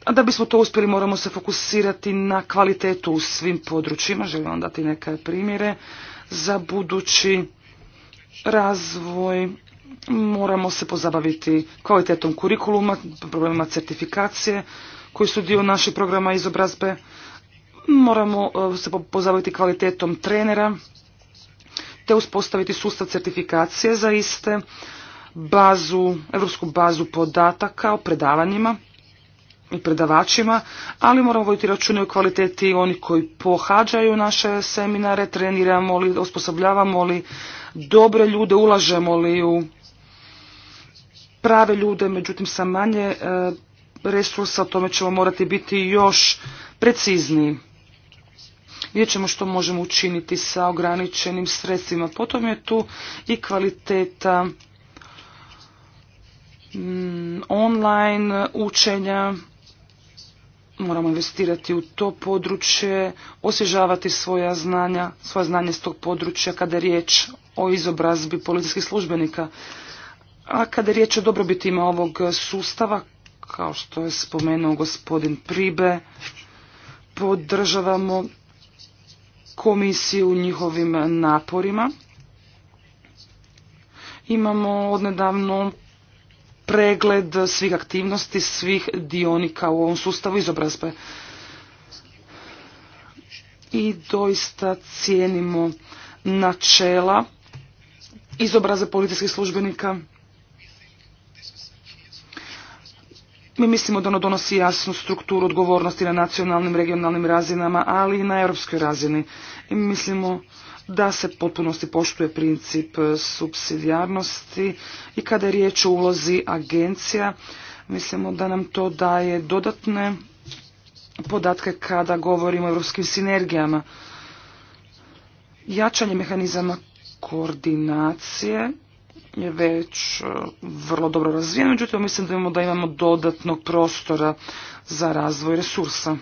A da bismo to uspjeli moramo se fokusirati na kvalitetu u svim područjima. Želim vam dati neke primjere za budući razvoj. Moramo se pozabaviti kvalitetom kurikuluma, problemima certifikacije koji su dio naših programa izobrazbe. Moramo e, se pozabaviti kvalitetom trenera te uspostaviti sustav certifikacije za iste, bazu, evropsku bazu podataka o predavanjima predavačima, ali moramo voditi račune o kvaliteti onih koji pohađaju naše seminare, treniramo li, osposobljavamo li dobre ljude, ulažemo li u prave ljude, međutim sa manje e, resursa, o tome ćemo morati biti još precizniji. Vidjet ćemo što možemo učiniti sa ograničenim sredstvima. Potom je tu i kvaliteta mm, online učenja, moramo investirati u to područje, osježavati svoja znanja, svoja znanja s tog područja kada je riječ o izobrazbi policijskih službenika. A kada je riječ o dobrobitima ovog sustava, kao što je spomenuo gospodin Pribe, podržavamo komisiju u njihovim naporima. Imamo odnedavno pregled svih aktivnosti, svih dionika u ovom sustavu izobrazbe. I doista cijenimo načela izobraze policijskih službenika Mi mislimo da ono donosi jasnu strukturu odgovornosti na nacionalnim, regionalnim razinama, ali i na europskoj razini. I mislimo da se potpunosti poštuje princip e, subsidijarnosti i kada je riječ o ulozi agencija, mislimo da nam to daje dodatne podatke kada govorimo o europskim sinergijama. Jačanje mehanizama koordinacije je već e, vrlo dobro razvijen, međutim mislim da imamo, da imamo dodatnog prostora za razvoj resursa.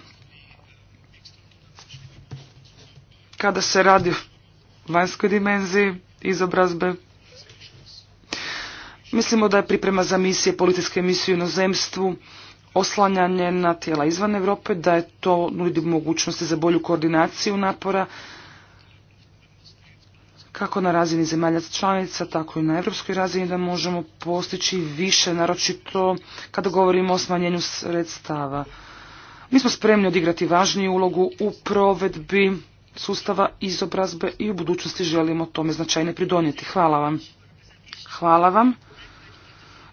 Kada se radi o vanjskoj dimenziji izobrazbe, mislimo da je priprema za misije, policijske misije u inozemstvu, oslanjanje na tijela izvan Europe, da je to nudi mogućnosti za bolju koordinaciju napora, kako na razini zemalja članica, tako i na europskoj razini da možemo postići više, naročito kada govorimo o smanjenju sredstava. Mi smo spremni odigrati važniju ulogu u provedbi sustava izobrazbe i u budućnosti želimo tome značajne pridonijeti. Hvala vam. Hvala vam.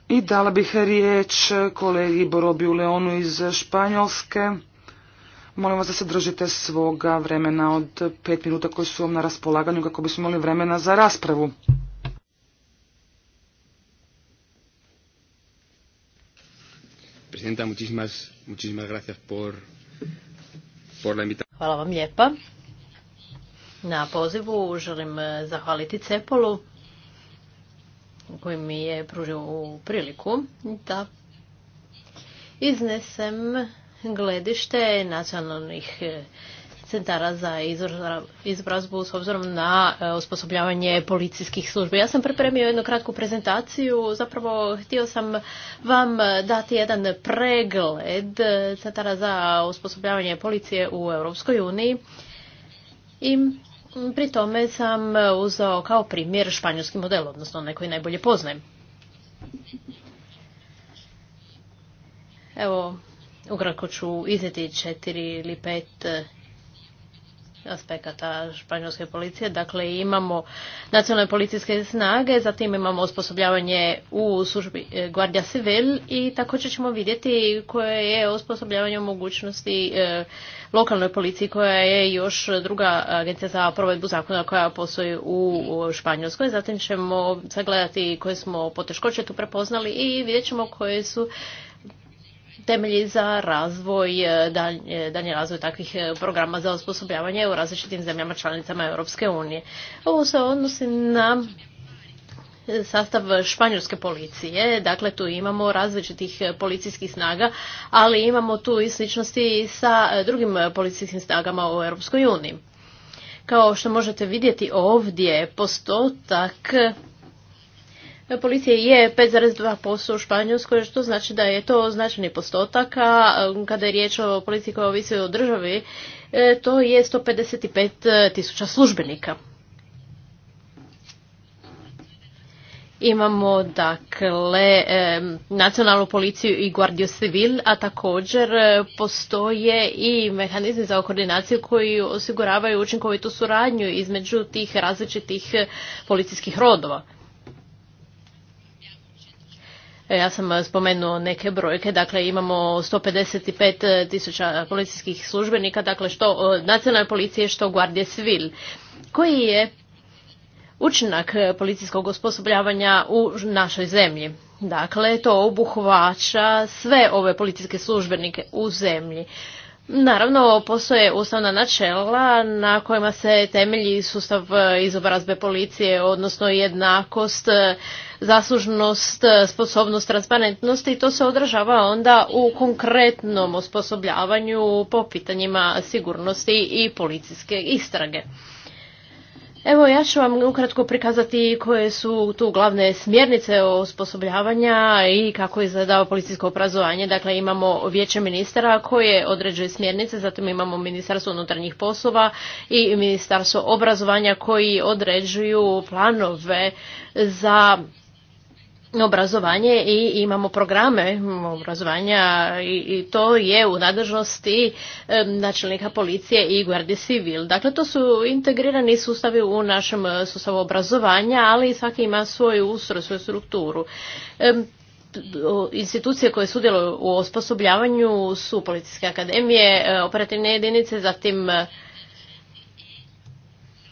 I dala bih riječ kolegi Borobiju Leonu iz Španjolske. Molim vas da se držite svoga vremena od pet minuta koji su vam na raspolaganju kako bismo imali vremena za raspravu. Presidenta, muchísimas, muchísimas gracias por, por la invitación. Hvala vam lijepa. Na pozivu želim zahvaliti Cepolu koji mi je pružio priliku da iznesem gledište nacionalnih e, centara za izobrazbu s obzirom na e, osposobljavanje policijskih službi. Ja sam pripremio jednu kratku prezentaciju, zapravo htio sam vam dati jedan pregled centara za osposobljavanje policije u Europskoj uniji i pri tome sam uzao kao primjer španjolski model, odnosno onaj koji najbolje poznajem. Evo, Ukratko ću iznijeti četiri ili pet e, aspekata španjolske policije. Dakle, imamo nacionalne policijske snage, zatim imamo osposobljavanje u službi e, Guardia Civil i također ćemo vidjeti koje je osposobljavanje mogućnosti e, lokalnoj policiji koja je još druga agencija za provedbu zakona koja postoji u Španjolskoj. Zatim ćemo sagledati koje smo poteškoće tu prepoznali i vidjet ćemo koje su temelji za razvoj, e, dalje razvoj takvih e, programa za osposobljavanje u različitim zemljama članicama Europske unije. Ovo se odnosi na sastav španjolske policije. Dakle, tu imamo različitih policijskih snaga, ali imamo tu i sličnosti sa drugim policijskim snagama u Europskoj uniji. Kao što možete vidjeti ovdje, postotak policije je 5,2% u Španjolskoj, što znači da je to značajni postotak, a um, kada je riječ o policiji koja ovisi o državi, e, to je 155 tisuća službenika. Imamo dakle e, nacionalnu policiju i Guardio Civil, a također e, postoje i mehanizmi za koordinaciju koji osiguravaju učinkovitu suradnju između tih različitih policijskih rodova. E, ja sam e, spomenuo neke brojke, dakle imamo 155 e, tisuća policijskih službenika, dakle što nacionalne policije, što Guardia Civil. Koji je učinak policijskog osposobljavanja u našoj zemlji? Dakle, to obuhvaća sve ove policijske službenike u zemlji. Naravno, postoje ustavna načela na kojima se temelji sustav izobrazbe policije, odnosno jednakost, zaslužnost, sposobnost, transparentnost i to se odražava onda u konkretnom osposobljavanju po pitanjima sigurnosti i policijske istrage. Evo ja ću vam ukratko prikazati koje su tu glavne smjernice osposobljavanja i kako je zadao policijsko obrazovanje. Dakle imamo vijeće ministara koje određuje smjernice, zatim imamo ministarstvo unutarnjih poslova i ministarstvo obrazovanja koji određuju planove za obrazovanje i imamo programe obrazovanja i to je u nadležnosti načelnika policije i Guardi Civil. Dakle, to su integrirani sustavi u našem sustavu obrazovanja, ali svaki ima svoj ustroj, svoju strukturu. Institucije koje sudjeluju u osposobljavanju su policijske akademije, e, operativne jedinice, zatim e,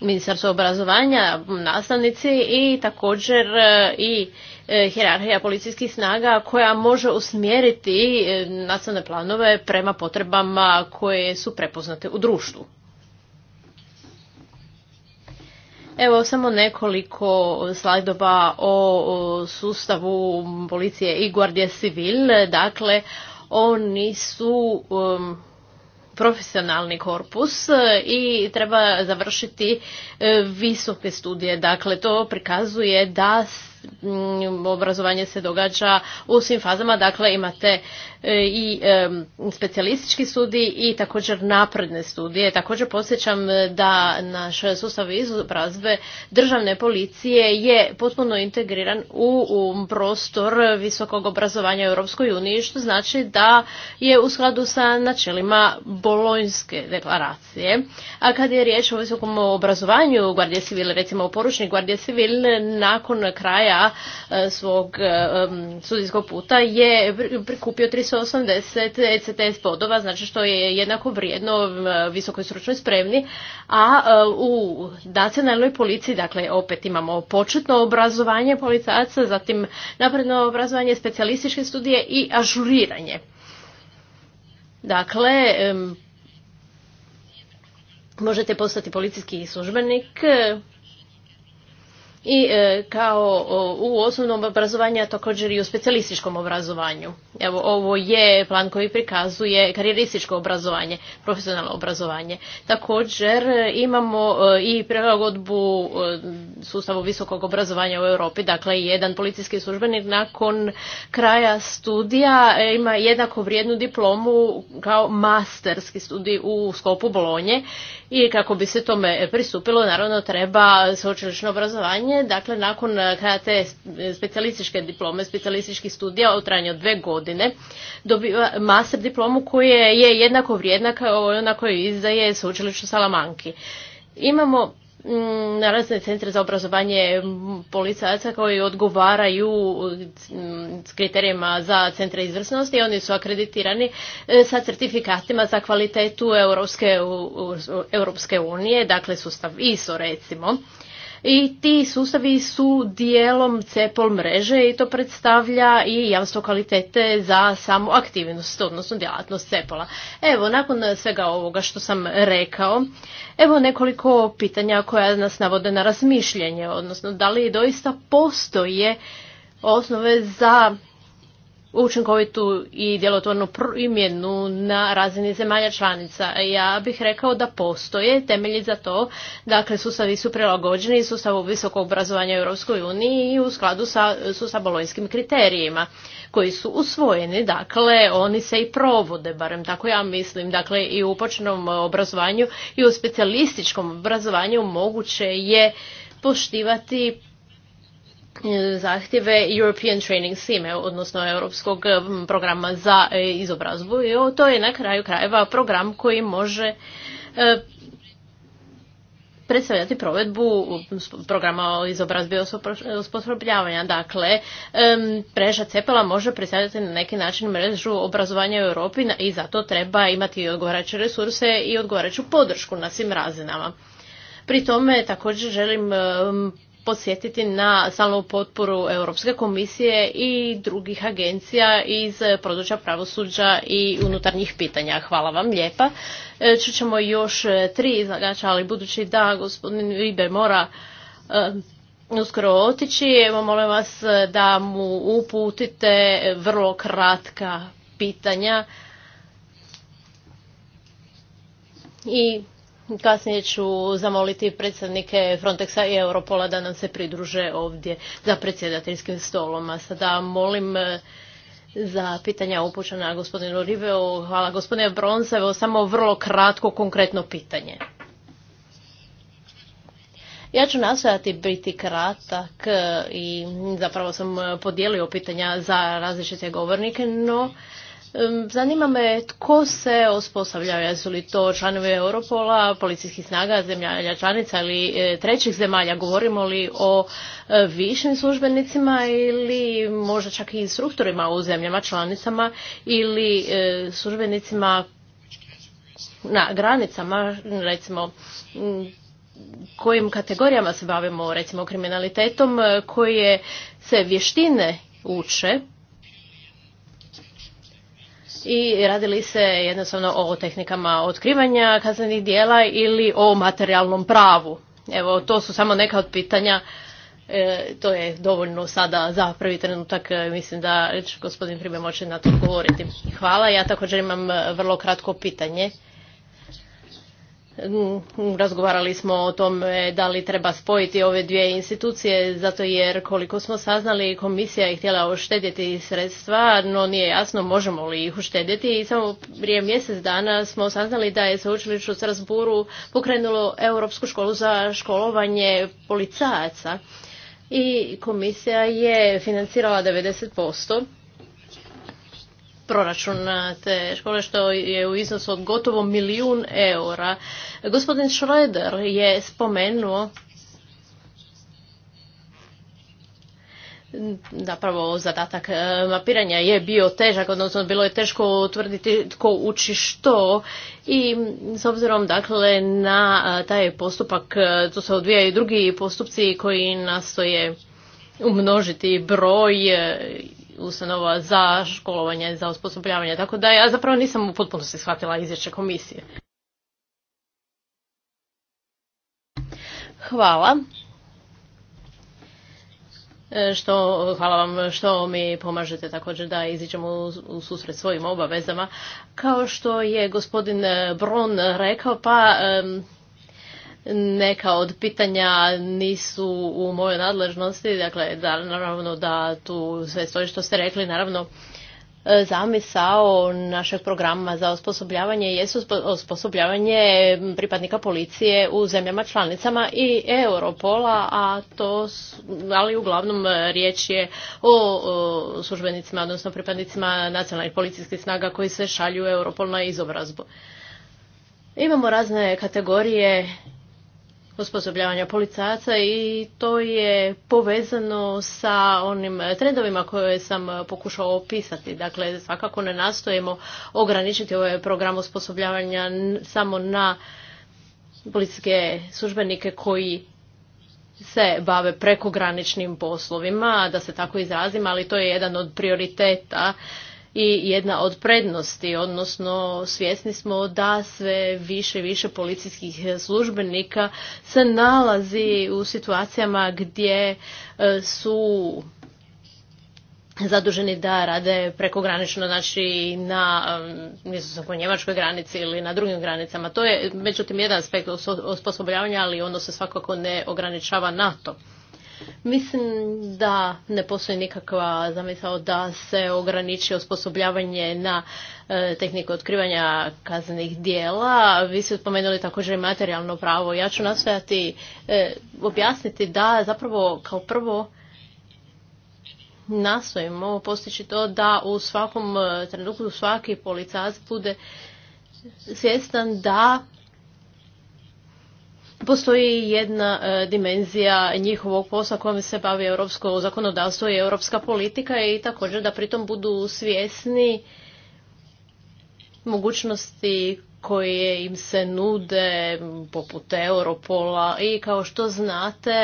ministarstvo obrazovanja, nastavnici i također e, i E, hjerarhija policijskih snaga koja može usmjeriti e, nacionalne planove prema potrebama koje su prepoznate u društvu. Evo samo nekoliko slajdova o sustavu policije i Guardije Civil. Dakle, oni su um, profesionalni korpus e, i treba završiti visoke studije. Dakle, to prikazuje da Mm, obrazovanje se događa u svim fazama, dakle imate e, i e, specijalistički studij i također napredne studije. Također posjećam e, da naš sustav izobrazbe državne policije je potpuno integriran u prostor visokog obrazovanja u Europskoj uniji, što znači da je u skladu sa načelima Bolonjske deklaracije. A kad je riječ o visokom obrazovanju Civile, recimo u poručni Civil, nakon kraja E, svog e, sudijskog puta je prikupio 380 ECTS bodova, znači što je jednako vrijedno visokoj stručnoj spremni, a e, u nacionalnoj policiji, dakle opet imamo početno obrazovanje policajaca, zatim napredno obrazovanje, specijalističke studije i ažuriranje. Dakle, možete postati policijski službenik i e, kao u osnovnom obrazovanju, a također i u specijalističkom obrazovanju. Evo, ovo je plan koji prikazuje karijerističko obrazovanje, profesionalno obrazovanje. Također e, imamo e, i prilagodbu sustavu visokog obrazovanja u Europi, dakle jedan policijski službenik nakon kraja studija ima jednako vrijednu diplomu kao masterski studij u skopu Bolonje i kako bi se tome pristupilo, naravno treba sveučilišno obrazovanje, dakle nakon eh, kada te specijalističke diplome, specijalističkih studija u trajanju od dve godine, dobiva master diplomu koja je jednako vrijedna kao ona koju izdaje sveučilišno Salamanki. Imamo Mm, na razne centre za obrazovanje policajaca koji odgovaraju mm, s kriterijima za centre izvrsnosti. Oni su akreditirani e, sa certifikatima za kvalitetu Europske, Europske unije, dakle sustav ISO recimo i ti sustavi su dijelom CEPOL mreže i to predstavlja i jamstvo kvalitete za samu aktivnost, odnosno djelatnost cepola Evo, nakon svega ovoga što sam rekao, evo nekoliko pitanja koja nas navode na razmišljanje, odnosno da li doista postoje osnove za učinkovitu i djelotvornu primjenu na razini zemalja članica. Ja bih rekao da postoje temelji za to, dakle sustavi su prilagođeni sustavu visokog obrazovanja u Europskoj uniji i u skladu sa sustavolojskim kriterijima koji su usvojeni, dakle oni se i provode, barem tako ja mislim, dakle i u početnom obrazovanju i u specijalističkom obrazovanju moguće je poštivati zahtjeve European Training Sime, odnosno Europskog eh, programa za eh, izobrazbu. I to je na kraju krajeva program koji može eh, predstavljati provedbu programa o izobrazbi osposobljavanja. Dakle, mreža Cepela može predstavljati na neki način mrežu obrazovanja u Europi i zato treba imati odgovarajuće resurse i odgovarajuću podršku na svim razinama. Pri tome također želim podsjetiti na stalnu potporu Europske komisije i drugih agencija iz područja pravosuđa i unutarnjih pitanja. Hvala vam lijepa. E, Čućemo još tri izlagača, ali budući da gospodin Ribe mora e, uskoro otići, evo molim vas da mu uputite vrlo kratka pitanja. I Kasnije ću zamoliti predsjednike Frontexa i Europola da nam se pridruže ovdje za predsjedateljskim stolom. A sada molim e, za pitanja upućena gospodinu Riveu. Hvala gospodine Brons, evo samo vrlo kratko konkretno pitanje. Ja ću nastojati biti kratak e, i zapravo sam e, podijelio pitanja za različite govornike, no Zanima me tko se ospostavlja, jesu li to članovi Europola, policijskih snaga, zemlja članica ili e, trećih zemalja, govorimo li o e, višim službenicima ili možda čak i instruktorima u zemljama članicama ili e, službenicima na granicama, recimo kojim kategorijama se bavimo, recimo kriminalitetom, koje se vještine uče i radili se jednostavno o tehnikama otkrivanja kaznenih dijela ili o materijalnom pravu. Evo, to su samo neka od pitanja. E, to je dovoljno sada za prvi trenutak. E, mislim da će gospodin Pribe moći na to govoriti. Hvala. Ja također imam e, vrlo kratko pitanje. Mm, razgovarali smo o tome da li treba spojiti ove dvije institucije, zato jer koliko smo saznali komisija je htjela uštedjeti sredstva, no nije jasno možemo li ih uštedjeti i samo prije mjesec dana smo saznali da je sveučilište u Strasburu pokrenulo Europsku školu za školovanje policajaca i komisija je financirala 90% proračun te škole što je u iznosu od gotovo milijun eura. Gospodin Schroeder je spomenuo Zapravo zadatak e, mapiranja je bio težak, odnosno bilo je teško utvrditi tko uči što i s obzirom dakle na e, taj postupak, e, tu se odvijaju i drugi postupci koji nastoje umnožiti broj ustanova za školovanje, za osposobljavanje. Tako da ja zapravo nisam u potpunosti shvatila izvješće komisije. Hvala. E, što, hvala vam što mi pomažete također da iziđemo u, susret svojim obavezama. Kao što je gospodin Bron rekao, pa neka od pitanja nisu u mojoj nadležnosti, dakle da, naravno da tu sve stoji što ste rekli, naravno e, zamisao našeg programa za osposobljavanje jesu osposobljavanje pripadnika policije u zemljama članicama i Europola, a to, ali uglavnom riječ je o, o službenicima, odnosno pripadnicima nacionalnih policijskih snaga koji se šalju Europol na izobrazbu. Imamo razne kategorije osposobljavanja policajaca i to je povezano sa onim trendovima koje sam pokušao opisati. Dakle, svakako ne nastojimo ograničiti ovaj program osposobljavanja samo na policijske službenike koji se bave prekograničnim poslovima, da se tako izrazim, ali to je jedan od prioriteta i jedna od prednosti, odnosno svjesni smo da sve više i više policijskih službenika se nalazi u situacijama gdje e, su zaduženi da rade prekogranično, znači na e, njemačkoj granici ili na drugim granicama. To je međutim jedan aspekt osposobljavanja, ali ono se svakako ne ograničava na to. Mislim da ne postoji nikakva zamisao da se ograniči osposobljavanje na e, tehniku otkrivanja kaznenih dijela. Vi ste spomenuli također i materijalno pravo. Ja ću nastojati e, objasniti da zapravo kao prvo nastojimo postići to da u svakom e, trenutku svaki policajac bude svjestan da postoji jedna e, dimenzija njihovog posla kojom se bavi europsko zakonodavstvo i europska politika i također da pritom budu svjesni mogućnosti koje im se nude poput Europola i kao što znate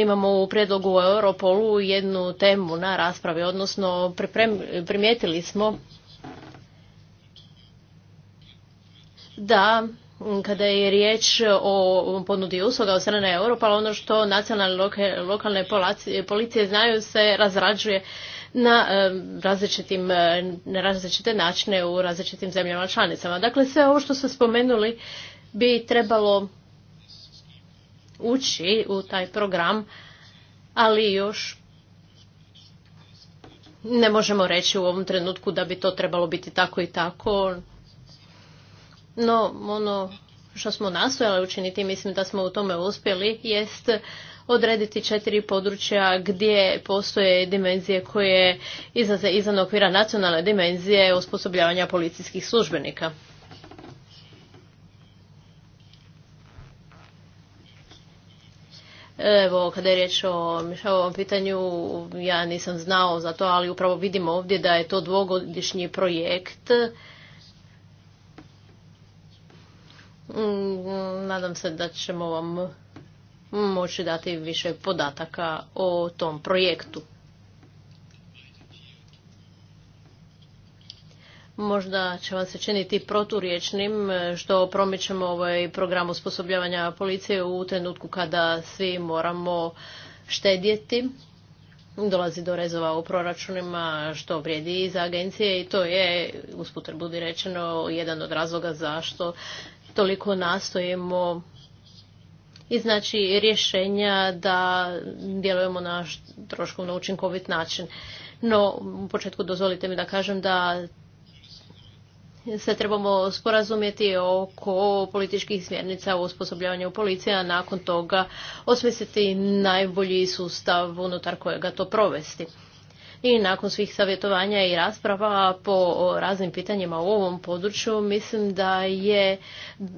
imamo u prijedlogu o Europolu jednu temu na raspravi, odnosno primijetili smo da kada je riječ o ponudi usluga od strane ali ono što nacionalne lokalne policije znaju se razrađuje na e, različitim, e, na različite načine u različitim zemljama članicama. Dakle, sve ovo što ste spomenuli bi trebalo ući u taj program, ali još ne možemo reći u ovom trenutku da bi to trebalo biti tako i tako. No, ono što smo nastojali učiniti, mislim da smo u tome uspjeli, jest odrediti četiri područja gdje postoje dimenzije koje izlaze izvan okvira nacionalne dimenzije osposobljavanja policijskih službenika. Evo, kada je riječ o ovom pitanju, ja nisam znao za to, ali upravo vidimo ovdje da je to dvogodišnji projekt Mm, nadam se da ćemo vam moći dati više podataka o tom projektu. Možda će vam se činiti proturječnim što promičemo ovaj program osposobljavanja policije u trenutku kada svi moramo štedjeti. Dolazi do rezova u proračunima što vrijedi i za agencije i to je, usputer budi rečeno, jedan od razloga zašto toliko nastojimo iznaći rješenja da djelujemo na troškovno učinkovit način. No, u početku dozvolite mi da kažem da se trebamo sporazumjeti oko političkih smjernica u osposobljavanju policije, a nakon toga osmisliti najbolji sustav unutar kojega to provesti i nakon svih savjetovanja i rasprava po raznim pitanjima u ovom području mislim da je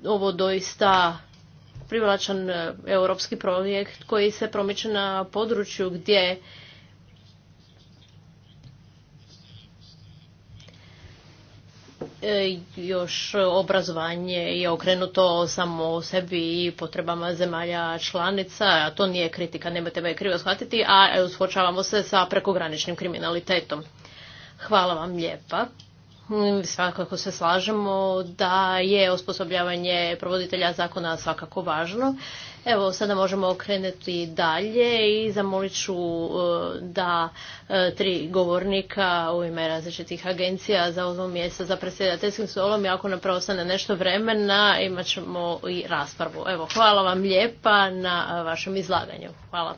ovo doista privlačan e, europski projekt koji se promiče na području gdje E, još obrazovanje je okrenuto samo o sebi i potrebama zemalja članica, a to nije kritika, nemojte me krivo shvatiti, a suočavamo se sa prekograničnim kriminalitetom. Hvala vam lijepa. Mm, svakako se slažemo da je osposobljavanje provoditelja zakona svakako važno Evo, sada možemo okrenuti dalje i zamolit ću e, da e, tri govornika u ime različitih agencija za ovo mjesto za predsjedateljskim stolom i ako nam preostane nešto vremena imat ćemo i raspravu. Evo, hvala vam lijepa na vašem izlaganju. Hvala.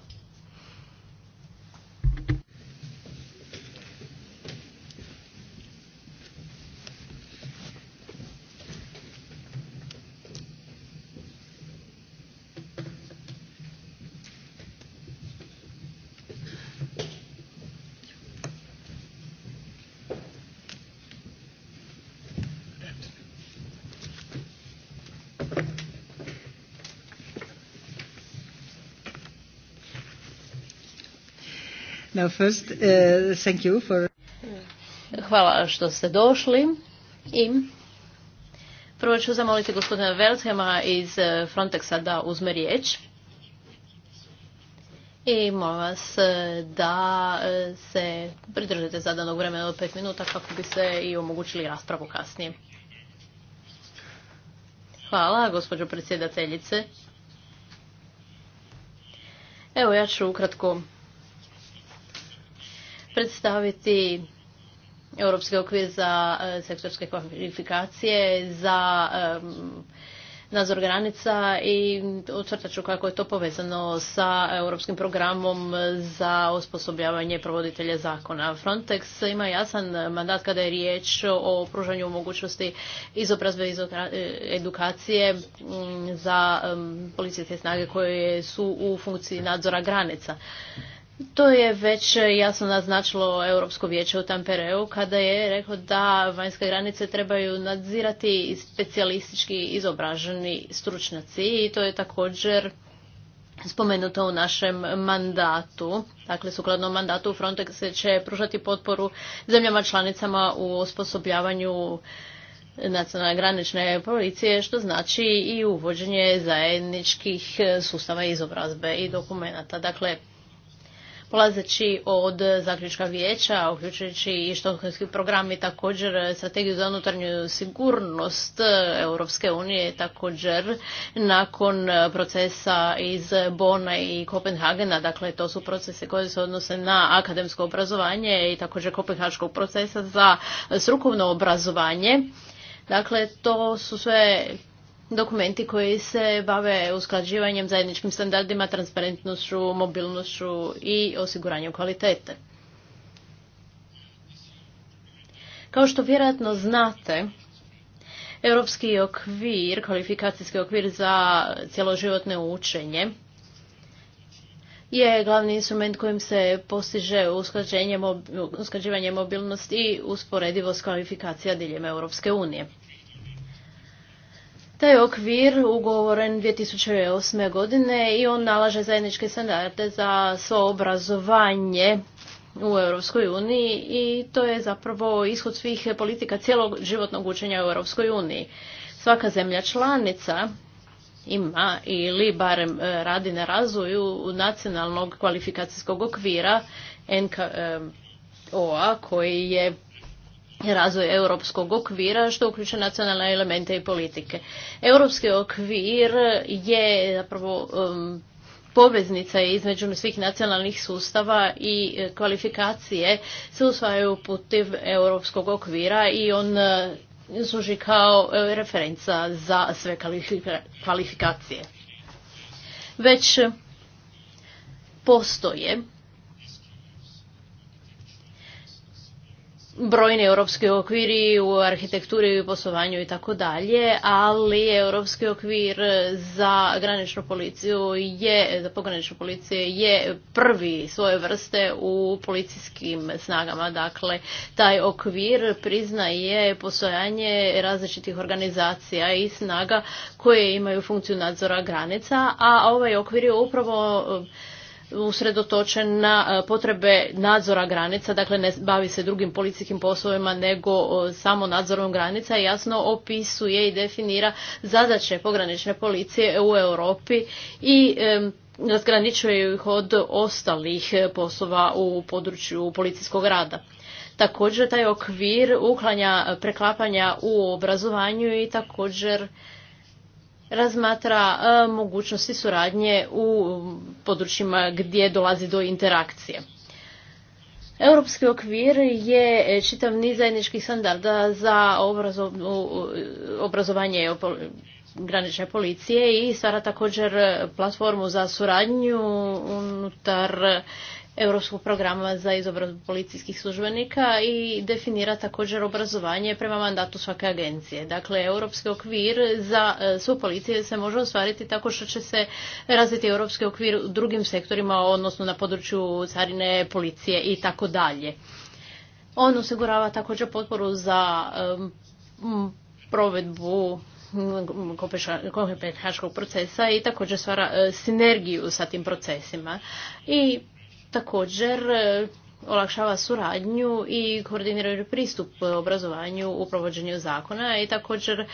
first, uh, Hvala što ste došli i prvo ću zamoliti gospodina Velthema iz eh, Frontexa da uzme riječ. I molim vas eh, da eh, se pridržite zadanog vremena od pet minuta kako bi se i omogućili raspravu kasnije. Hvala, gospođo predsjedateljice. Evo ja ću ukratko predstaviti Europski okvir za e, sektorske kvalifikacije, za nadzor granica i otvrtat ću kako je to povezano sa europskim programom za osposobljavanje provoditelja zakona. Frontex ima jasan mandat kada je riječ o pružanju mogućnosti izobrazbe i e, edukacije za policijske snage koje su u funkciji nadzora granica. To je već jasno naznačilo Europsko vijeće u Tampereu kada je rekao da vanjske granice trebaju nadzirati specijalistički izobraženi stručnjaci i to je također spomenuto u našem mandatu. Dakle, sukladno mandatu Frontex će pružati potporu zemljama članicama u osposobljavanju nacionalne granične policije, što znači i uvođenje zajedničkih sustava izobrazbe i dokumenata. Dakle, polazeći od zaključka vijeća, uključujući i štokonski program i također strategiju za unutarnju sigurnost Europske unije također nakon procesa iz Bona i Kopenhagena, dakle to su procese koji se odnose na akademsko obrazovanje i također kopenhaškog procesa za strukovno obrazovanje. Dakle, to su sve dokumenti koji se bave usklađivanjem zajedničkim standardima, transparentnošću, mobilnošću i osiguranjem kvalitete. Kao što vjerojatno znate, Europski okvir, kvalifikacijski okvir za cjeloživotno učenje je glavni instrument kojim se postiže usklađivanje mobilnosti i usporedivost kvalifikacija diljem Europske unije. Taj okvir ugovoren 2008. godine i on nalaže zajedničke standarde za svo obrazovanje u Europskoj uniji i to je zapravo ishod svih politika cijelog životnog učenja u Europskoj uniji. Svaka zemlja članica ima ili barem e, radi na razvoju nacionalnog kvalifikacijskog okvira NKOA e koji je razvoj europskog okvira što uključuje nacionalne elemente i politike. Europski okvir je zapravo um, poveznica između svih nacionalnih sustava i e, kvalifikacije se usvajaju putiv europskog okvira i on e, služi kao e, referenca za sve kvalifikacije. Već postoje brojni europski okviri u arhitekturi i poslovanju i tako dalje, ali europski okvir za graničnu policiju je, za pograničnu policiju je prvi svoje vrste u policijskim snagama. Dakle, taj okvir priznaje postojanje različitih organizacija i snaga koje imaju funkciju nadzora granica, a ovaj okvir je upravo usredotočen na e, potrebe nadzora granica, dakle ne bavi se drugim policijskim poslovima nego samo nadzorom granica jasno opisuje i definira zadaće pogranične policije u Europi i razgraničuje ih od ostalih e, poslova u području policijskog rada. Također taj okvir uklanja preklapanja u obrazovanju i također razmatra e, mogućnosti suradnje u područjima gdje dolazi do interakcije. Europski okvir je čitav niz zajedničkih standarda za obrazovanje granične policije i stvara također platformu za suradnju unutar Europskog programa za izobrazbu policijskih službenika i definira također obrazovanje prema mandatu svake agencije. Dakle, europski okvir za e, svu policiju se može ostvariti tako što će se razviti europski okvir u drugim sektorima, odnosno na području carine, policije i tako dalje. On osigurava također potporu za e, provedbu kompetenčkog procesa i također stvara e, sinergiju sa tim procesima. I također e, olakšava suradnju i koordiniraju pristup obrazovanju u provođenju zakona i također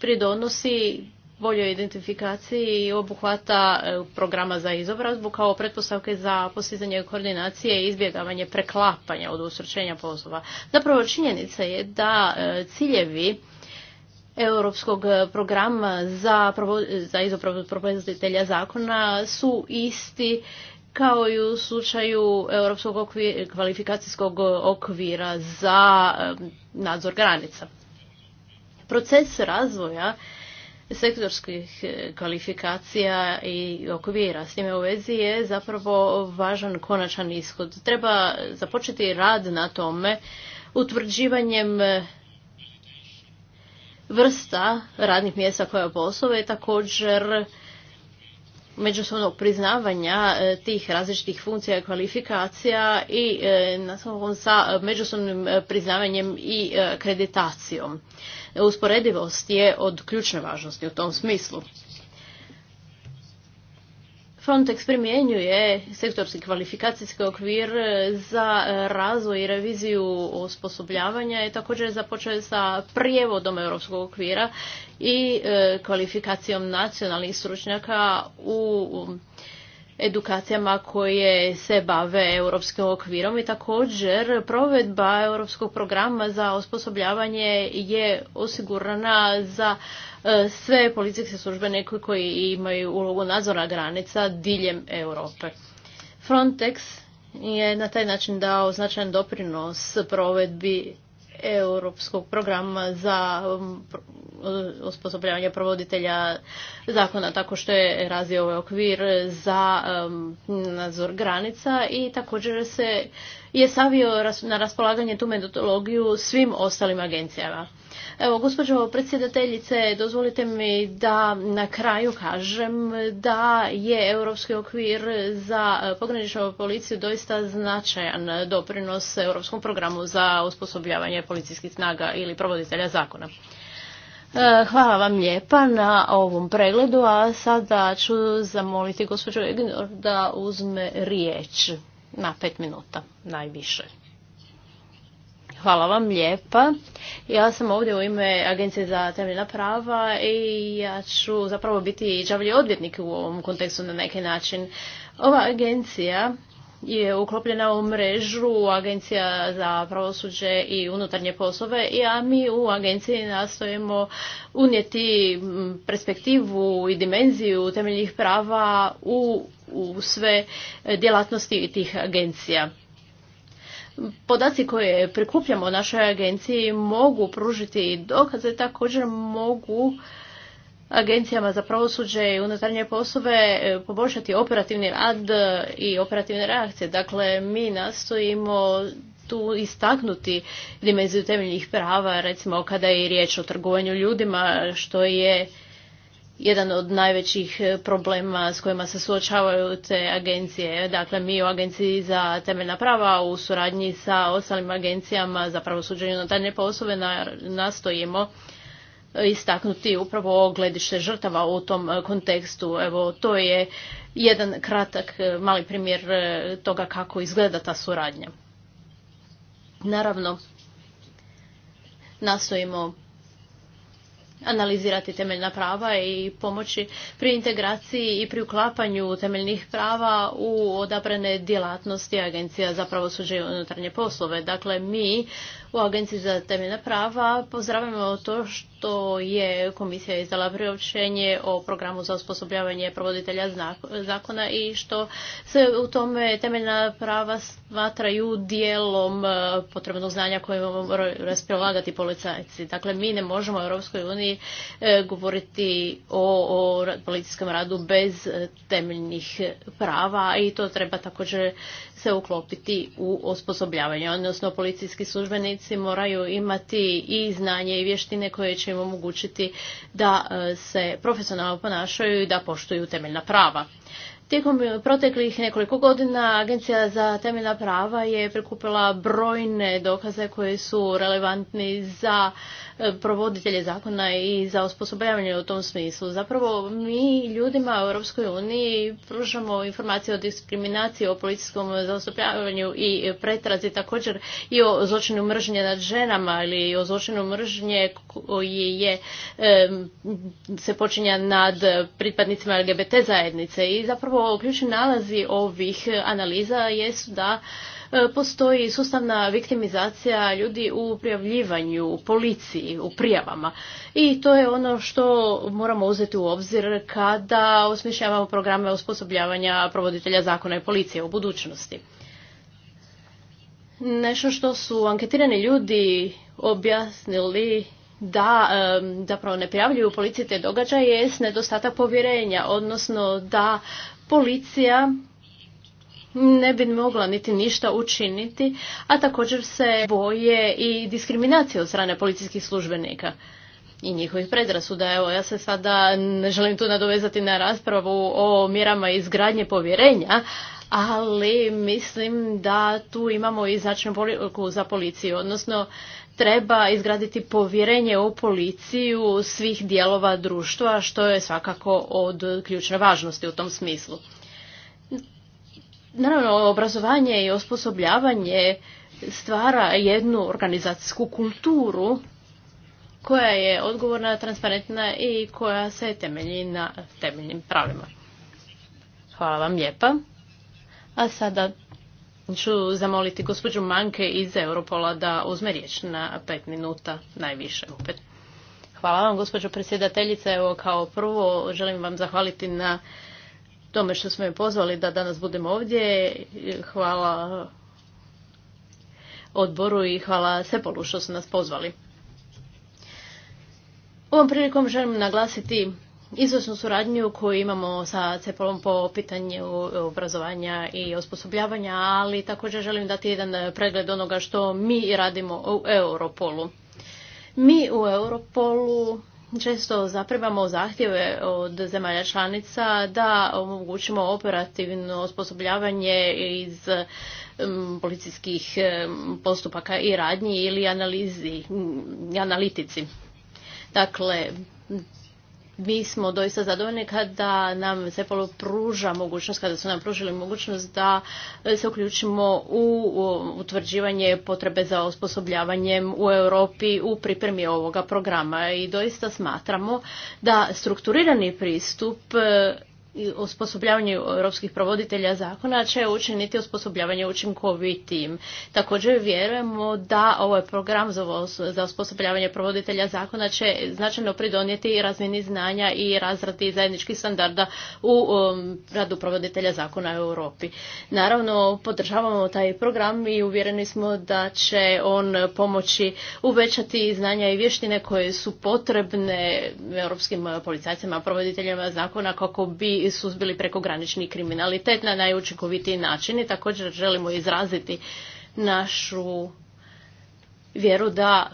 pridonosi boljoj identifikaciji i obuhvata e, programa za izobrazbu kao pretpostavke za postizanje koordinacije i izbjegavanje preklapanja od usrećenja poslova. Zapravo činjenica je da e, ciljevi europskog programa za, za izobrazbu provoditelja zakona su isti kao i u slučaju Europskog kvalifikacijskog okvira za nadzor granica. Proces razvoja sektorskih e, kvalifikacija i okvira s njime u vezi je zapravo važan konačan ishod. Treba započeti rad na tome utvrđivanjem e, vrsta radnih mjesta koja poslove također međusobnog priznavanja e, tih različitih funkcija i kvalifikacija i e, sa međusobnim e, priznavanjem i kreditacijom. Usporedivost je od ključne važnosti u tom smislu. Frontex primjenjuje sektorski kvalifikacijski okvir za razvoj i reviziju osposobljavanja i također započeo sa prijevodom europskog okvira i e, kvalifikacijom nacionalnih stručnjaka u edukacijama koje se bave europskim okvirom i također provedba europskog programa za osposobljavanje je osigurana za E, sve policijske službenike koji imaju ulogu nadzora granica diljem Europe. Frontex je na taj način dao značajan doprinos provedbi europskog programa za um, osposobljavanje provoditelja zakona tako što je razvio ovaj okvir za um, nadzor granica i također se je savio na raspolaganje tu metodologiju svim ostalim agencijama. Evo, gospođo predsjedateljice, dozvolite mi da na kraju kažem da je Europski okvir za pograničnu policiju doista značajan doprinos Europskom programu za usposobljavanje policijskih snaga ili provoditelja zakona. E, hvala vam lijepa na ovom pregledu, a sada ću zamoliti gospođu Egnor da uzme riječ na pet minuta najviše. Hvala vam lijepa. Ja sam ovdje u ime Agencije za temeljna prava i ja ću zapravo biti džavlji odvjetnik u ovom kontekstu na neki način. Ova agencija je uklopljena u mrežu Agencija za pravosuđe i unutarnje poslove i a mi u agenciji nastojimo unijeti perspektivu i dimenziju temeljnih prava u sve djelatnosti tih agencija podaci koje prikupljamo u našoj agenciji mogu pružiti i dokaze, također mogu agencijama za pravosuđe i unutarnje poslove e, poboljšati operativni rad i operativne reakcije. Dakle, mi nastojimo tu istaknuti dimenziju temeljnih prava, recimo kada je riječ o trgovanju ljudima, što je jedan od najvećih e, problema s kojima se suočavaju te agencije. Dakle, mi u Agenciji za temeljna prava u suradnji sa ostalim agencijama za na tajne poslove nastojimo e, istaknuti upravo gledište žrtava u tom e, kontekstu. Evo, to je jedan kratak mali primjer toga kako izgleda ta suradnja. Naravno, nastojimo analizirati temeljna prava i pomoći pri integraciji i pri uklapanju temeljnih prava u odabrane djelatnosti Agencija za pravosuđe i unutarnje poslove. Dakle, mi u Agenciji za temeljna prava. Pozdravljamo to što je komisija izdala priopćenje o programu za osposobljavanje provoditelja zakona i što se u tome temeljna prava smatraju dijelom e, potrebnog znanja koje moraju raspolagati policajci. Dakle, mi ne možemo u Europskoj uniji e, govoriti o, o policijskom radu bez e, temeljnih prava i to treba također se uklopiti u osposobljavanje, odnosno policijski službenici moraju imati i znanje i vještine koje će im omogućiti da e, se profesionalno ponašaju i da poštuju temeljna prava. Tijekom proteklih nekoliko godina Agencija za temeljna prava je prikupila brojne dokaze koje su relevantni za provoditelje zakona i za osposobljavanje u tom smislu. Zapravo mi ljudima u Europskoj uniji pružamo informacije o diskriminaciji, o policijskom zastupljavanju i pretrazi također i o zločinu mržnje nad ženama ili o zločinu mržnje koji je se počinja nad pripadnicima LGBT zajednice i zapravo ključni nalazi ovih analiza jesu da E, postoji sustavna viktimizacija ljudi u prijavljivanju, u policiji, u prijavama. I to je ono što moramo uzeti u obzir kada osmišljavamo programe osposobljavanja provoditelja zakona i policije u budućnosti. Nešto što su anketirani ljudi objasnili da e, zapravo ne prijavljuju policiji te događaje jest nedostatak povjerenja, odnosno da policija ne bi mogla niti ništa učiniti, a također se boje i diskriminacije od strane policijskih službenika i njihovih predrasuda. Evo, ja se sada ne želim tu nadovezati na raspravu o mjerama izgradnje povjerenja, ali mislim da tu imamo i značnu poliku za policiju, odnosno treba izgraditi povjerenje u policiju svih dijelova društva, što je svakako od ključne važnosti u tom smislu. Naravno, obrazovanje i osposobljavanje stvara jednu organizacijsku kulturu koja je odgovorna, transparentna i koja se temelji na temeljnim pravima. Hvala vam lijepa. A sada ću zamoliti gospođu Manke iz Europola da uzme riječ na pet minuta, najviše opet. Hvala vam gospođo predsjedateljice. Evo kao prvo želim vam zahvaliti na tome što smo je pozvali da danas budemo ovdje. Hvala odboru i hvala Sepolu što su nas pozvali. Ovom prilikom želim naglasiti izvrsnu suradnju koju imamo sa Cepolom po pitanju obrazovanja i osposobljavanja, ali također želim dati jedan pregled onoga što mi radimo u Europolu. Mi u Europolu često zaprimamo zahtjeve od zemalja članica da omogućimo operativno osposobljavanje iz policijskih postupaka i radnji ili analizi, analitici. Dakle, mi smo doista zadovoljni kada nam se pruža mogućnost, kada su nam pružili mogućnost da se uključimo u utvrđivanje potrebe za osposobljavanjem u Europi u pripremi ovoga programa. I doista smatramo da strukturirani pristup osposobljavanju europskih provoditelja zakona će učiniti osposobljavanje učinkovitijim. Također vjerujemo da ovaj program za osposobljavanje provoditelja zakona će značajno pridonijeti razmini znanja i razradi zajedničkih standarda u um, radu provoditelja zakona u Europi. Naravno, podržavamo taj program i uvjereni smo da će on pomoći uvećati znanja i vještine koje su potrebne europskim policajcima, provoditeljima zakona kako bi suzbili prekogranični kriminalitet na najučinkovitiji način i također želimo izraziti našu vjeru da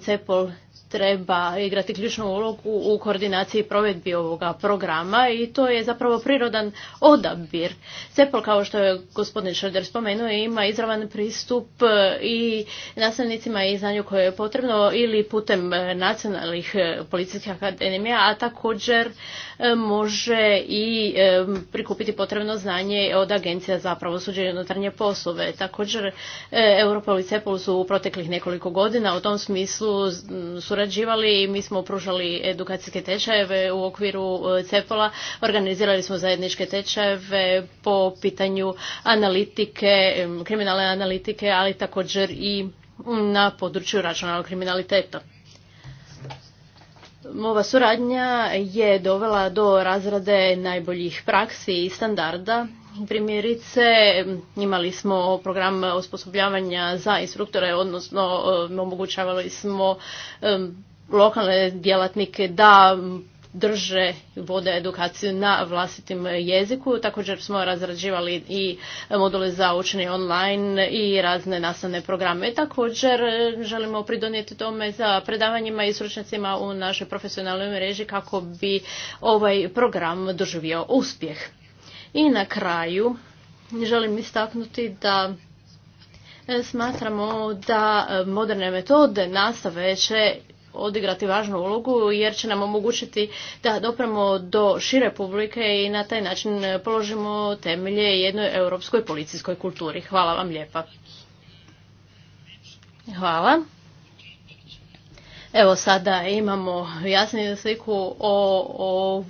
CEPOL treba igrati ključnu ulogu u koordinaciji provedbi ovoga programa i to je zapravo prirodan odabir. CEPOL, kao što je gospodin Šrder spomenuo, ima izravan pristup e, i nastavnicima i znanju koje je potrebno ili putem e, nacionalnih e, policijskih akademija, a također može i prikupiti potrebno znanje od Agencija za pravosuđe i unutarnje poslove. Također, Europol i CEPOL su u proteklih nekoliko godina u tom smislu su surađivali i mi smo pružali edukacijske tečajeve u okviru e, CEPOLA. Organizirali smo zajedničke tečajeve po pitanju analitike, kriminalne analitike, ali također i na području računalnog kriminaliteta. Ova suradnja je dovela do razrade najboljih praksi i standarda Primjerice, imali smo program osposobljavanja za instruktore, odnosno um, omogućavali smo um, lokalne djelatnike da drže vode edukaciju na vlastitim jeziku. Također smo razrađivali i module za učenje online i razne nastavne programe. Također um, želimo pridonijeti tome za predavanjima i stručnjacima u našoj profesionalnoj mreži kako bi ovaj program doživio uspjeh. I na kraju želim istaknuti da e, smatramo da e, moderne metode nastave će odigrati važnu ulogu jer će nam omogućiti da dopremo do šire publike i na taj način položimo temelje jednoj europskoj policijskoj kulturi. Hvala vam lijepa. Hvala. Evo sada imamo jasniju sliku o,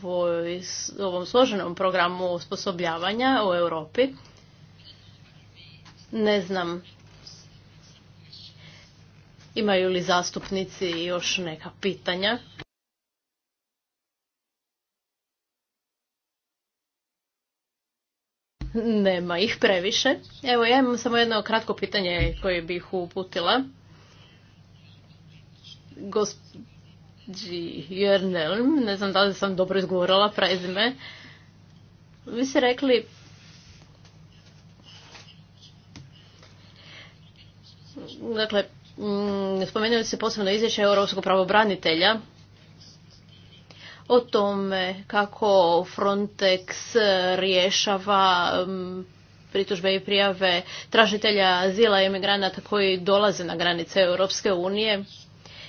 ovom složenom programu osposobljavanja u Europi. Ne znam imaju li zastupnici još neka pitanja. Nema ih previše. Evo ja imam samo jedno kratko pitanje koje bih uputila gospođi Jörnelm, ne znam da li sam dobro izgovorila prezime, vi ste rekli dakle, mm, spomenuli ste posebno izvješće Europskog pravobranitelja o tome kako Frontex rješava mm, pritužbe i prijave tražitelja azila i imigranata koji dolaze na granice Europske unije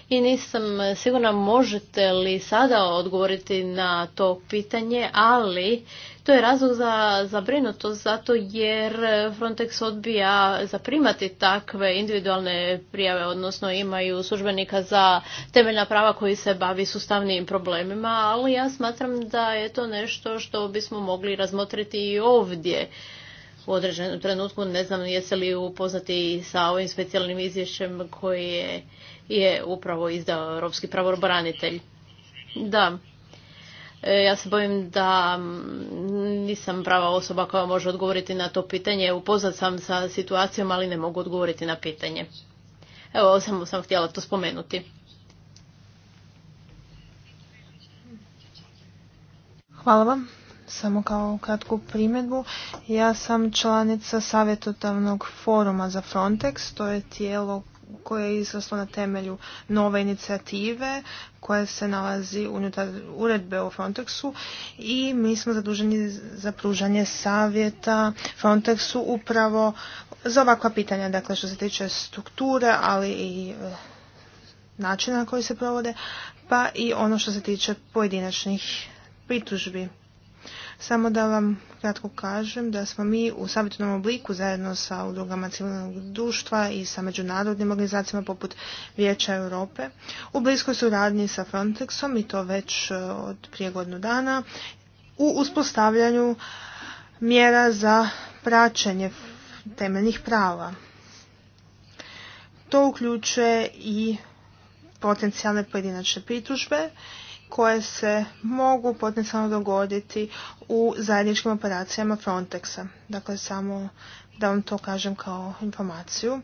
i nisam sigurna možete li sada odgovoriti na to pitanje, ali to je razlog za zabrinutost zato jer Frontex odbija zaprimati takve individualne prijave, odnosno imaju službenika za temeljna prava koji se bavi sustavnim problemima, ali ja smatram da je to nešto što bismo mogli razmotriti i ovdje u određenom trenutku. Ne znam jeste li upoznati sa ovim specijalnim izvješćem koji je je upravo izdao Europski pravobranitelj. Da, e, ja se bojim da nisam prava osoba koja može odgovoriti na to pitanje. Upoznat sam sa situacijom, ali ne mogu odgovoriti na pitanje. Evo, samo sam htjela to spomenuti. Hvala vam. Samo kao kratku primjedbu. Ja sam članica savjetodavnog foruma za Frontex. To je tijelo koje je izraslo na temelju nove inicijative koja se nalazi unutar uredbe o Frontexu i mi smo zaduženi za pružanje savjeta Frontexu upravo za ovakva pitanja, dakle što se tiče strukture, ali i eh, načina na koji se provode, pa i ono što se tiče pojedinačnih pritužbi. Samo da vam kratko kažem da smo mi u savjetnom obliku zajedno sa udrugama civilnog društva i sa međunarodnim organizacijama poput Vijeća Europe u bliskoj suradnji sa Frontexom i to već e, od prije godinu dana u uspostavljanju mjera za praćenje temeljnih prava. To uključuje i potencijalne pojedinačne pritužbe koje se mogu potencijalno dogoditi u zajedničkim operacijama Frontexa. Dakle, samo da vam to kažem kao informaciju.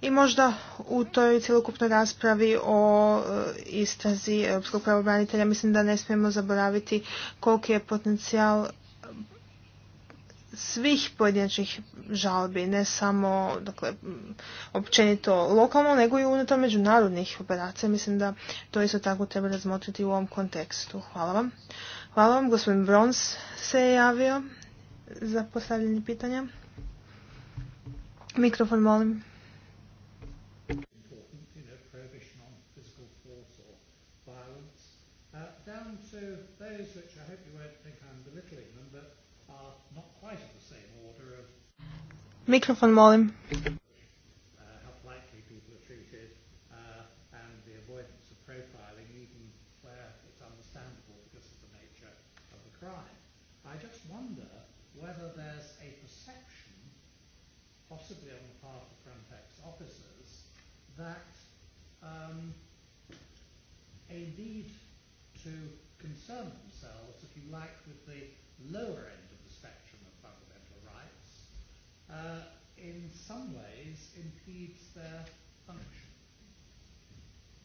I možda u toj cjelokupnoj raspravi o e, istrazi Europskog pravobranitelja mislim da ne smijemo zaboraviti koliki je potencijal svih pojedinačnih žalbi, ne samo dakle, općenito lokalno, nego i unutar međunarodnih operacija. Mislim da to isto tako treba razmotriti u ovom kontekstu. Hvala vam. Hvala vam. Gospodin Brons se je javio za postavljanje pitanja. Mikrofon molim. Down to Microphone Mollen. How brightly people are treated uh, and the avoidance of profiling even where it's understandable because of the nature of the crime. I just wonder whether there's a perception, possibly on the part of Frontex officers, that a need to concern themselves, if you like, with the lower uh, in some ways impedes their function.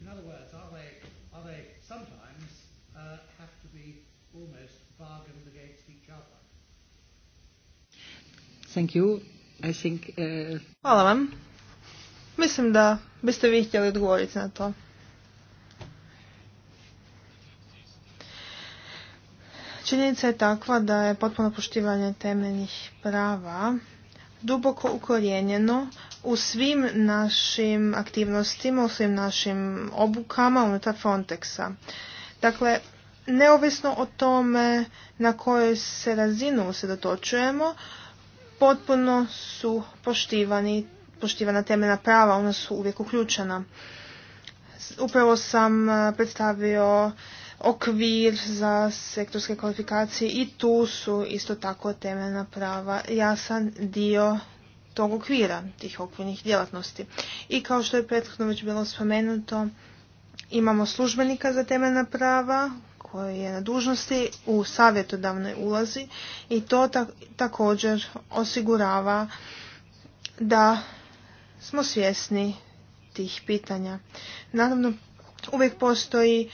In other words, are they, are they sometimes uh, have to be almost bargained against each other? Thank you. I think, uh... Hvala vam. Mislim da biste vi htjeli odgovoriti na to. Činjenica je takva da je potpuno poštivanje temeljnih prava duboko ukorijenjeno u svim našim aktivnostima, u svim našim obukama unutar Frontexa. Dakle, neovisno o tome na kojoj se razinu dotočujemo, potpuno su poštivani, poštivana temeljna prava, ona su uvijek uključena. Upravo sam predstavio okvir za sektorske kvalifikacije i tu su isto tako temeljna prava jasan dio tog okvira, tih okvirnih djelatnosti. I kao što je prethodno već bilo spomenuto, imamo službenika za temeljna prava koji je na dužnosti u savjetodavnoj ulazi i to također osigurava da smo svjesni tih pitanja. Naravno, uvijek postoji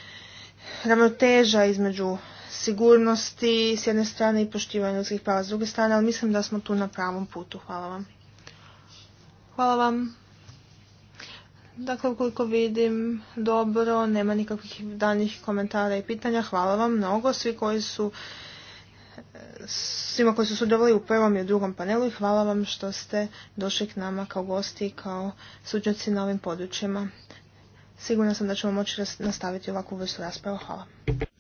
ravnoteža između sigurnosti s jedne strane i poštivanja ljudskih prava s druge strane, ali mislim da smo tu na pravom putu. Hvala vam. Hvala vam. Dakle, ukoliko vidim dobro, nema nikakvih daljnjih komentara i pitanja. Hvala vam mnogo svi koji su svima koji su sudjelovali u prvom i u drugom panelu i hvala vam što ste došli k nama kao gosti i kao suđaci na ovim područjima. Sigurna sam da ćemo moći nastaviti ovakvu vrstu rasprava. Hvala.